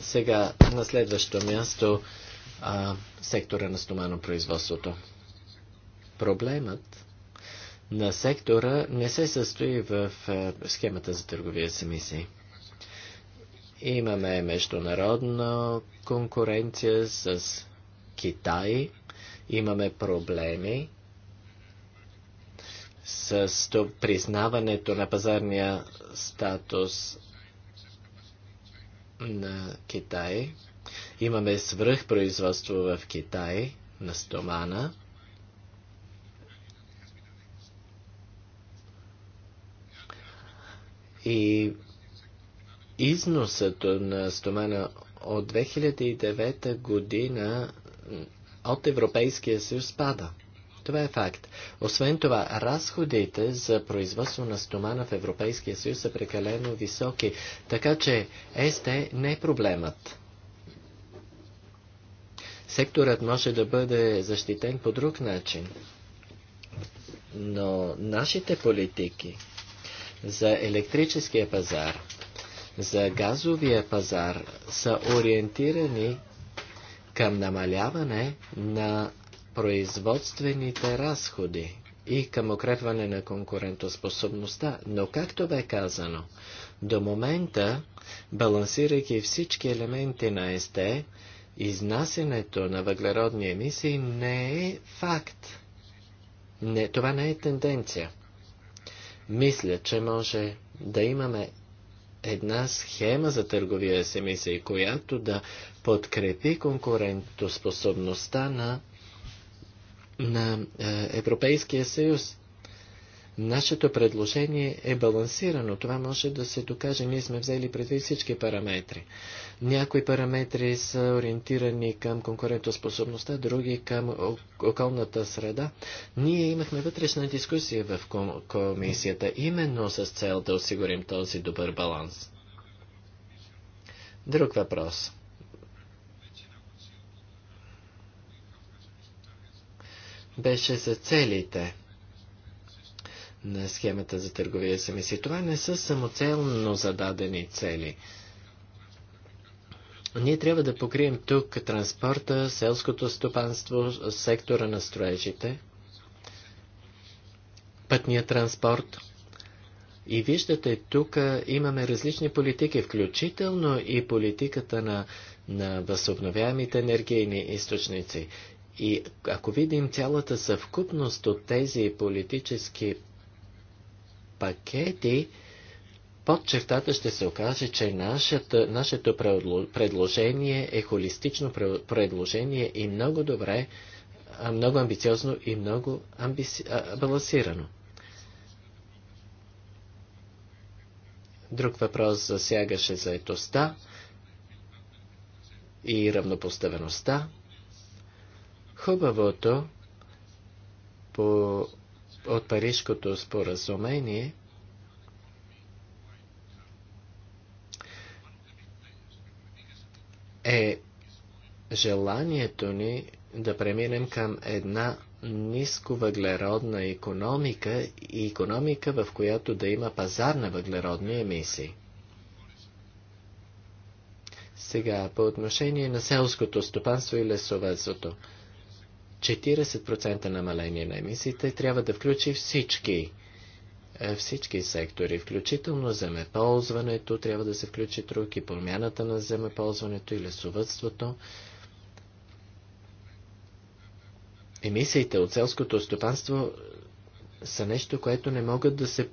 Сега на следващо място а, сектора на стоманопроизводството. Проблемът на сектора не се състои в а, схемата за търговия с емисии. Имаме международна конкуренция с Китай, имаме проблеми с признаването на пазарния статус на Китай. Имаме свръхпроизводство в Китай на стомана. И износът на стомана от 2009 година от Европейския съюз пада. Това е факт. Освен това, разходите за производство на стомана в Европейския съюз са прекалено високи, така че есте не е проблемът. Секторът може да бъде защитен по друг начин. Но нашите политики за електрическия пазар, за газовия пазар са ориентирани към намаляване на производствените разходи и към укрепване на конкурентоспособността, но както бе казано, до момента, балансирайки всички елементи на СТ, изнасянето на въглеродни емисии не е факт. Не, това не е тенденция. Мисля, че може да имаме една схема за търговия с емисии, която да подкрепи конкурентоспособността на на е, Европейския съюз. Нашето предложение е балансирано. Това може да се докаже. Ние сме взели предвид всички параметри. Някои параметри са ориентирани към конкурентоспособността, други към околната среда. Ние имахме вътрешна дискусия в комисията, именно с цел да осигурим този добър баланс. Друг въпрос. беше за целите на схемата за търговия с емисии. Това не са самоцелно зададени цели. Ние трябва да покрием тук транспорта, селското стопанство, сектора на строежите, пътния транспорт. И виждате, тук имаме различни политики, включително и политиката на, на възобновяемите енергийни източници. И ако видим цялата съвкупност от тези политически пакети, под чертата ще се окаже, че нашата, нашето предложение е холистично предложение и много добре, много амбициозно и много амбиси, балансирано. Друг въпрос засягаше заетостта и равнопоставеността. Хубавото по, от Парижкото споразумение е желанието ни да преминем към една нисковъглеродна економика и економика, в която да има пазар на въглеродни емисии. Сега, по отношение на селското стопанство и лесовътството. 40% намаление на емисиите трябва да включи всички е, всички сектори, включително земеползването, трябва да се включи друг и промяната на земеползването и лесовътството. Емисиите от селското стопанство са нещо, което не могат да се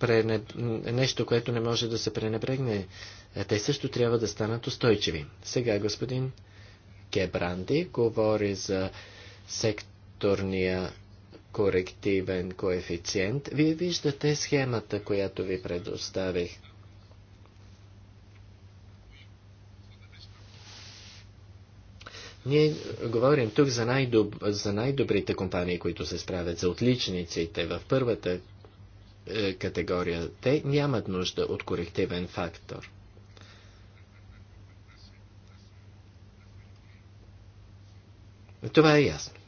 пренеб... нещо, което не може да се пренебрегне. Е, те също трябва да станат устойчиви. Сега господин Кебранди говори за секторния корективен коефициент. Вие виждате схемата, която ви предоставих. Ние говорим тук за, най-доб... за най-добрите компании, които се справят, за отличниците в първата е, категория. Те нямат нужда от корективен фактор. Това е ясно.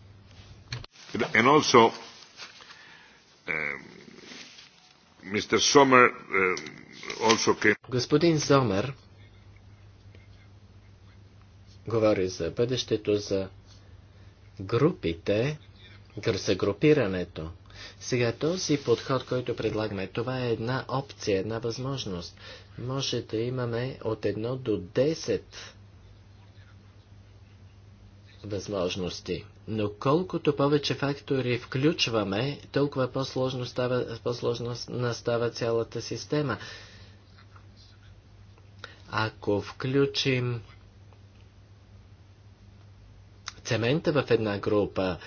And also, Mr. Um, Sommer uh, also came... Господин Сомер говори за бъдещето, за групите, за групирането. Сега този подход, който предлагаме, това е една опция, една възможност. Може да имаме от едно до 10 възможности. Но колкото повече фактори включваме, толкова по-сложно, става, по-сложно настава цялата система. Ако включим цемента в една група,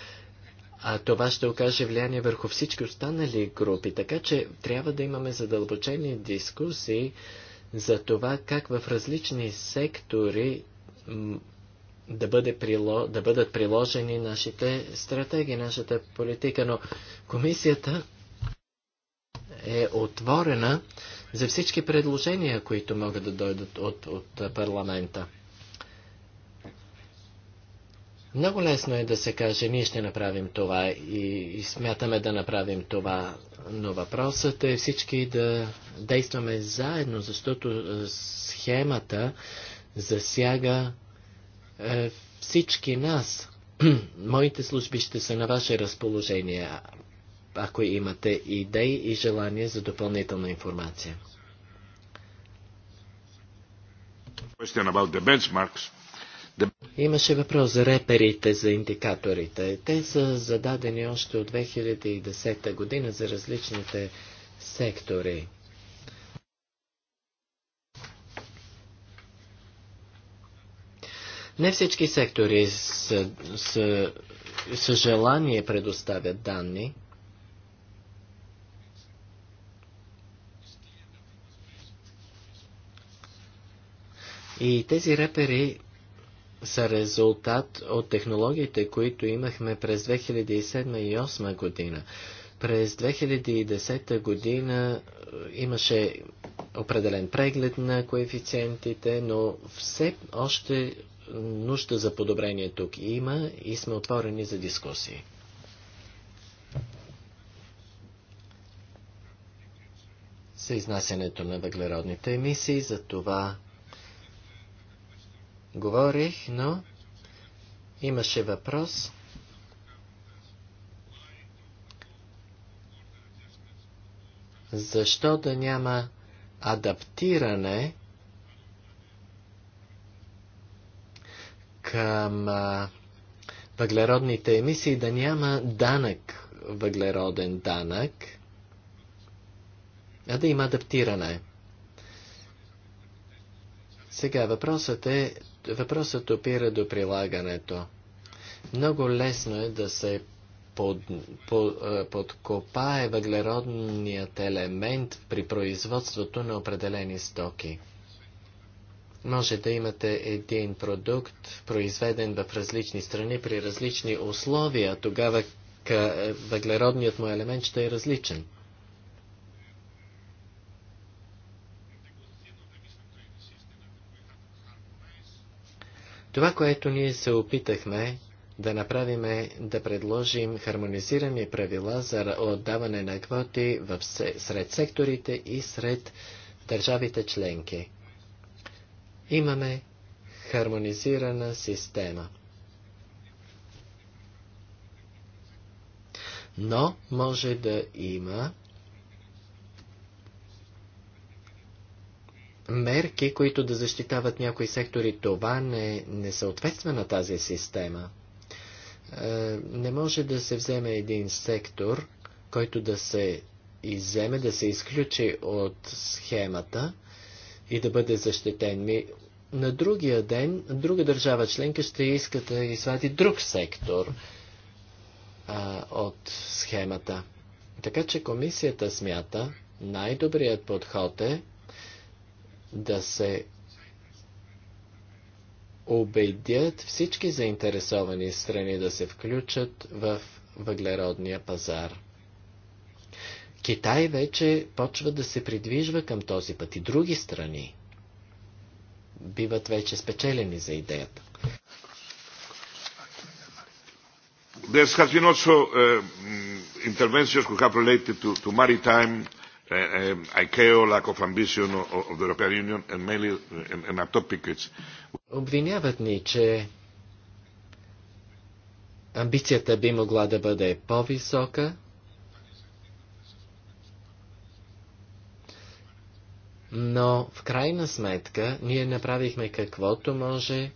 а това ще окаже влияние върху всички останали групи. Така че трябва да имаме задълбочени дискусии за това как в различни сектори да, бъде прило, да бъдат приложени нашите стратегии, нашата политика, но комисията е отворена за всички предложения, които могат да дойдат от, от парламента. Много лесно е да се каже, ние ще направим това и, и смятаме да направим това, но въпросът е всички да действаме заедно, защото е, схемата засяга е, всички нас, моите служби ще са на ваше разположение, ако имате идеи и желания за допълнителна информация. Имаше въпрос за реперите, за индикаторите. Те са зададени още от 2010 година за различните сектори. Не всички сектори с, с, с желание предоставят данни. И тези репери са резултат от технологиите, които имахме през 2007 и 2008 година. През 2010 година е, имаше определен преглед на коефициентите, но все още нужда за подобрение тук има и сме отворени за дискусии. За изнасянето на въглеродните емисии, за това говорих, но имаше въпрос. Защо да няма адаптиране към въглеродните емисии, да няма данък, въглероден данък, а да има адаптиране. Сега въпросът е, въпросът опира до прилагането. Много лесно е да се под, под, подкопае въглеродният елемент при производството на определени стоки. Може да имате един продукт, произведен в различни страни при различни условия, тогава въглеродният му елемент ще е различен. Това, което ние се опитахме да направим е да предложим хармонизирани правила за отдаване на квоти в, сред секторите и сред държавите членки. Имаме хармонизирана система. Но може да има мерки, които да защитават някои сектори. Това не, не съответства на тази система. Е, не може да се вземе един сектор, който да се изземе, да се изключи от схемата, и да бъде защитен. Ми, на другия ден, друга държава членка ще иска да извади друг сектор а, от схемата. Така че комисията смята, най-добрият подход е да се убедят всички заинтересовани страни да се включат в въглеродния пазар. Китай вече почва да се придвижва към този път и други страни биват вече спечелени за идеята. There has been also uh, interventions which have related to, to maritime, uh, uh, ICAO, lack of ambition of, of the European Union, and mainly in, and a topic which... Обвиняват ни, че амбицията би могла да бъде по-висока, но в крайна сметка ние направихме каквото може.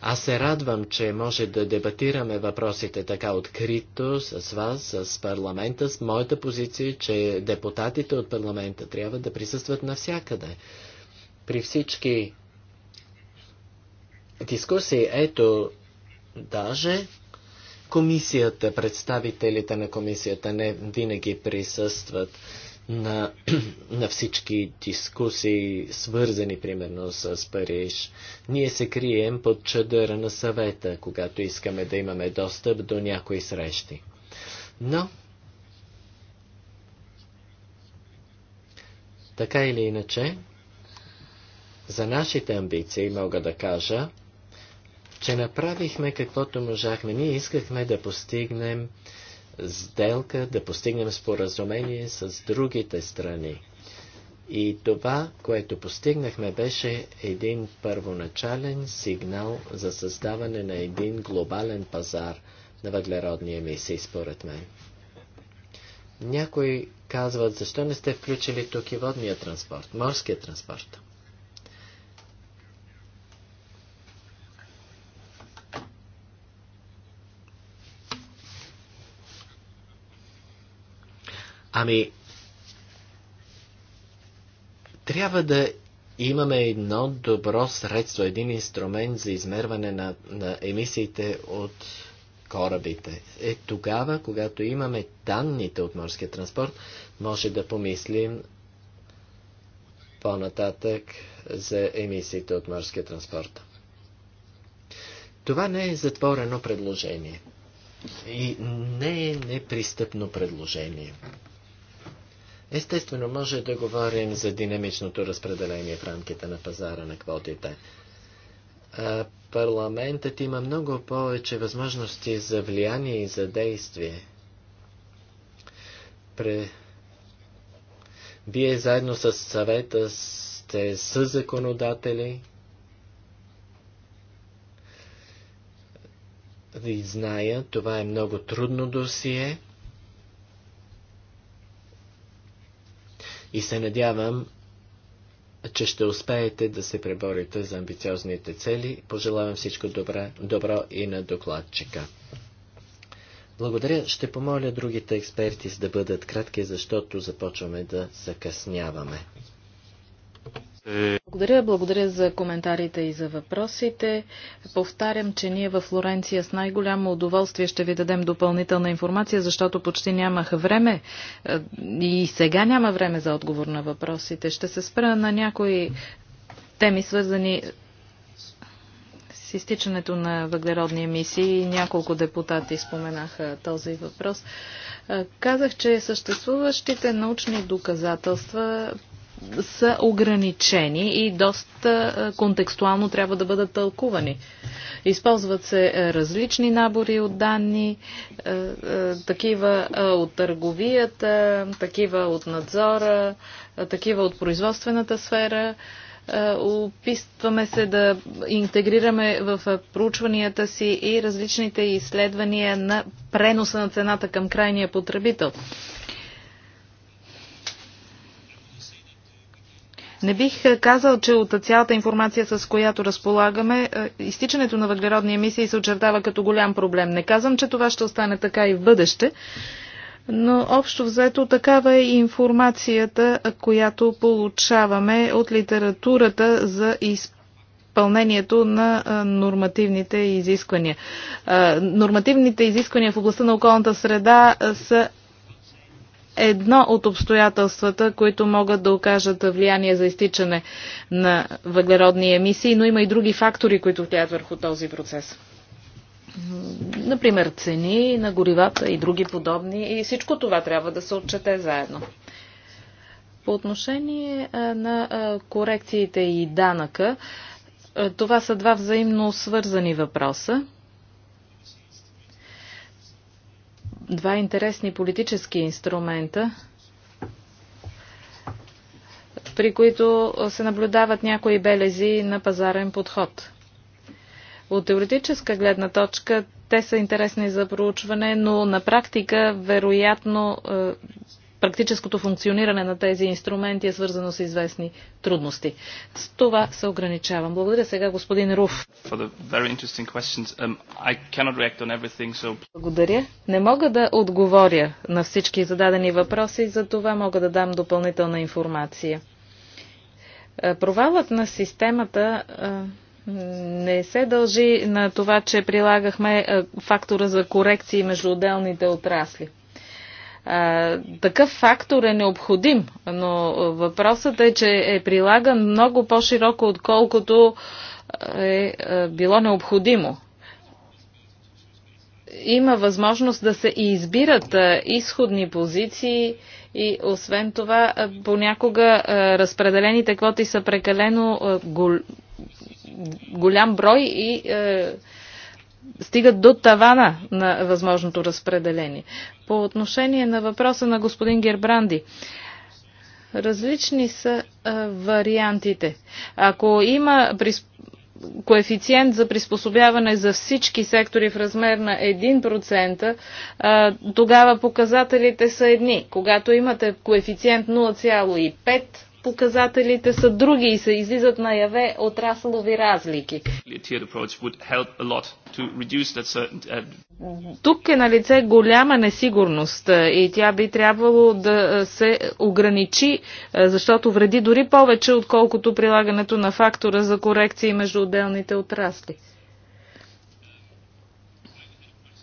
Аз се радвам, че може да дебатираме въпросите така открито с вас, с парламента, с моята позиция, че депутатите от парламента трябва да присъстват навсякъде. При всички дискусии, ето, даже комисията, представителите на комисията не винаги присъстват на, на всички дискусии, свързани примерно с Париж. Ние се крием под чадъра на съвета, когато искаме да имаме достъп до някои срещи. Но, така или иначе, за нашите амбиции мога да кажа, че направихме каквото можахме. Ние искахме да постигнем сделка, да постигнем споразумение с другите страни. И това, което постигнахме, беше един първоначален сигнал за създаване на един глобален пазар на въглеродни емисии, според мен. Някои казват, защо не сте включили тук и водния транспорт, морския транспорт. Ами, трябва да имаме едно добро средство, един инструмент за измерване на, на емисиите от корабите. Е тогава, когато имаме данните от морския транспорт, може да помислим по-нататък за емисиите от морския транспорт. Това не е затворено предложение и не е непристъпно предложение. Естествено, може да говорим за динамичното разпределение в рамките на пазара на квотите. Парламентът има много повече възможности за влияние и за действие. Пре... Вие заедно с съвета сте законодатели. и зная, това е много трудно досие. и се надявам, че ще успеете да се преборите за амбициозните цели. Пожелавам всичко добра, добро и на докладчика. Благодаря. Ще помоля другите експерти да бъдат кратки, защото започваме да закъсняваме. Благодаря, благодаря за коментарите и за въпросите. Повтарям, че ние в Флоренция с най-голямо удоволствие ще ви дадем допълнителна информация, защото почти нямах време е, и сега няма време за отговор на въпросите. Ще се спра на някои теми, свързани с изтичането на въглеродни емисии. Няколко депутати споменаха този въпрос. Е, казах, че съществуващите научни доказателства са ограничени и доста контекстуално трябва да бъдат тълкувани. Използват се различни набори от данни, такива от търговията, такива от надзора, такива от производствената сфера. Опитваме се да интегрираме в проучванията си и различните изследвания на преноса на цената към крайния потребител. Не бих е, казал, че от цялата информация, с която разполагаме, е, изтичането на въглеродни емисии се очертава като голям проблем. Не казвам, че това ще остане така и в бъдеще, но общо взето такава е информацията, е, която получаваме от литературата за изпълнение изпълнението на нормативните изисквания. Нормативните изисквания в областта на околната среда са едно от обстоятелствата, които могат да окажат влияние за изтичане на въглеродни емисии, но има и други фактори, които влияят върху този процес. Например, цени на горивата и други подобни. И всичко това трябва да се отчете заедно. По отношение на корекциите и данъка, това са два взаимно свързани въпроса. два интересни политически инструмента, при които се наблюдават някои белези на пазарен подход. От теоретическа гледна точка те са интересни за проучване, но на практика вероятно е, практическото функциониране на тези инструменти е свързано с известни трудности. С това се ограничавам. Благодаря сега господин Руф. Um, Благодаря. Не мога да отговоря на всички зададени въпроси, за това мога да дам допълнителна информация. Е, провалът на системата е, не се дължи на това, че прилагахме е, фактора за корекции между отделните отрасли. Такъв фактор е необходим, но въпросът е, че е прилаган много по-широко, отколкото е било необходимо има възможност да се избират изходни позиции и освен това понякога разпределените квоти са прекалено голям брой и стигат до тавана на възможното разпределение. По отношение на въпроса на господин Гербранди, различни са а, вариантите. Ако има присп... коефициент за приспособяване за всички сектори в размер на 1%, а, тогава показателите са едни. Когато имате коефициент 0,5%, показателите са други и се излизат наяве отраслови разлики. Uh, Тук е на лице голяма несигурност е, и тя би трябвало да е, се ограничи, е, защото вреди дори повече, отколкото прилагането на фактора за корекции между отделните отрасли.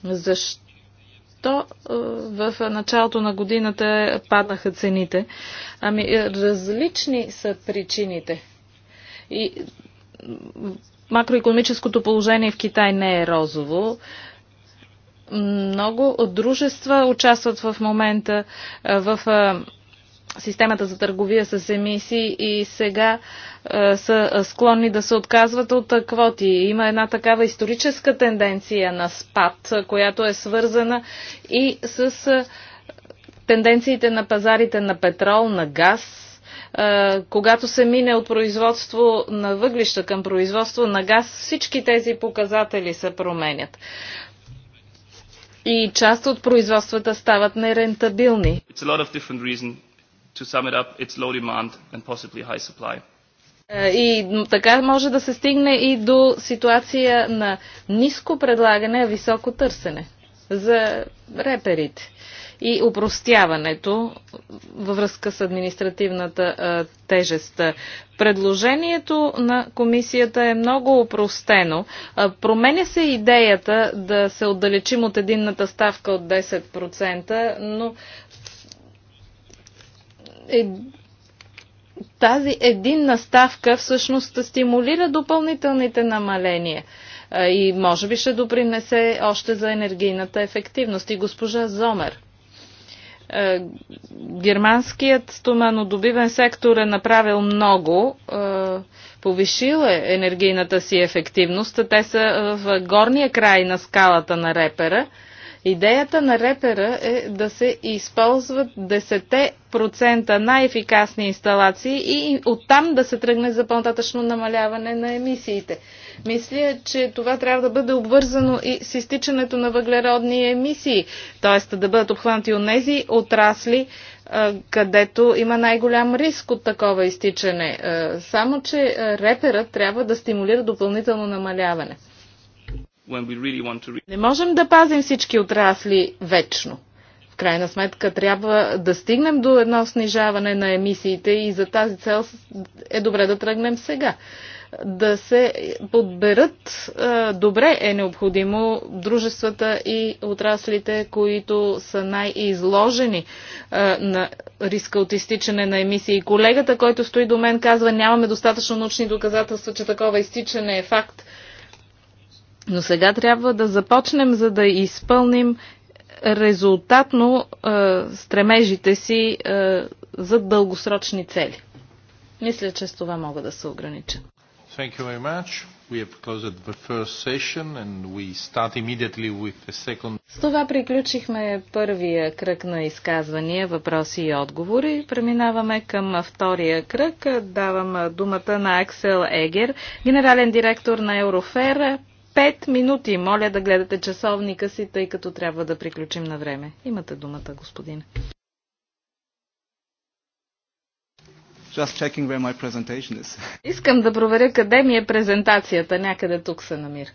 Защо? защо е, в началото на годината паднаха цените. Ами, е, различни са причините. И макроекономическото положение в Китай не е розово. Много дружества участват в момента е, в системата за търговия с емисии и сега е, са склонни да се отказват от е, квоти. Има една такава историческа тенденция на спад, е, която е свързана и с е, тенденциите на пазарите на петрол, на газ, е, когато се мине от производство на въглища към производство на газ, всички тези показатели се променят. И част от производствата стават нерентабилни to sum it up, it's low demand and possibly high supply. Е, и така може да се стигне и до ситуация на ниско предлагане, а високо търсене за реперите и упростяването във връзка с административната а, е, тежест. Предложението на комисията е много упростено. А, е, променя се идеята да се отдалечим от единната ставка от 10%, но е, тази единна ставка всъщност стимулира допълнителните намаления е, и може би ще допринесе още за енергийната ефективност. И госпожа Зомер. Е, германският стоманодобивен сектор е направил много, е, повишил е енергийната си ефективност. Те са в горния край на скалата на репера Идеята на репера е да се използват 10% най-ефикасни инсталации и оттам да се тръгне за по-нататъчно намаляване на емисиите. Мисля, че това трябва да бъде обвързано и с изтичането на въглеродни емисии, т.е. да бъдат обхванати от тези отрасли, където има най-голям риск от такова изтичане. Само, че реперът трябва да стимулира допълнително намаляване. Не можем да пазим всички отрасли вечно. В крайна сметка трябва да стигнем до едно снижаване на емисиите и за тази цел е добре да тръгнем сега. Да се подберат добре е необходимо дружествата и отраслите, които са най-изложени на риска от изтичане на емисии. Колегата, който стои до мен, казва, нямаме достатъчно научни доказателства, че такова изтичане е факт. Но сега трябва да започнем, за да изпълним резултатно е, стремежите си е, за дългосрочни цели. Мисля, че с това мога да се огранича. Thank you very much. We have closed the first session and we start immediately with the second. С това приключихме първия кръг на изказвания, въпроси и отговори. Преминаваме към втория кръг. Давам думата на Аксел Егер, генерален директор на Еурофера, 5 минути. Моля да гледате часовника си, тъй като трябва да приключим на време. Имате думата, господин. Just checking where my presentation is. Искам да проверя къде ми е презентацията. Някъде тук се намира.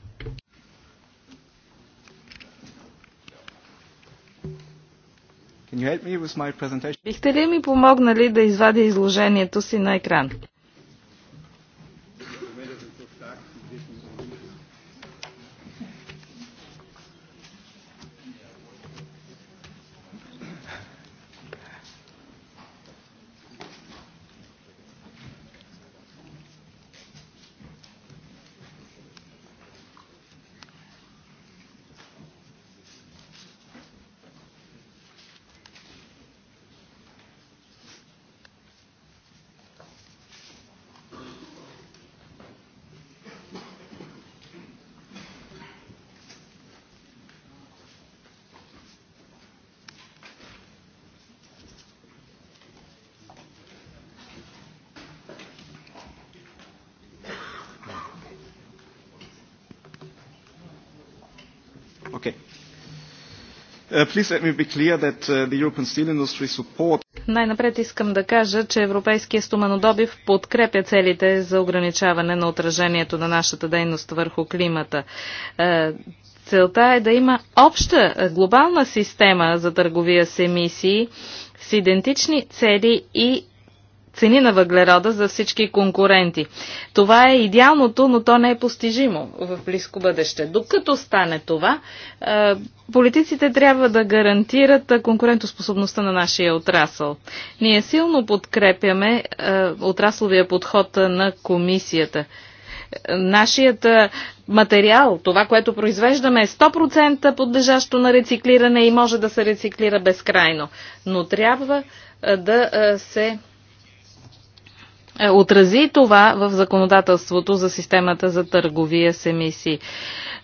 Can you help me with my presentation? Бихте ли ми помогнали да извадя изложението си на екран? Uh, uh, support... Най-напред искам да кажа, че Европейския стоманодобив подкрепя целите за ограничаване на отражението на нашата дейност върху климата. Е, целта е да има обща е, глобална система за търговия с емисии с идентични цели и цени на въглерода за всички конкуренти. Това е идеалното, но то не е постижимо в близко бъдеще. Докато стане това, е, политиците трябва да гарантират конкурентоспособността на нашия отрасъл. Ние силно подкрепяме е, отрасловия подход на комисията нашият е, материал, това, което произвеждаме, е 100% подлежащо на рециклиране и може да се рециклира безкрайно. Но трябва да се е, отрази това в законодателството за системата за търговия с емисии.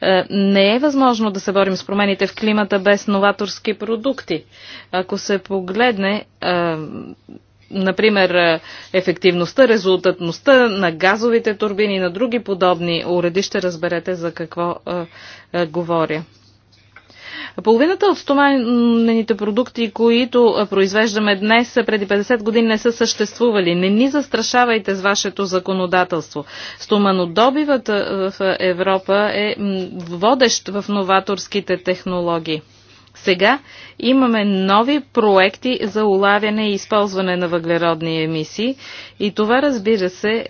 Е, не е възможно да се борим с промените в климата без новаторски продукти. Ако се погледне е, например, ефективността, резултатността на газовите турбини и на други подобни уреди, ще разберете за какво говоря. Половината от стоманените продукти, които произвеждаме днес, преди 50 години не са съществували. Не ни застрашавайте с вашето законодателство. Стоманодобивът в Европа е водещ в новаторските технологии. Сега имаме нови проекти за улавяне и използване на въглеродни емисии и това разбира се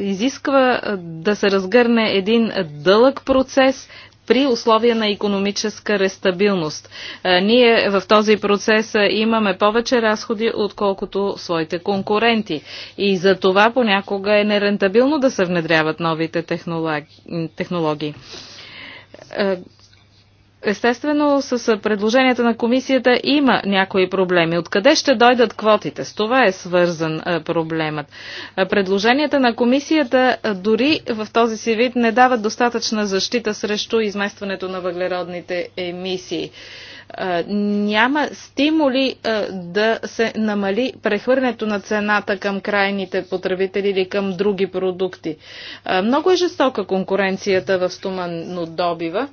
изисква да се разгърне един дълъг процес при условия на економическа рестабилност. Е, ние в този процес е, имаме повече разходи, отколкото своите конкуренти. И за това понякога е нерентабилно да се внедряват новите технологии е, Естествено, с предложенията на комисията има някои проблеми. Откъде ще дойдат квотите? С това е свързан проблемът. Предложенията на комисията дори в този си вид не дават достатъчна защита срещу изместването на въглеродните емисии няма стимули да се намали прехвърнето на цената към крайните потребители или към други продукти. Много е жестока конкуренцията в стоманно добива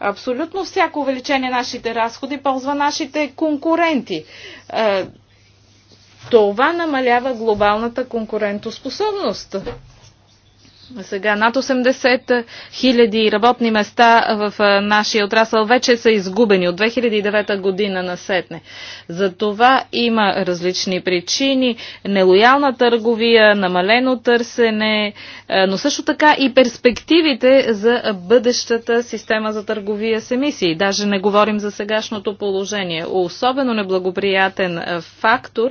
Абсолютно всяко увеличение на нашите разходи ползва нашите конкуренти. Това намалява глобалната конкурентоспособност. Сега над 80 хиляди работни места в нашия отрасъл вече са изгубени от 2009 година насетне. За това има различни причини. Нелоялна търговия, намалено търсене, но също така и перспективите за бъдещата система за търговия с емисии. Даже не говорим за сегашното положение. Особено неблагоприятен фактор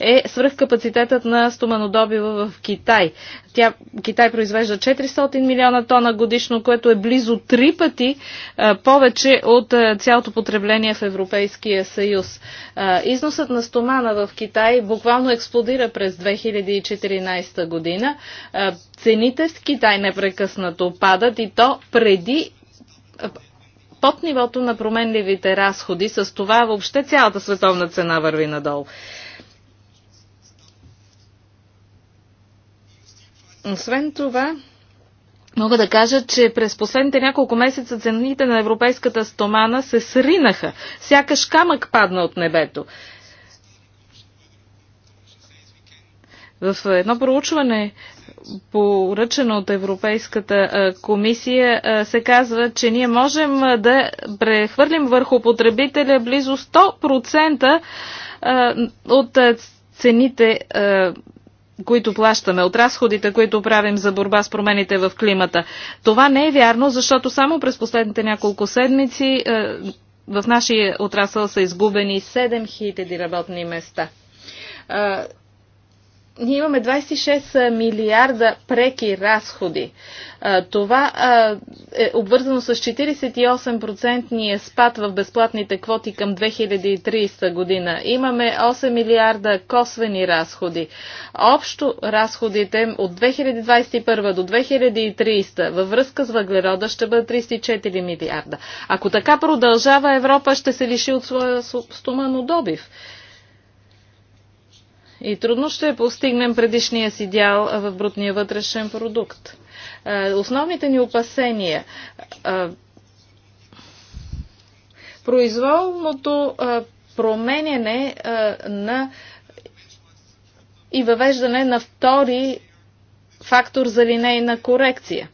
е свръхкапацитетът на стоманодобива в Китай. Тя, Китай произвежда 400 милиона тона годишно, което е близо три пъти а, повече от а, цялото потребление в Европейския съюз. А, износът на стомана в Китай буквално експлодира през 2014 година. А, цените в Китай непрекъснато падат и то преди под нивото на променливите разходи. С това въобще цялата световна цена върви надолу. Освен това, Мога да кажа, че през последните няколко месеца цените на европейската стомана се сринаха. Сякаш камък падна от небето. В едно проучване, поръчено от Европейската комисия, се казва, че ние можем да прехвърлим върху потребителя близо 100% от цените които плащаме, от разходите, които правим за борба с промените в климата. Това не е вярно, защото само през последните няколко седмици е, в нашия отрасъл са изгубени 7000 работни места. Е, ние имаме 26 милиарда преки разходи. Това е обвързано с 48% спад в безплатните квоти към 2030 година. Имаме 8 милиарда косвени разходи. Общо разходите от 2021 до 2030 във връзка с въглерода ще бъдат 34 милиарда. Ако така продължава, Европа ще се лиши от своя стоманодобив. добив. И трудно ще постигнем предишния си дял в брутния вътрешен продукт. Е, основните ни опасения е, произволното е, променене на и въвеждане на втори фактор за линейна корекция.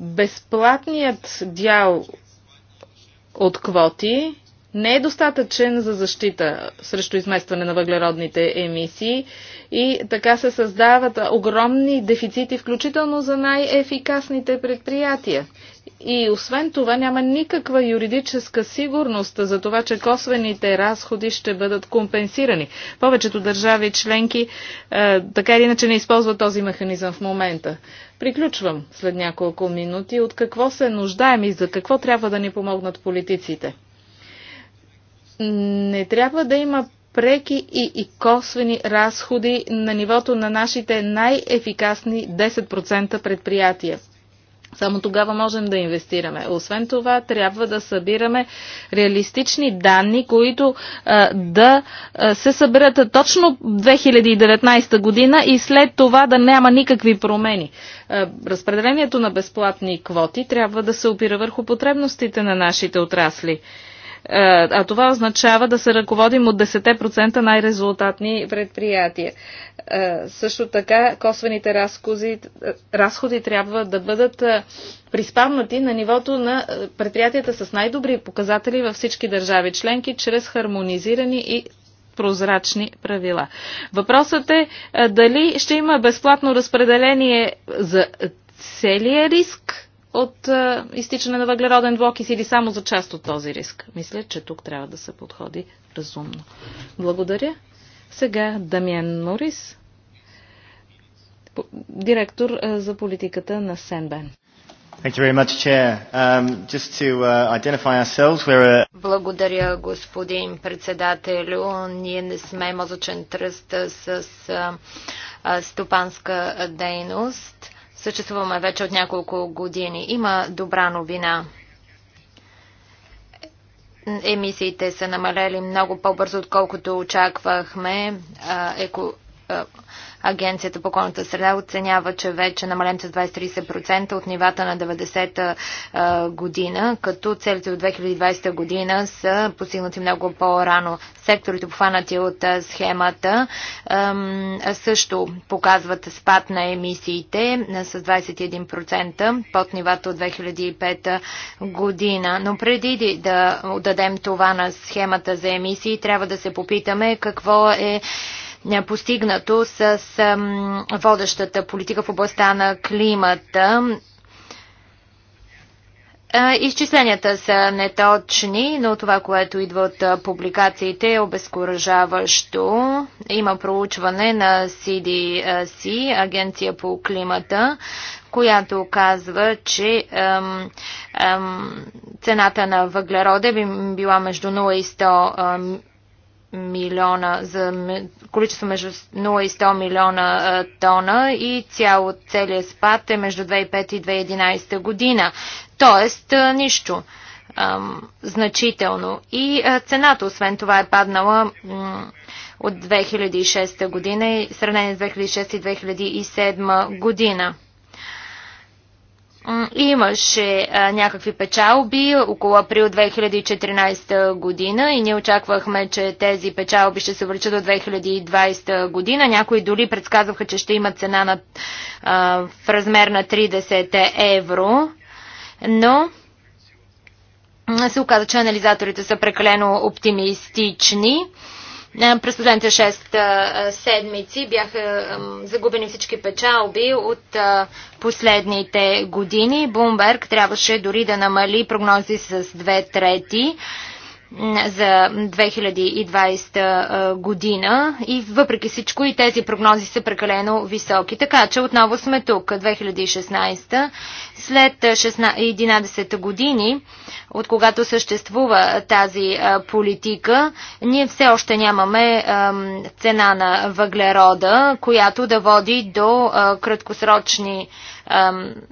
Безплатният дял от квоти не е достатъчен за защита срещу изместване на въглеродните емисии и така се създават огромни дефицити, включително за най-ефикасните предприятия. И освен това няма никаква юридическа сигурност за това, че косвените разходи ще бъдат компенсирани. Повечето държави членки е, така или иначе не използват този механизъм в момента. Приключвам след няколко минути от какво се нуждаем и за какво трябва да ни помогнат политиците не трябва да има преки и, и косвени разходи на нивото на нашите най-ефикасни 10% предприятия. Само тогава можем да инвестираме. Освен това, трябва да събираме реалистични данни, които а, да а, се съберат точно 2019 година и след това да няма никакви промени. А, разпределението на безплатни квоти трябва да се опира върху потребностите на нашите отрасли. Е, а това означава да се ръководим от 10% най-резултатни предприятия. Е, също така, косвените разходи, е, разходи трябва да бъдат приспаднати на нивото на предприятията с най-добри показатели във всички държави членки, чрез хармонизирани и прозрачни правила. Въпросът е дали ще има безплатно разпределение за целия риск от а, е, изтичане на въглероден двокис или само за част от този риск. Мисля, че тук трябва да се подходи разумно. Благодаря. Сега Дамиен Морис, директор а, е, за политиката на Сенбен. Благодаря, господин председателю. Ние не сме мозъчен тръст с стопанска дейност съществуваме вече от няколко години. Има добра новина. Емисиите са намалели много по-бързо, отколкото очаквахме. Агенцията по околната среда оценява, че вече намален с 20-30% от нивата на 90-та година, като целите до 2020 година са постигнати много по-рано. Секторите, обхванати от схемата, също показват спад на емисиите с 21% под нивата от 2005 година. Но преди да отдадем това на схемата за емисии, трябва да се попитаме какво е е постигнато с водещата политика в областта на климата. Изчисленията са неточни, но това, което идва от публикациите е обезкуражаващо. Има проучване на CDC, Агенция по климата, която казва, че ем, ем, цената на въглерода би била между 0 и 100 ем, милиона, за количество между 0 и 100 милиона тона и цяло целият спад е между 2005 и 2011 година. Тоест нищо значително. И цената, освен това, е паднала от 2006 година и сравнение с 2006 и 2007 година. Имаше някакви печалби около април 2014 година и ние очаквахме, че тези печалби ще се увеличат до 2020 година. Някои дори предсказваха, че ще има цена на, а, в размер на 30 евро, но се оказа, че анализаторите са прекалено оптимистични. А, е, през последните 6 седмици бяха загубени всички печалби от последните години. Бумберг трябваше дори да намали прогнози с две трети за 2020 година и въпреки всичко и тези прогнози са прекалено високи. Така че отново сме тук, 2016. След 11 години, от когато съществува тази политика, ние все още нямаме цена на въглерода, която да води до краткосрочни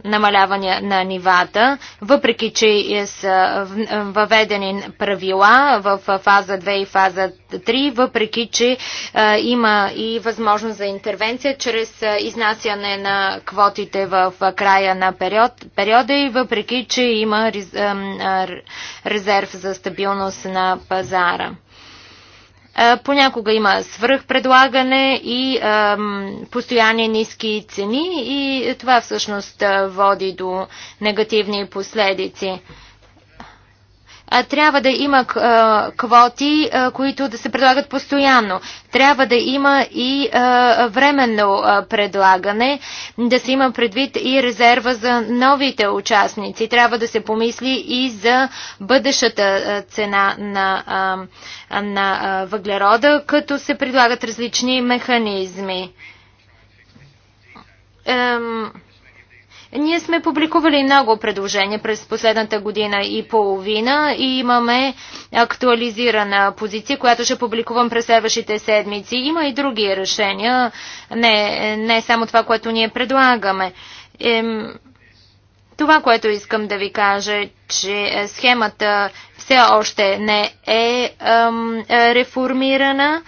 намаляване на нивата, въпреки че е, са е, въведени правила в е, фаза 2 и фаза 3, въпреки че има и възможност за интервенция чрез изнасяне на квотите в края на период, периода и въпреки че има резерв за стабилност на пазара. Понякога има свръхпредлагане и постоянни ниски цени и това всъщност води до негативни последици. Трябва да има квоти, които да се предлагат постоянно. Трябва да има и временно предлагане, да се има предвид и резерва за новите участници. Трябва да се помисли и за бъдещата цена на, на въглерода, като се предлагат различни механизми. Um ние сме публикували много предложения през последната година и половина и имаме актуализирана позиция, която ще публикувам през следващите седмици. Има и други решения, не, не само това, което ние предлагаме. Ем... Това, което искам да ви кажа, че схемата все още не е ем, реформирана.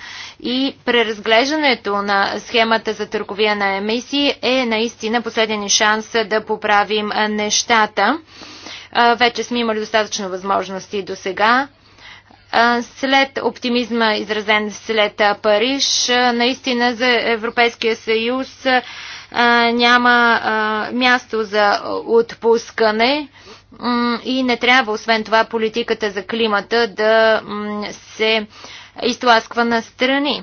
И преразглеждането на схемата за търговия на емисии е наистина последен шанс да поправим нещата. Вече сме имали достатъчно възможности до сега. След оптимизма, изразен след Париж, наистина за Европейския съюз няма място за отпускане и не трябва, освен това, политиката за климата да се Изтласква на страни.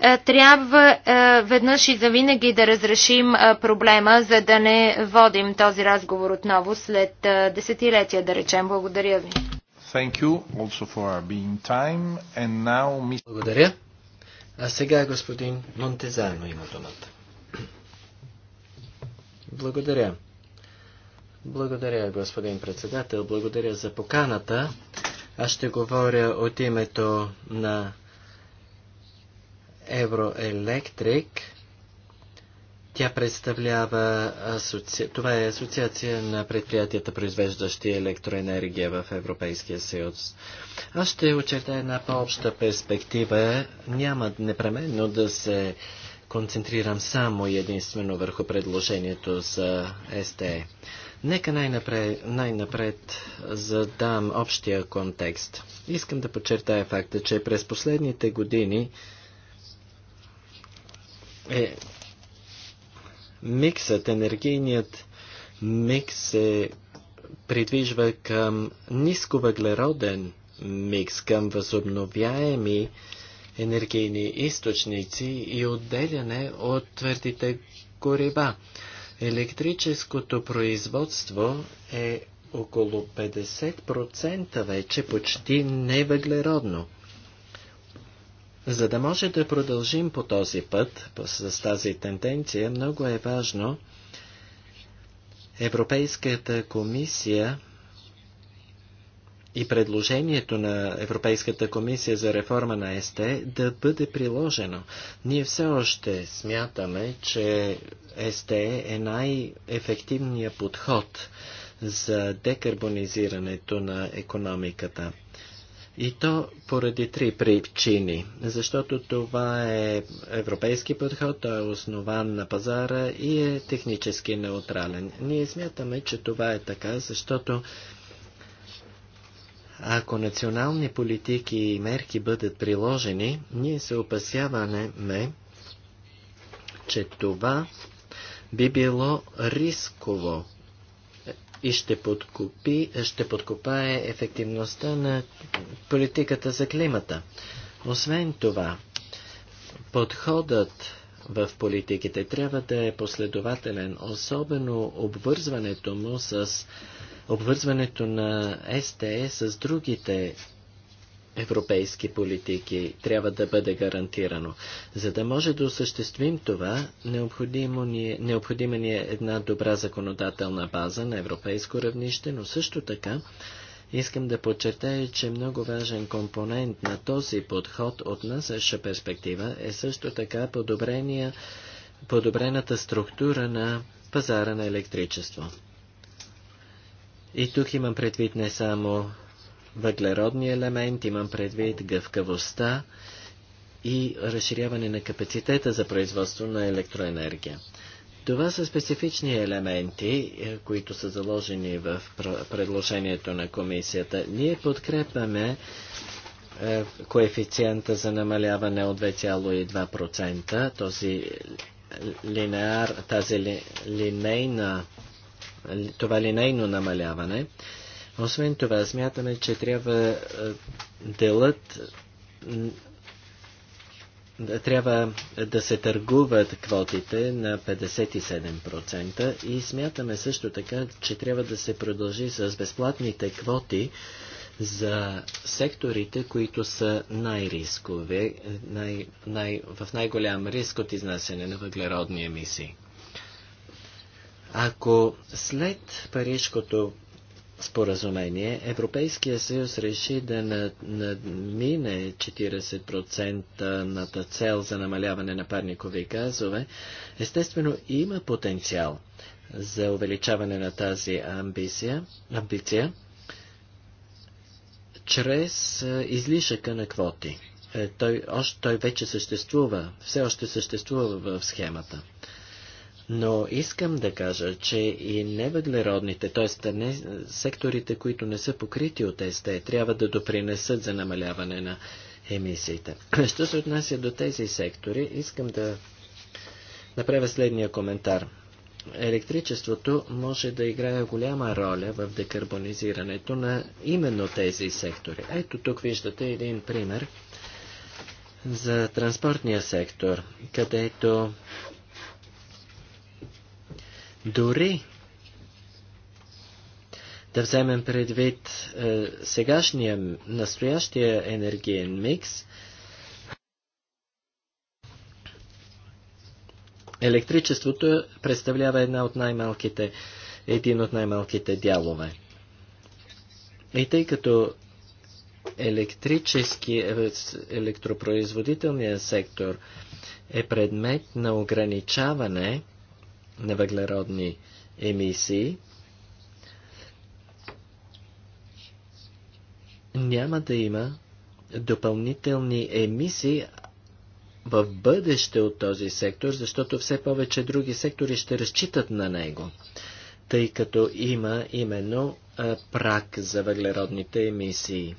Е, трябва е, веднъж и завинаги да разрешим е, проблема, за да не водим този разговор отново след десетилетия, да речем. Благодаря ви. Благодаря. А сега господин Монтезано има думата. Благодаря. Благодаря, господин председател. Благодаря за поканата. Аз ще говоря от името на Евроелектрик. Тя представлява, асоци... това е асоциация на предприятията, произвеждащи електроенергия в Европейския съюз. Аз ще очертая една по-обща перспектива. Няма непременно да се концентрирам само единствено върху предложението за СТЕ. Нека най-напред, най-напред задам общия контекст. Искам да подчертая факта, че през последните години е, миксът, енергийният микс се придвижва към нисковъглероден микс, към възобновяеми енергийни източници и отделяне от твърдите горива. Електрическото производство е около 50% вече почти невъглеродно. За да може да продължим по този път, с тази тенденция, много е важно Европейската комисия и предложението на Европейската комисия за реформа на СТ да бъде приложено. Ние все още смятаме, че СТ е най-ефективният подход за декарбонизирането на економиката. И то поради три причини. Защото това е европейски подход, той е основан на пазара и е технически неутрален. Ние смятаме, че това е така, защото ако национални политики и мерки бъдат приложени, ние се опасяваме, че това би било рисково и ще, подкупи, ще подкопае ефективността на политиката за климата. Освен това, подходът в политиките трябва да е последователен, особено обвързването му с обвързването на СТЕ с другите европейски политики трябва да бъде гарантирано. За да може да осъществим това, необходимо ни е, необходима ни е една добра законодателна база на европейско равнище, но също така искам да подчертая, че много важен компонент на този подход от насъща перспектива е също така подобрения, подобрената структура на пазара на електричество. И тук имам предвид не само въглеродния елемент, имам предвид гъвкавостта и разширяване на капацитета за производство на електроенергия. Това са специфични елементи, е, които са заложени в предложението на комисията. Ние подкрепяме е, коефициента за намаляване от 2,2%, този е, линеар, тази линейна това линейно намаляване. Освен това, смятаме, че трябва е, делът е, трябва да се търгуват квотите на 57% и смятаме също така, че трябва да се продължи с безплатните квоти за секторите, които са най-рискови, най, най, в най-голям риск от изнасяне на въглеродни емисии. Ако след Парижкото споразумение Европейския съюз реши да надмине 40% на цел за намаляване на парникови газове, естествено има потенциал за увеличаване на тази амбиция, амбиция чрез излишъка на квоти. Е, той, още, той вече съществува, все още съществува в схемата. Но искам да кажа, че и невъглеродните, т.е. Не, секторите, които не са покрити от СТЕ, трябва да допринесат за намаляване на емисиите. Що се отнася до тези сектори, искам да направя следния коментар. Електричеството може да играе голяма роля в декарбонизирането на именно тези сектори. Ето тук виждате един пример за транспортния сектор, където дори да вземем предвид е, сегашния, настоящия енергиен микс, електричеството представлява една от най-малките, един от най-малките дялове. И тъй като електрически, е, електропроизводителният сектор е предмет на ограничаване, невъглеродни емисии, няма да има допълнителни емисии в бъдеще от този сектор, защото все повече други сектори ще разчитат на него, тъй като има именно прак за въглеродните емисии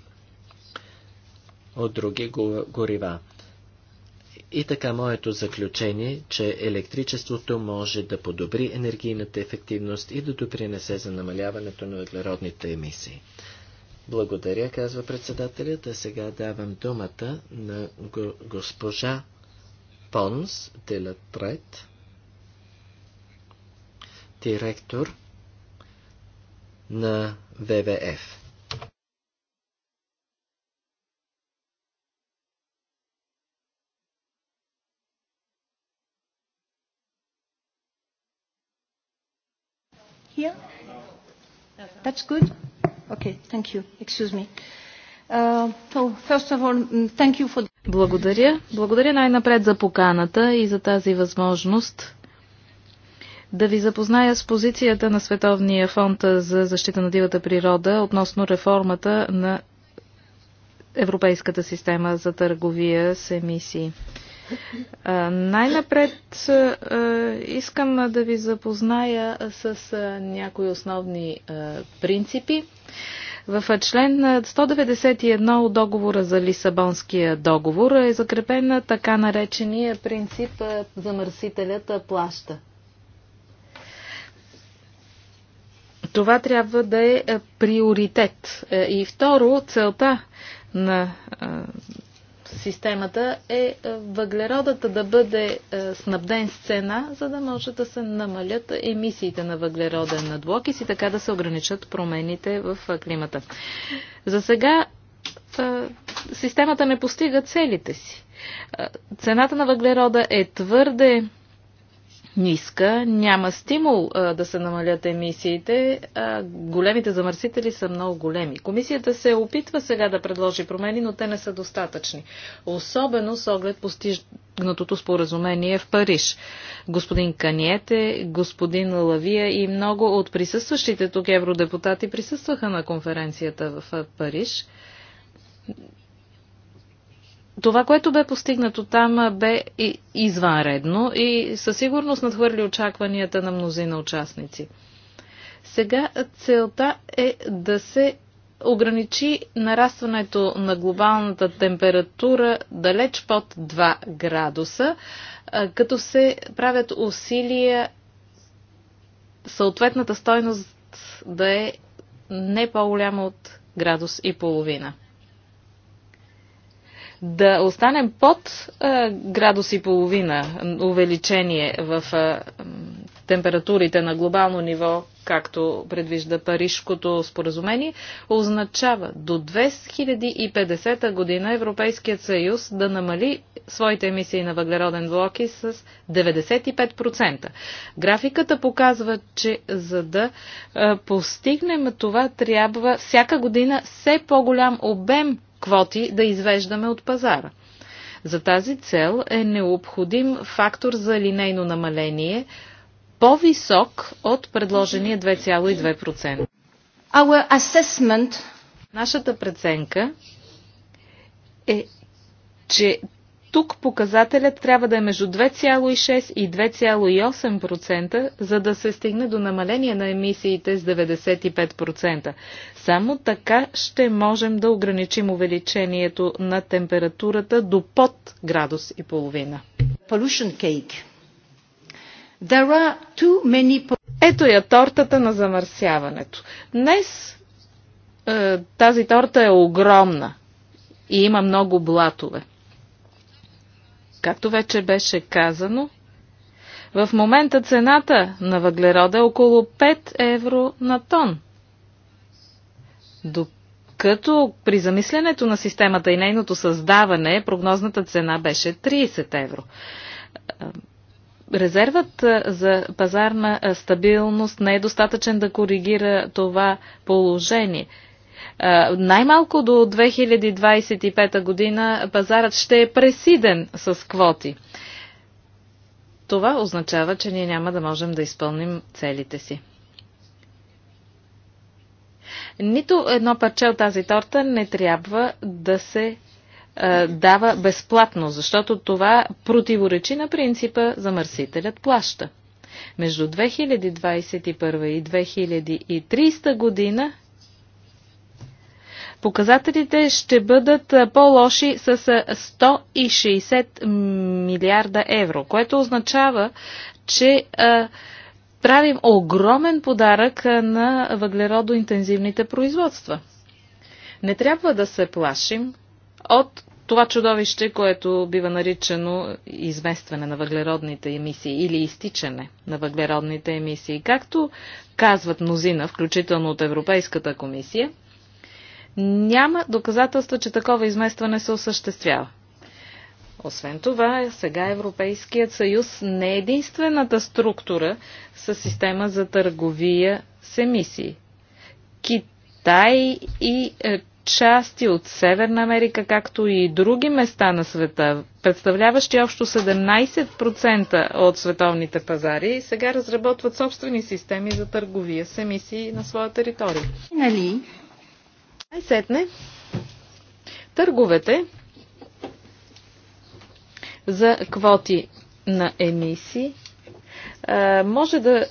от други горива. И така моето заключение, че електричеството може да подобри енергийната ефективност и да допринесе за намаляването на въглеродните емисии. Благодаря, казва председателят, а сега давам думата на го госпожа Понс Телетрет, директор на ВВФ. here? That's good? Okay, thank you. Excuse me. Uh, so, first of all, mm, thank you for... Благодаря. Благодаря най-напред за поканата и за тази възможност да ви запозная с позицията на Световния фонд за защита на дивата природа относно реформата на Европейската система за търговия с емисии. Най-напред искам да ви запозная с някои основни принципи. В член 191 от договора за Лисабонския договор е закрепен така наречения принцип замърсителят плаща. Това трябва да е приоритет. Е, и второ, целта на системата е, е въглеродът да бъде е, снабден с цена, за да може да се намалят емисиите на въглероден на двокис и така да се ограничат промените в е, климата. За сега системата не постига целите си. Цената на въглерода е твърде ниска, няма стимул а, да се намалят емисиите, а големите замърсители са много големи. Комисията се опитва сега да предложи промени, но те не са достатъчни. Особено с оглед постигнатото споразумение в Париж. Господин Каниете, господин Лавия и много от присъстващите тук евродепутати присъстваха на конференцията в Париж това, което бе постигнато там, бе извънредно и със сигурност надхвърли очакванията на мнозина участници. Сега целта е да се ограничи нарастването на глобалната температура далеч под 2 градуса, като се правят усилия съответната стойност да е не по-голяма от градус и половина да останем под а, градус и половина увеличение в а, температурите на глобално ниво, както предвижда Парижкото споразумение, означава до 2050 година Европейският съюз да намали своите емисии на въглероден блоки с 95%. Графиката показва, че за да постигнем това трябва всяка година все по-голям обем квоти да извеждаме от пазара. За тази цел е необходим фактор за линейно намаление по-висок от предложения 2,2%. Our assessment... Нашата преценка е, че тук показателят трябва да е между 2,6 и 2,8%, за да се стигне до намаление на емисиите с 95%. Само така ще можем да ограничим увеличението на температурата до под градус и половина. Ето я тортата на замърсяването. Днес е, тази торта е огромна и има много блатове. Както вече беше казано, в момента цената на въглерода е около 5 евро на тон. Докато при замисленето на системата и нейното създаване, прогнозната цена беше 30 евро. Резервът за пазарна стабилност не е достатъчен да коригира това положение – е, най-малко до 2025 година пазарът ще е пресиден с квоти. Това означава, че ние няма да можем да изпълним целите си. Нито едно парче от тази торта не трябва да се е, дава безплатно, защото това противоречи на принципа замърсителят плаща. Между 2021 и 2030 година Показателите ще бъдат по-лоши с 160 милиарда евро, което означава, че правим огромен подарък на въглеродоинтензивните производства. Не трябва да се плашим от това чудовище, което бива наричано изместване на въглеродните емисии или изтичане на въглеродните емисии. Както казват мнозина, включително от Европейската комисия, няма доказателства, че такова изместване се осъществява. Освен това, сега Европейският съюз не е единствената структура с система за търговия с емисии. Китай и е, части от Северна Америка, както и други места на света, представляващи общо 17% от световните пазари, сега разработват собствени системи за търговия с емисии на своя територия. Нали, най сетне, търговете за квоти на емисии може да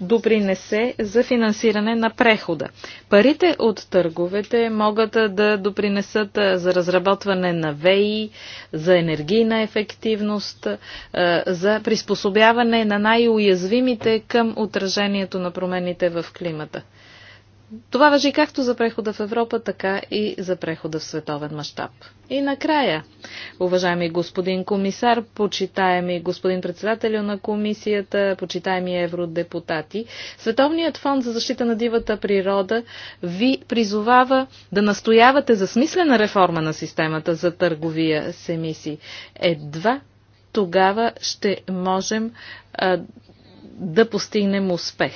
допринесе за финансиране на прехода. Парите от търговете могат да допринесат за разработване на ВЕИ, за енергийна ефективност, за приспособяване на най-уязвимите към отражението на промените в климата. Това въжи както за прехода в Европа, така и за прехода в световен мащаб. И накрая, уважаеми господин комисар, почитаеми господин председател на комисията, почитаеми евродепутати, Световният фонд за защита на дивата природа ви призовава да настоявате за смислена реформа на системата за търговия с емисии. Едва тогава ще можем а, да постигнем успех.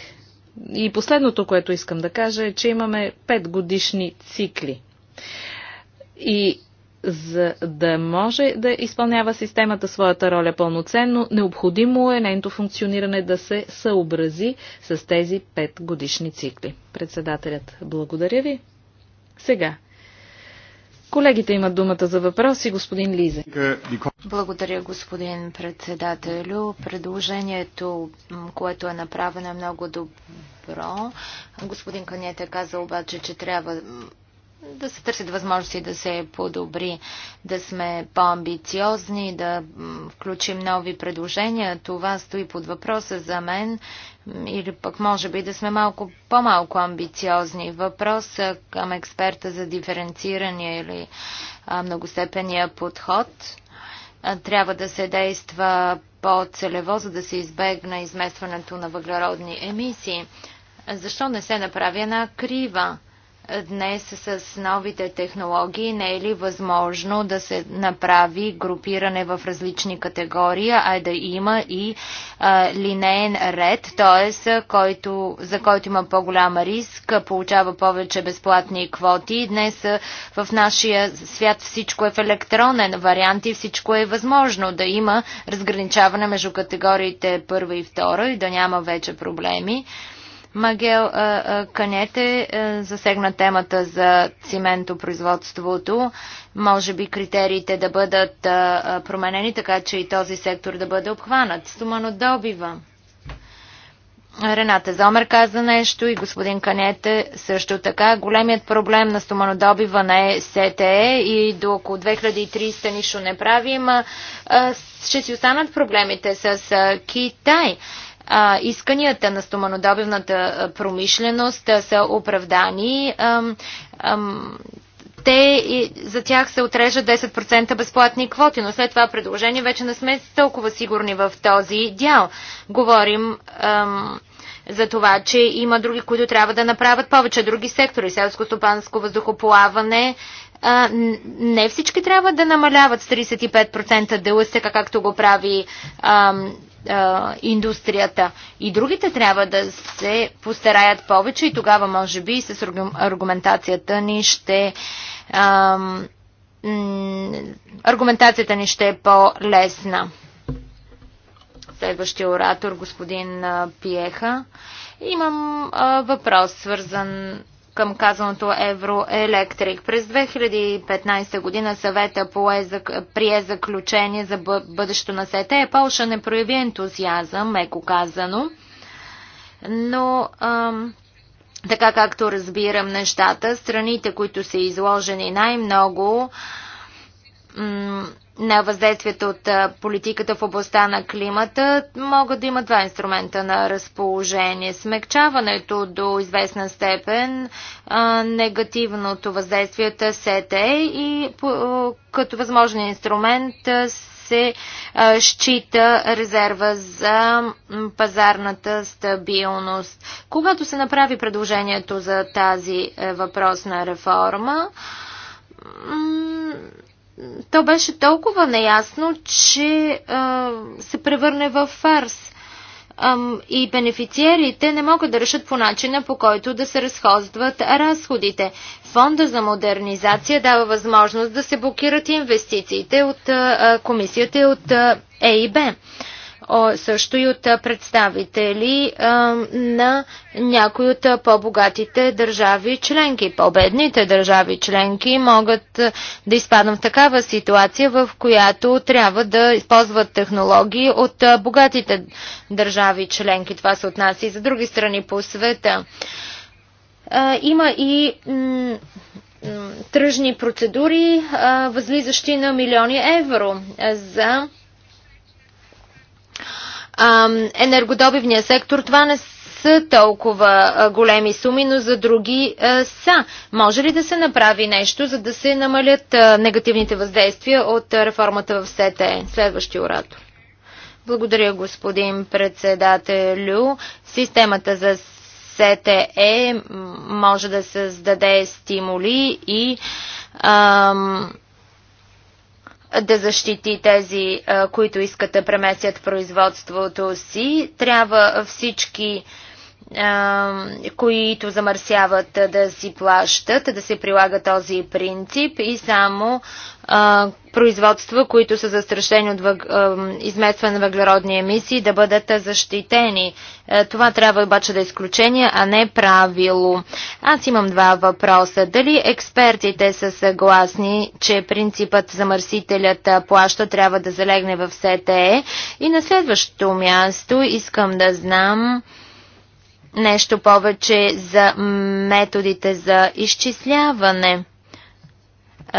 И последното, което искам да кажа е, че имаме 5 годишни цикли. И за да може да изпълнява системата своята роля пълноценно, необходимо е нейното функциониране да се съобрази с тези 5 годишни цикли. Председателят, благодаря ви. Сега Колегите имат думата за въпроси. Господин Лизе. Благодаря, господин председателю. Предложението, което е направено, е много добро. Господин Канет е казал обаче, че трябва да се търсят възможности да се подобри, да сме по-амбициозни, да включим нови предложения. Това стои под въпроса за мен. Или пък може би да сме малко по-малко амбициозни. Въпрос към експерта за диференцирания или многостепения подход. Трябва да се действа по-целево, за да се избегне изместването на въглеродни емисии. Защо не се направи една крива? Днес с новите технологии не е ли възможно да се направи групиране в различни категории, а е да има и а, линейен ред, т.е. за който има по-голям риск, получава повече безплатни квоти. Днес в нашия свят всичко е в електронен вариант и всичко е възможно да има разграничаване между категориите първа и втора и да няма вече проблеми. Магел Канете засегна темата за циментопроизводството. Може би критериите да бъдат променени, така че и този сектор да бъде обхванат. Стоманодобива. Рената Зомер каза нещо и господин Канете също така. Големият проблем на стоманодобива на е СТЕ и до около 2300 нищо не правим. Ще си останат проблемите с Китай исканията на стоманодобивната промишленост са оправдани. те и за тях се отрежат 10% безплатни квоти, но след това предложение вече не сме толкова сигурни в този дял. Говорим ам, за това, че има други, които трябва да направят повече други сектори. Селско-стопанско въздухоплаване. А, не всички трябва да намаляват с 35% дълъс, така както го прави ам, а, индустрията. И другите трябва да се постараят повече и тогава може би и с аргументацията ни ще а, аргументацията ни ще е по-лесна. Следващия оратор, господин Пиеха. Имам а, въпрос, свързан към казаното Евроелектрик. През 2015 година съвета прие заключение за бъдещето на СЕТЕ. Полша не прояви ентузиазъм, меко казано, но ам, така както разбирам нещата, страните, които са изложени най-много, на въздействието от политиката в областта на климата могат да има два инструмента на разположение. Смекчаването до известна степен, негативното въздействие СЕТЕ и като възможен инструмент се счита резерва за пазарната стабилност. Когато се направи предложението за тази е, въпросна реформа, то беше толкова неясно, че а, се превърне в фарс. и бенефициерите не могат да решат по начина, по който да се разходват разходите. Фонда за модернизация дава възможност да се блокират инвестициите от комисията е е и от ЕИБ също и от представители на някои от по-богатите държави членки. По-бедните държави членки могат да изпаднат в такава ситуация, в която трябва да използват технологии от богатите държави членки. Това се отнася и за други страни по света. Има и тръжни процедури, възлизащи на милиони евро за енергодобивния сектор това не са толкова големи суми, но за други са. Може ли да се направи нещо, за да се намалят негативните въздействия от реформата в СТЕ? Следващия оратор. Благодаря, господин председателю. Системата за СТЕ може да създаде стимули и ам, да защити тези, които искат да преместят производството си. Трябва всички които замърсяват да си плащат, да се прилага този принцип и само производства, които са застрашени от изместване на въглеродни емисии, да бъдат защитени. Е, това трябва обаче да е изключение, а не правило. Аз имам два въпроса. Дали експертите са съгласни, че принципът замърсителят плаща трябва да залегне в СТЕ? И на следващото място искам да знам Нещо повече за методите за изчисляване,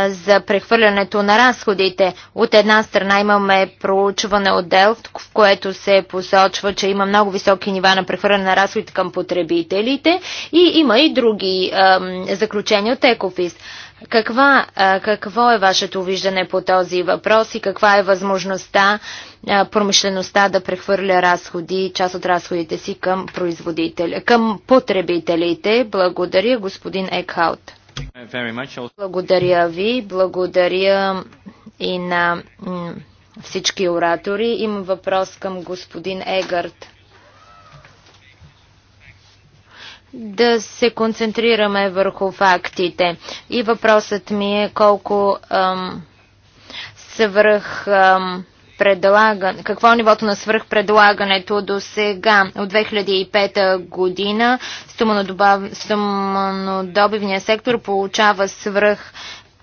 за прехвърлянето на разходите. От една страна имаме проучване от Делфт, в което се посочва, че има много високи нива на прехвърляне на разходите към потребителите и има и други ам, заключения от Екофис. Каква, какво е вашето виждане по този въпрос и каква е възможността промишлеността да прехвърля разходи, част от разходите си към производителя, към потребителите? Благодаря, господин Екхаут. Благодаря ви, благодаря и на всички оратори. Имам въпрос към господин Егарт. да се концентрираме върху фактите. И въпросът ми е колко ам, свръх ам, предлаган, какво е нивото на свръхпредлагането до сега. От 2005 година стоманодобивният сектор получава свръх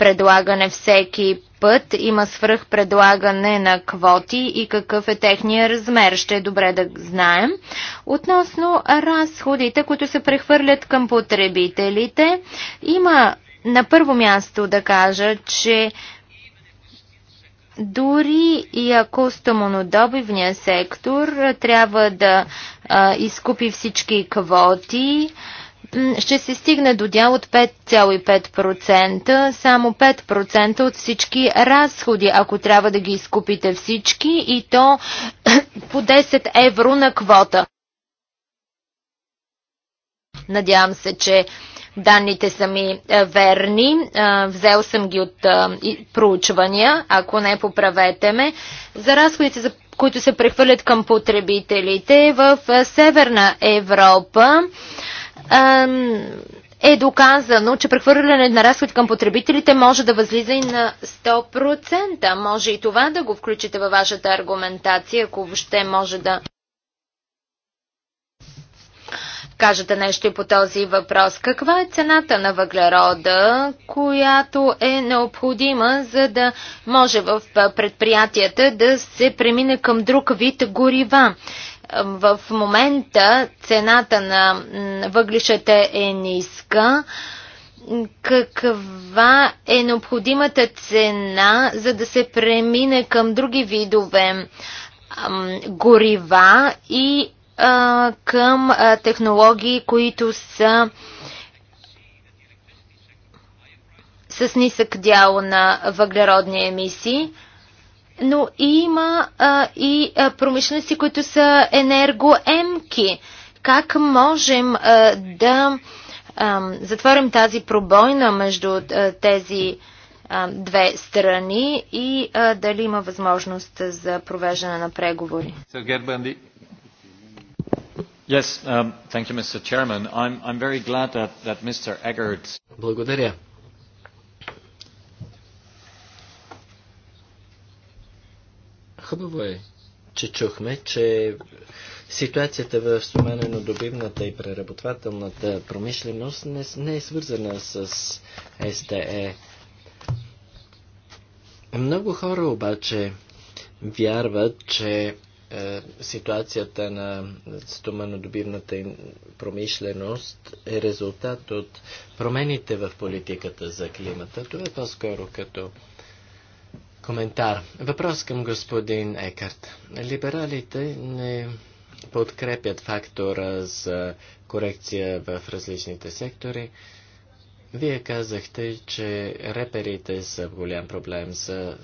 предлагане всеки път, има свръхпредлагане на квоти и какъв е техния размер. Ще е добре да знаем. Относно разходите, които се прехвърлят към потребителите, има на първо място да кажа, че дори и ако стомонодобивният сектор трябва да а, изкупи всички квоти, а, ще се стигне до дял от 5,5%, само 5% от всички разходи, ако трябва да ги изкупите всички и то по 10 евро на квота. Надявам се, че данните са ми е, верни. Е, взел съм ги от е, проучвания, ако не поправете ме. За разходите, за които се прехвърлят към потребителите в Северна Европа, е доказано, че прехвърляне на разход към потребителите може да възлиза и на 100%. Може и това да го включите във вашата аргументация, ако въобще може да кажете нещо и по този въпрос. Каква е цената на въглерода, която е необходима, за да може в предприятията да се премине към друг вид горива? В момента цената на въглищата е ниска. Каква е необходимата цена, за да се премине към други видове горива и към технологии, които са с нисък дял на въглеродни емисии? но има а, и а, които са енергоемки. Как можем а, да а, затворим тази пробойна между а, тези а, две страни и а, дали има възможност за провеждане на преговори? Yes, um, thank you, Mr. Chairman. I'm, I'm very glad that, that Mr. Eggert... Благодаря. Хубаво е, че чухме, че ситуацията в стоманено-добивната и преработвателната промишленост не, не е свързана с СТЕ. Много хора обаче вярват, че е, ситуацията на стоманодобивната промишленост е резултат от промените в политиката за климата. Това е по-скоро като коментар. Въпрос към господин Екарт. Либералите не подкрепят фактора за корекция в различните сектори. Вие казахте, че реперите са голям проблем за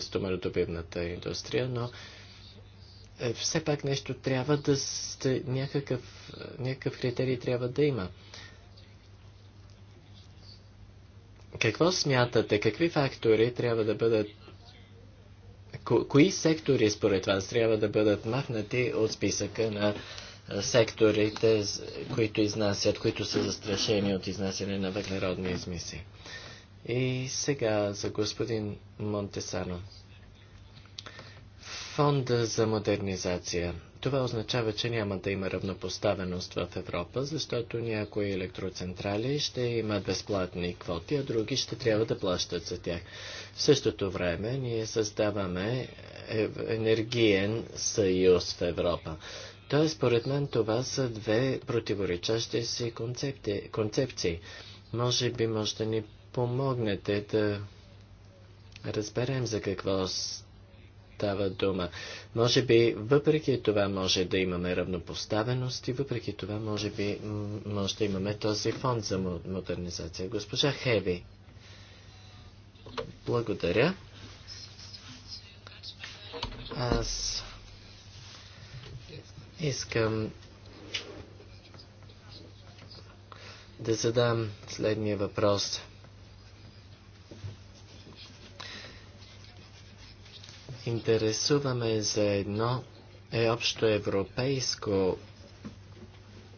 стоманодобивната индустрия, но е, все пак нещо трябва да сте, някакъв, някакъв критерий трябва да има. Какво смятате? Какви фактори трябва да бъдат Ко, кои сектори според вас трябва да бъдат махнати от списъка на секторите, които изнасят, които са застрашени от изнасяне на въглеродни измиси? И сега за господин Монтесано фонда за модернизация. Това означава, че няма да има равнопоставеност в Европа, защото някои електроцентрали ще имат безплатни квоти, а други ще трябва да плащат за тях. В същото време ние създаваме енергиен съюз в Европа. Тоест, според мен, това са две противоречащи си концепти, концепции. Може би може да ни помогнете да разберем за какво става дума. Може би, въпреки това може да имаме равнопоставеност и въпреки това може би може да имаме този фонд за модернизация. Госпожа Хеви, благодаря. Аз искам да задам следния въпрос. интересуваме за едно е общо европейско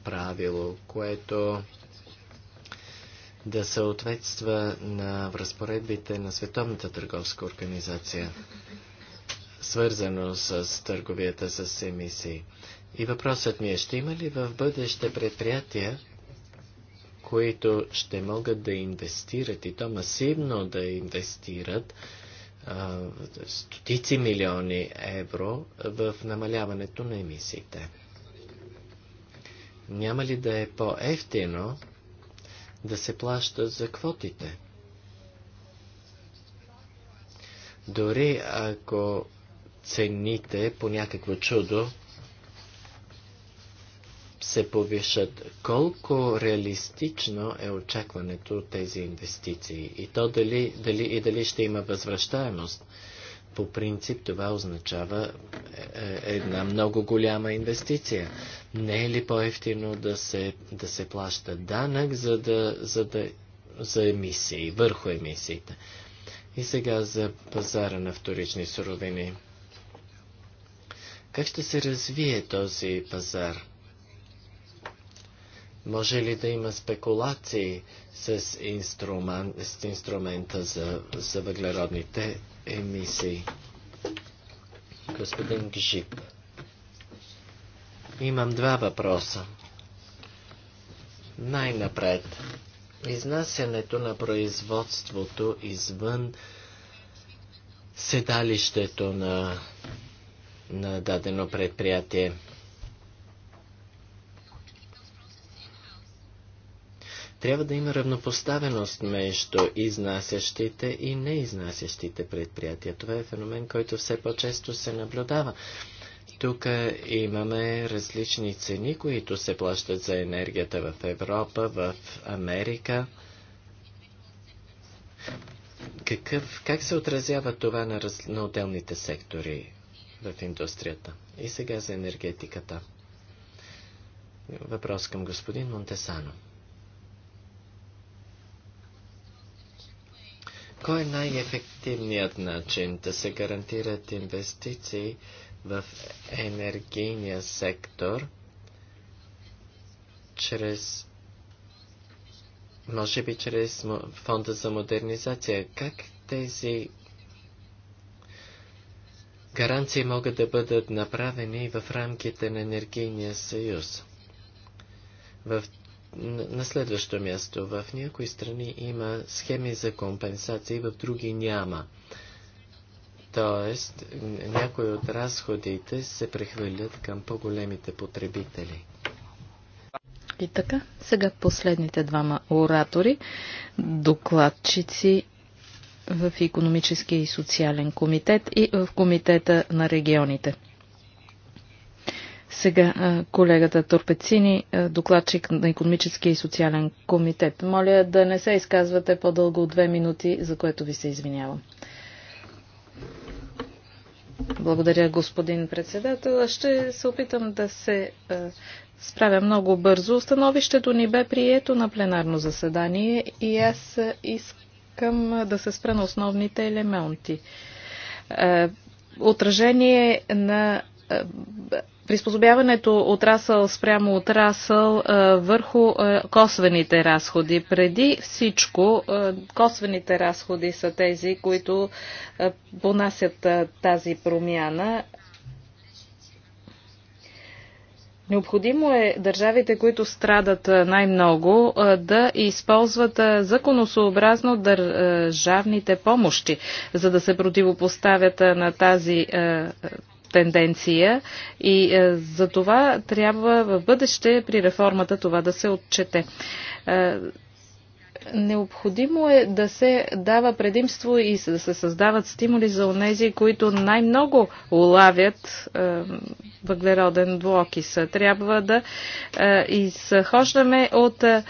правило, което да съответства на разпоредбите на Световната търговска организация, свързано с търговията с емисии. И въпросът ми е, ще има ли в бъдеще предприятия, които ще могат да инвестират и то масивно да инвестират стотици милиони евро в намаляването на емисиите. Няма ли да е по-ефтино да се плаща за квотите? Дори ако цените по някакво чудо се повишат, колко реалистично е очакването от тези инвестиции и то дали, дали и дали ще има възвръщаемост. По принцип това означава е, е, една много голяма инвестиция. Не е ли по-ефтино да се, да се плаща данък за, да, за, да, за емисии, върху емисиите? И сега за пазара на вторични суровини. Как ще се развие този пазар? Може ли да има спекулации с, инструмент, с инструмента за, за въглеродните емисии? Господин Гжип, имам два въпроса. Най-напред, изнасянето на производството извън седалището на, на дадено предприятие – Трябва да има равнопоставеност между изнасящите и неизнасящите предприятия. Това е феномен, който все по-често се наблюдава. Тук имаме различни цени, които се плащат за енергията в Европа, в Америка. Какъв, как се отразява това на, раз, на отделните сектори в индустрията? И сега за енергетиката. Въпрос към господин Монтесано. Кой е най-ефективният начин да се гарантират инвестиции в енергийния сектор чрез може би чрез фонда за модернизация. Как тези гаранции могат да бъдат направени в рамките на енергийния съюз? В на следващо място, в някои страни има схеми за компенсации, в други няма. Тоест, някои от разходите се прехвърлят към по-големите потребители. И така, сега последните двама оратори, докладчици в економическия и социален комитет и в комитета на регионите. Сега колегата Торпецини, докладчик на економическия и социален комитет. Моля да не се изказвате по-дълго от две минути, за което ви се извинявам. Благодаря, господин председател. Ще се опитам да се справя много бързо. Становището ни бе прието на пленарно заседание и аз искам да се спра на основните елементи. отражение на приспособяването отрасъл спрямо отрасъл върху косвените разходи. Преди всичко косвените разходи са тези, които понасят тази промяна. Необходимо е държавите, които страдат най-много, да използват законосообразно държавните помощи, за да се противопоставят на тази тенденция и е, за това трябва в бъдеще при реформата това да се отчете. Е, Необходимо е да се дава предимство и да се създават стимули за онези, които най-много улавят е, въглероден двуокис. Трябва да е, изхождаме от е,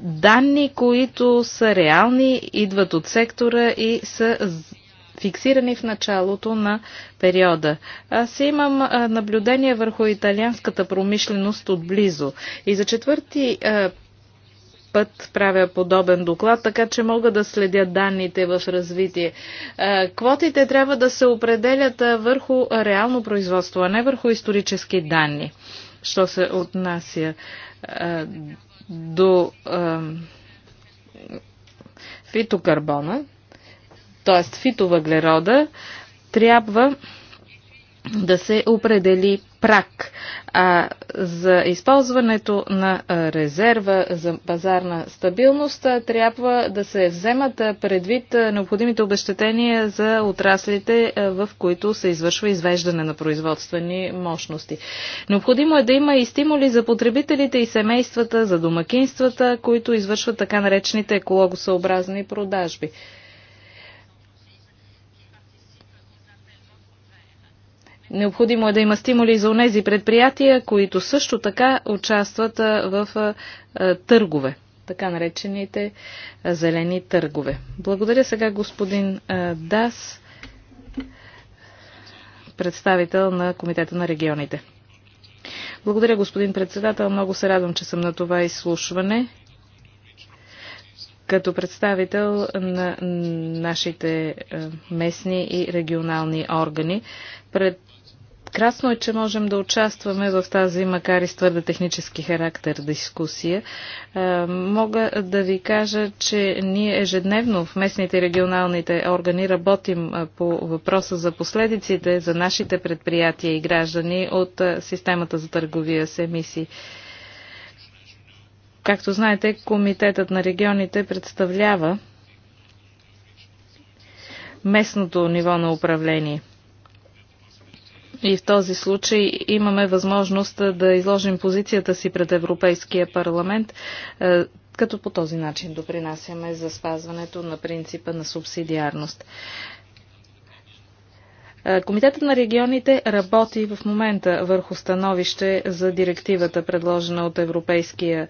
данни, които са реални, идват от сектора и са фиксирани в началото на периода. Аз имам наблюдение върху италианската промишленост отблизо. И за четвърти път правя подобен доклад, така че мога да следя данните в развитие. Квотите трябва да се определят върху реално производство, а не върху исторически данни. Що се отнася до фитокарбона, т.е. фитовъглерода, трябва да се определи прак. А за използването на резерва за пазарна стабилност трябва да се вземат предвид необходимите обещетения за отраслите, в които се извършва извеждане на производствени мощности. Необходимо е да има и стимули за потребителите и семействата, за домакинствата, които извършват така наречените екологосъобразни продажби. Необходимо е да има стимули за онези предприятия, които също така участват в търгове, така наречените зелени търгове. Благодаря сега господин Дас, представител на Комитета на регионите. Благодаря, господин председател. Много се радвам, че съм на това изслушване като представител на нашите местни и регионални органи. Пред Красно е, че можем да участваме в тази, макар и с твърде технически характер, дискусия. Е, мога да ви кажа, че ние ежедневно в местните и регионалните органи работим е, по въпроса за последиците за нашите предприятия и граждани от е, системата за търговия с емисии. Както знаете, Комитетът на регионите представлява местното ниво на управление – и в този случай имаме възможност да изложим позицията си пред Европейския парламент, е, като по този начин допринасяме за спазването на принципа на субсидиарност. Е, Комитетът на регионите работи в момента върху становище за директивата, предложена от, Европейския,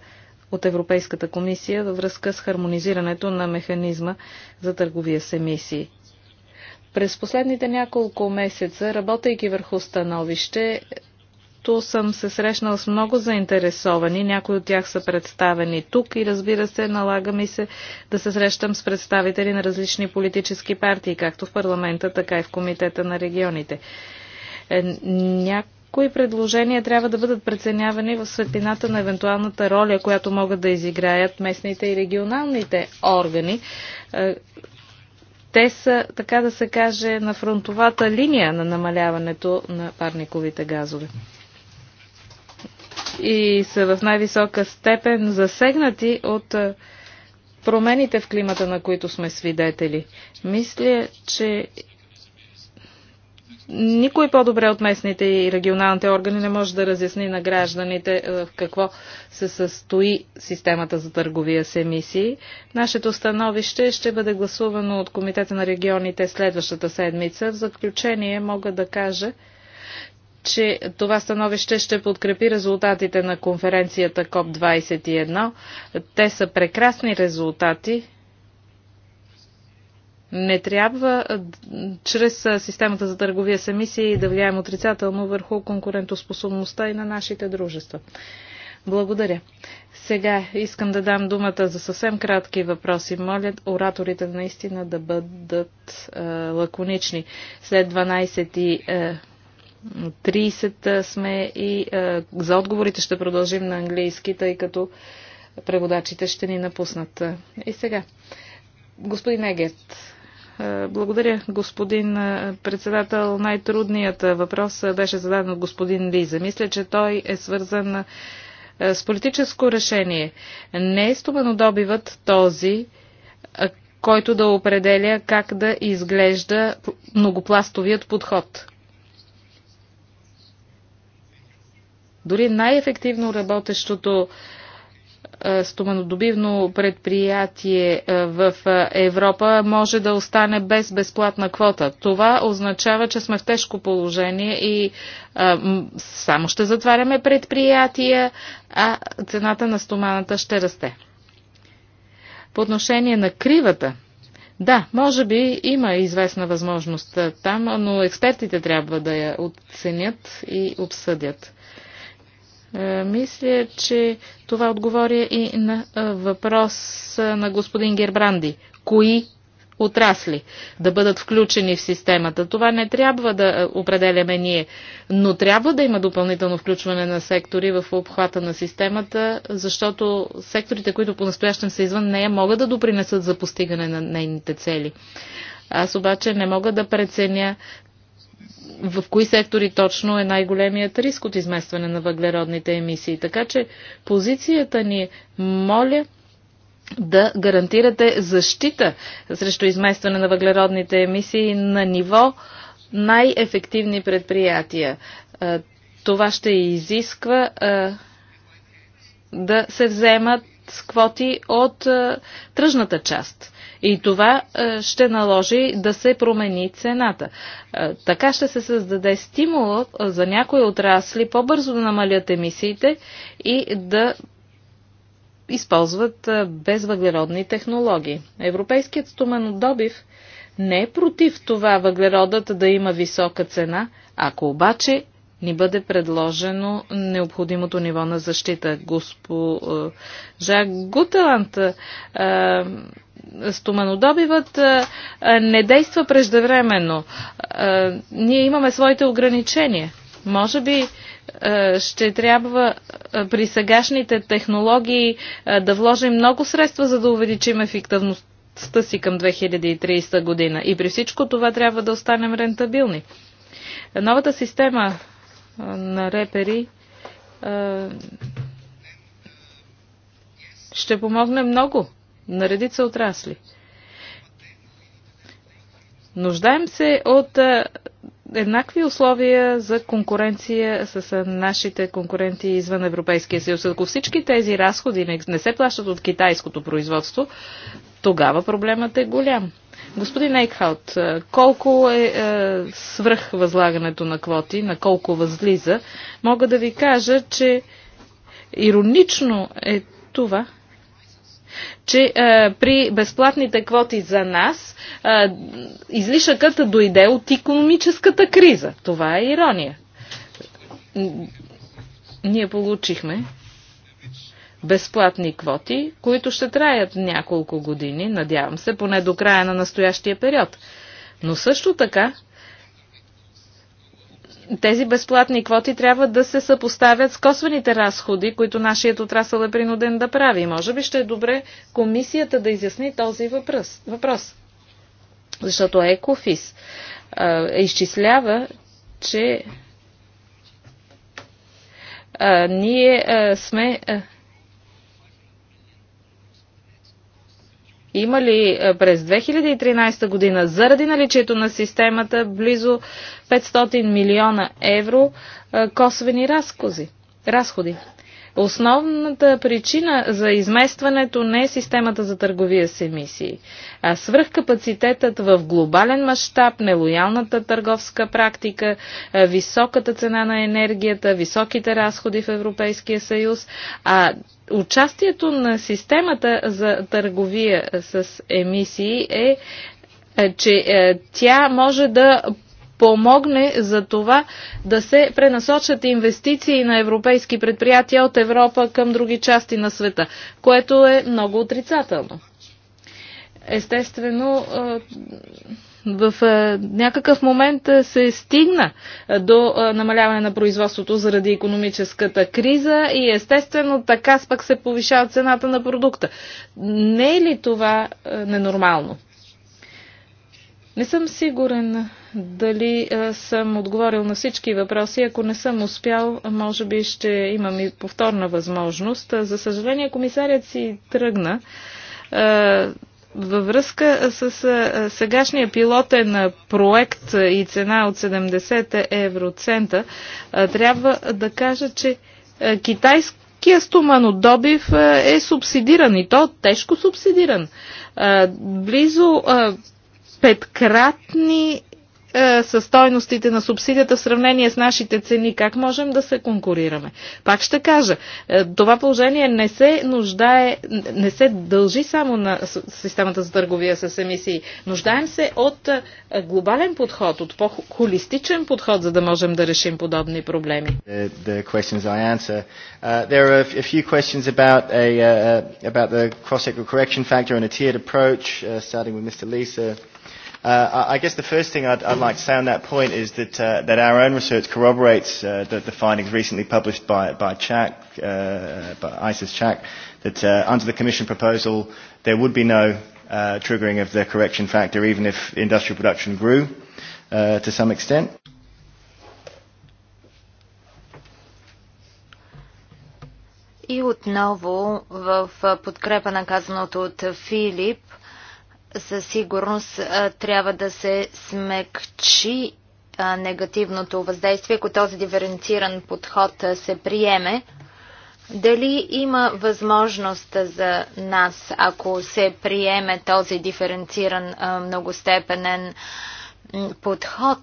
от Европейската комисия във връзка с хармонизирането на механизма за търговия с емисии. През последните няколко месеца, работейки върху становище, то съм се срещнал с много заинтересовани, някои от тях са представени тук и разбира се, налага ми се да се срещам с представители на различни политически партии, както в парламента, така и в комитета на регионите. Е, някои предложения трябва да бъдат преценявани в светлината на евентуалната роля, която могат да изиграят местните и регионалните органи е, те са, така да се каже, на фронтовата линия на намаляването на парниковите газове и са в най-висока степен засегнати от промените в климата, на които сме свидетели. Мисля, че никой по-добре от местните и регионалните органи не може да разясни на гражданите е, в какво се състои системата за търговия с емисии. Нашето становище ще бъде гласувано от Комитета на регионите следващата седмица. В заключение мога да кажа, че това становище ще подкрепи резултатите на конференцията КОП-21. Те са прекрасни резултати, не трябва чрез системата за търговия с емисии да влияем отрицателно върху конкурентоспособността и на нашите дружества. Благодаря. Сега искам да дам думата за съвсем кратки въпроси. Моля ораторите наистина да бъдат е, лаконични. След 1230 е, сме и е, за отговорите ще продължим на английски, тъй като преводачите ще ни напуснат. И сега, господин Егет, е, благодаря, господин е, председател. Най-трудният е, въпрос беше зададен от господин Лиза. Мисля, че той е свързан с политическо решение. Не е стоманодобивът този, който да определя как да изглежда многопластовият подход. Дори най-ефективно работещото е, стоманодобивно предприятие е, в е, Европа може да остане без безплатна квота. Това означава, че сме в тежко положение и само ще затваряме предприятия, а цената на стоманата ще расте. По отношение на кривата, да, може би има известна възможност там, но експертите трябва да я оценят и обсъдят. Е, мисля, че това отговоря и на е, въпрос е, на господин Гербранди. Кои отрасли да бъдат включени в системата. Това не трябва да определяме ние, но трябва да има допълнително включване на сектори в обхвата на системата, защото секторите, които по настоящен са извън нея, могат да допринесат за постигане на нейните цели. Аз обаче не мога да преценя в кои сектори точно е най-големият риск от изместване на въглеродните емисии. Така че позицията ни е, моля да гарантирате защита срещу изместване на въглеродните емисии на ниво най-ефективни предприятия. Това ще изисква да се вземат с квоти от тръжната част и това е, ще наложи да се промени цената. Е, така ще се създаде стимул е, за някои отрасли по-бързо да намалят емисиите и да използват безвъглеродни технологии. Европейският стоменодобив не е против това въглеродът да има висока цена, ако обаче ни бъде предложено необходимото ниво на защита. Госпожа е, Гутеланд, е, стоманодобивът е, не действа преждевременно. Ние имаме своите ограничения. Може би ще трябва при сегашните технологии да вложим много средства, за да увеличим ефективността си към 2030 година. И при всичко това трябва да останем рентабилни. Новата система на репери ще помогне много на редица отрасли. Нуждаем се от еднакви условия за конкуренция с нашите конкуренти извън Европейския съюз. Ако всички тези разходи не се плащат от китайското производство, тогава проблемът е голям. Господин Ейкхаут, е, колко е, е свръх възлагането на квоти, на колко възлиза, мога да ви кажа, че иронично е това, че е, при безплатните квоти за нас е, излишъкът дойде от економическата криза. Това е ирония. Ние получихме безплатни квоти, които ще траят няколко години, надявам се, поне до края на настоящия период. Но също така, тези безплатни квоти трябва да се съпоставят с косвените разходи, които нашият отрасъл е принуден да прави. Може би ще е добре комисията да изясни този въпрос. въпрос. Защото Екофис а, е, изчислява, че а, ние а, сме. А, Има ли е, през 2013 година, заради наличието на системата, близо 500 милиона евро е, косвени разкози, разходи? Основната причина за изместването не е системата за търговия с емисии, а свръхкапацитетът в глобален мащаб, нелоялната търговска практика, е, високата цена на енергията, високите разходи в Европейския съюз, а участието на системата за търговия с емисии е, е че е, тя може да помогне за това да се пренасочат инвестиции на европейски предприятия от Европа към други части на света, което е много отрицателно. Естествено, е, в е, някакъв момент е, се стигна е, до намаляване на производството заради економическата криза и естествено така пък се повишава цената на продукта. Не е ли това ненормално? Не съм сигурен дали съм отговорил на всички въпроси. Ако не съм успял, може би ще имам и повторна възможност. За съжаление, комисарят си тръгна във връзка с сегашния пилотен проект и цена от 70 евроцента, трябва да кажа, че китайския стоманодобив е субсидиран и то тежко субсидиран. Близо петкратни е, с стойностите на субсидията в сравнение с нашите цени, как можем да се конкурираме? Пак ще кажа, е, това положение не се нуждае, не се дължи само на системата за търговия с емисии. Нуждаем се от е, глобален подход, от по-холистичен подход, за да можем да решим подобни проблеми. The, the uh, there are a few questions about, a, uh, uh about the cross-sector correction factor and a tiered approach, uh, starting with Mr. Lisa. Uh, I guess the first thing I'd, I'd like to say on that point is that, uh, that our own research corroborates uh, the, the findings recently published by, by CHAC, uh, by ISIS CHAC, that uh, under the Commission proposal there would be no uh, triggering of the correction factor even if industrial production grew uh, to some extent. И отново в подкрепа на казаното от Филип – със сигурност трябва да се смекчи негативното въздействие, ако този диференциран подход се приеме. Дали има възможност за нас, ако се приеме този диференциран многостепенен подход?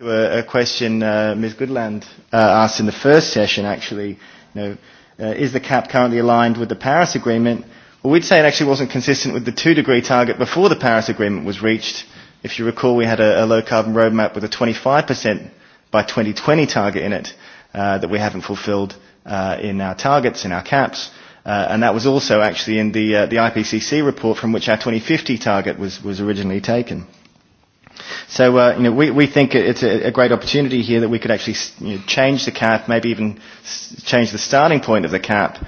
A question uh, Ms. Goodland uh, asked in the first session, actually, you know, uh, is the cap currently aligned with the Paris Agreement? Well, we'd say it actually wasn't consistent with the two degree target before the Paris Agreement was reached. If you recall, we had a, a low carbon roadmap with a 25% by 2020 target in it uh, that we haven't fulfilled uh, in our targets, in our caps. Uh, and that was also actually in the, uh, the IPCC report from which our 2050 target was, was originally taken. So uh, you know, we, we think it's a, a great opportunity here that we could actually you know, change the cap, maybe even change the starting point of the cap.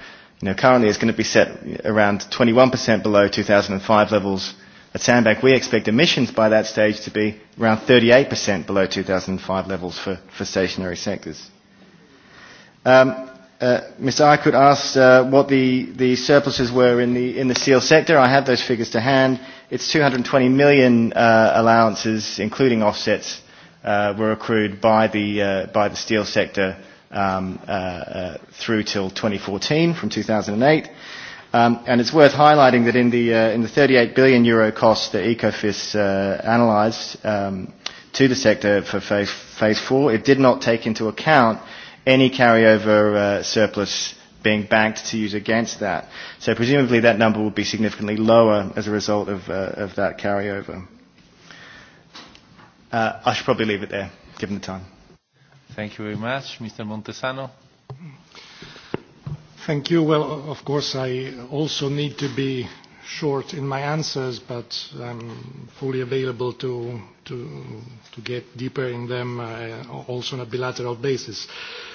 You know, currently it's going to be set around 21% below 2005 levels. At Sandbank, we expect emissions by that stage to be around 38% below 2005 levels for, for stationary sectors. Um, Uh, Mr. Aykut asked uh, what the, the surpluses were in the, in the seal sector. I have those figures to hand. It's 220 million uh, allowances, including offsets, uh, were accrued by the, uh, by the steel sector um, uh, uh, through till 2014 from 2008. Um, and it's worth highlighting that in the, uh, in the 38 billion euro cost that ECOFIS uh, analysed um, to the sector for phase, phase four, it did not take into account any carryover uh, surplus being banked to use against that. So presumably that number would be significantly lower as a result of, uh, of that carryover. Uh, I should probably leave it there, given the time. Thank you very much. Mr. Montesano. Thank you. Well, of course, I also need to be short in my answers, but I'm fully available to, to, to get deeper in them uh, also on a bilateral basis. Uh,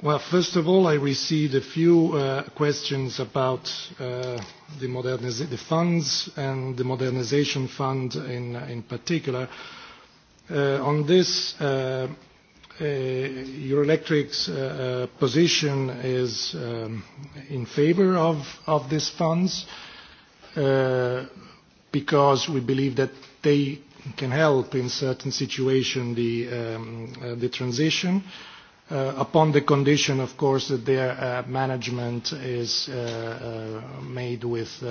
Well, first of all, I received a few uh, questions about uh, the, moderniz- the funds and the modernization fund in, in particular. Uh, on this, uh, uh, Eurelectric's uh, uh, position is um, in favor of, of these funds uh, because we believe that they can help in certain situations the, um, uh, the transition. Uh, upon the condition, of course, that their management is made with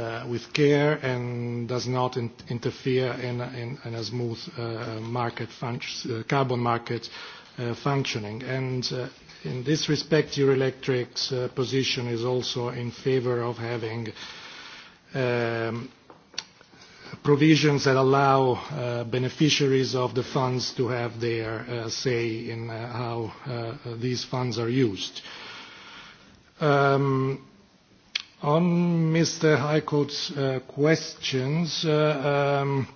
care and does not interfere in a smooth market carbon market functioning. And In this respect, Eurelectric's position is also in favor of having provisions that allow uh, beneficiaries of the funds to have their uh, say in uh, how uh, these funds are used. Um, on Mr. Highcourt's uh, questions, uh, um,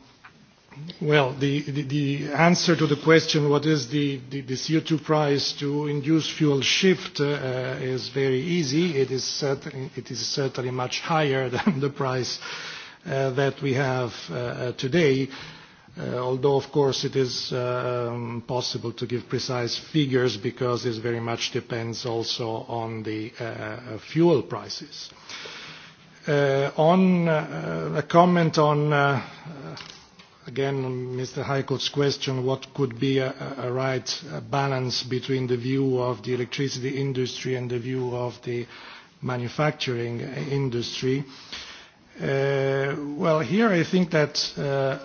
Well, the the the answer to the question, what is the the the CO2 price to induce fuel shift, uh is very easy. It is certain, it is certainly much higher than the price that we have today. Although, of course, it is possible to give precise figures because this very much depends also on the fuel prices. On a comment on, again, Mr. Heikel's question, what could be a right balance between the view of the electricity industry and the view of the manufacturing industry. Uh Uh Well, here I think that the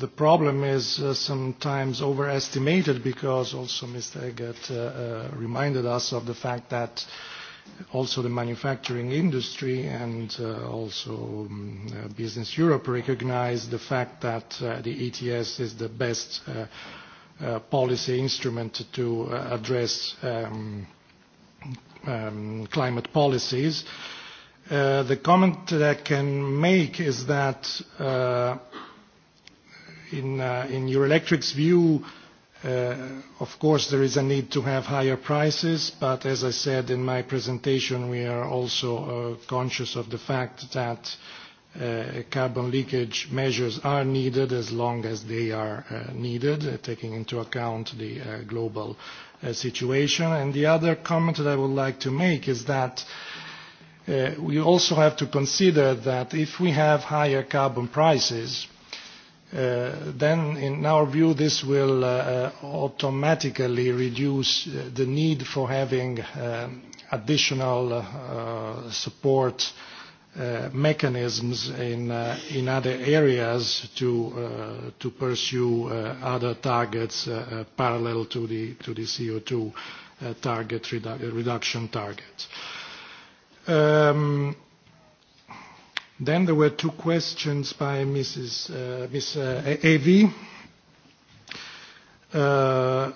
the problem is sometimes overestimated because also Mr. Eggert uh reminded us of the fact that also the manufacturing industry and also Business Europe recognize the fact that the ETS is the best policy instrument to address climate policies. Uh, the comment that I can make is that uh, in, uh, in Eurelectric's view, uh, of course, there is a need to have higher prices, but as I said in my presentation, we are also uh, conscious of the fact that uh, carbon leakage measures are needed as long as they are uh, needed, uh, taking into account the uh, global uh, situation. And the other comment that I would like to make is that uh, we also have to consider that if we have higher carbon prices, then in our view, this will automatically reduce the need for having additional support mechanisms in other areas to pursue other targets parallel to the CO2 reduction target. Um, then there were two questions by Mrs. Uh, Ms. Uh, A.V. Uh,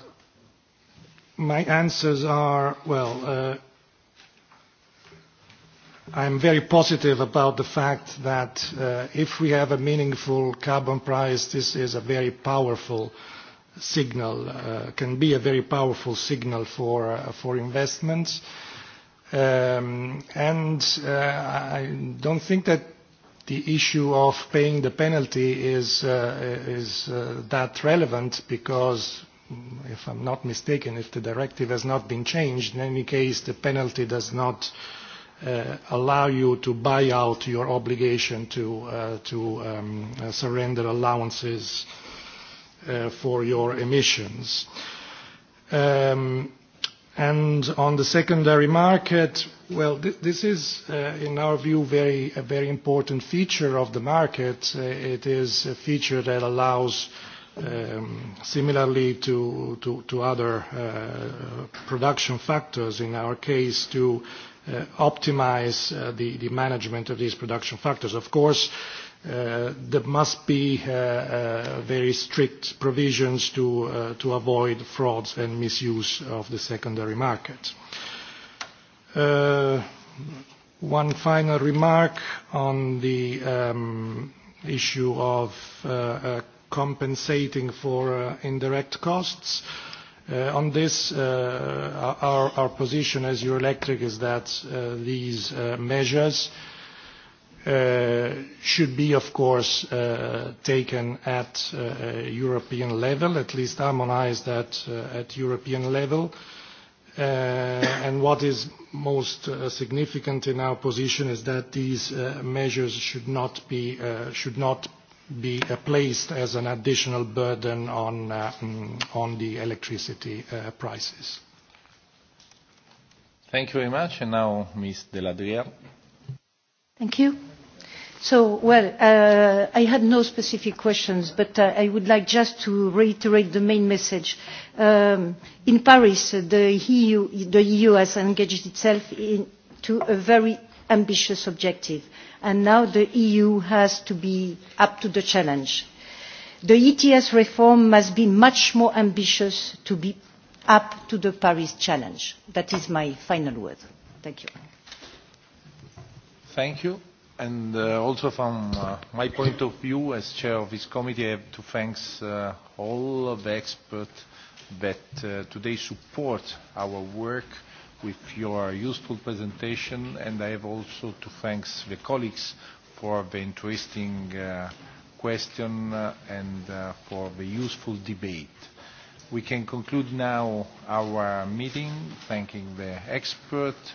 my answers are, well, uh, I'm very positive about the fact that uh, if we have a meaningful carbon price, this is a very powerful signal, uh, can be a very powerful signal for, uh, for investments. Uh, Um, and uh, I don't think that the issue of paying the penalty is, uh, is uh, that relevant because, if I'm not mistaken, if the directive has not been changed, in any case, the penalty does not uh, allow you to buy out your obligation to, uh, to um, uh, surrender allowances uh, for your emissions. Um, And on the secondary market, well, this is, in our view, very a very important feature of the market. It is a feature that allows, similarly to other production factors, in our case, to optimise optimize the management of these production factors. Of course, there must be very strict provisions to avoid frauds and misuse of the secondary market. One final remark on the issue of compensating for indirect costs. On this, our our position as Euroelectric is that these measures should be, of course, taken at European level, at least harmonized at European level. And What is most significant in our position is that these measures should not be placed as an additional burden on the electricity prices. Thank you very much. And Now Ms. Deladriere. Thank you. So, well, uh, I had no specific questions, but uh, I would like just to reiterate the main message. Um, in Paris, the EU, the EU has engaged itself to a very ambitious objective, and now the EU has to be up to the challenge. The ETS reform must be much more ambitious to be up to the Paris challenge. That is my final word. Thank you. Thank you. And uh, also from uh, my point of view as chair of this committee, I have to thank uh, all of the experts that uh, today support our work with your useful presentation. And I have also to thank the colleagues for the interesting uh, question and uh, for the useful debate. We can conclude now our meeting, thanking the experts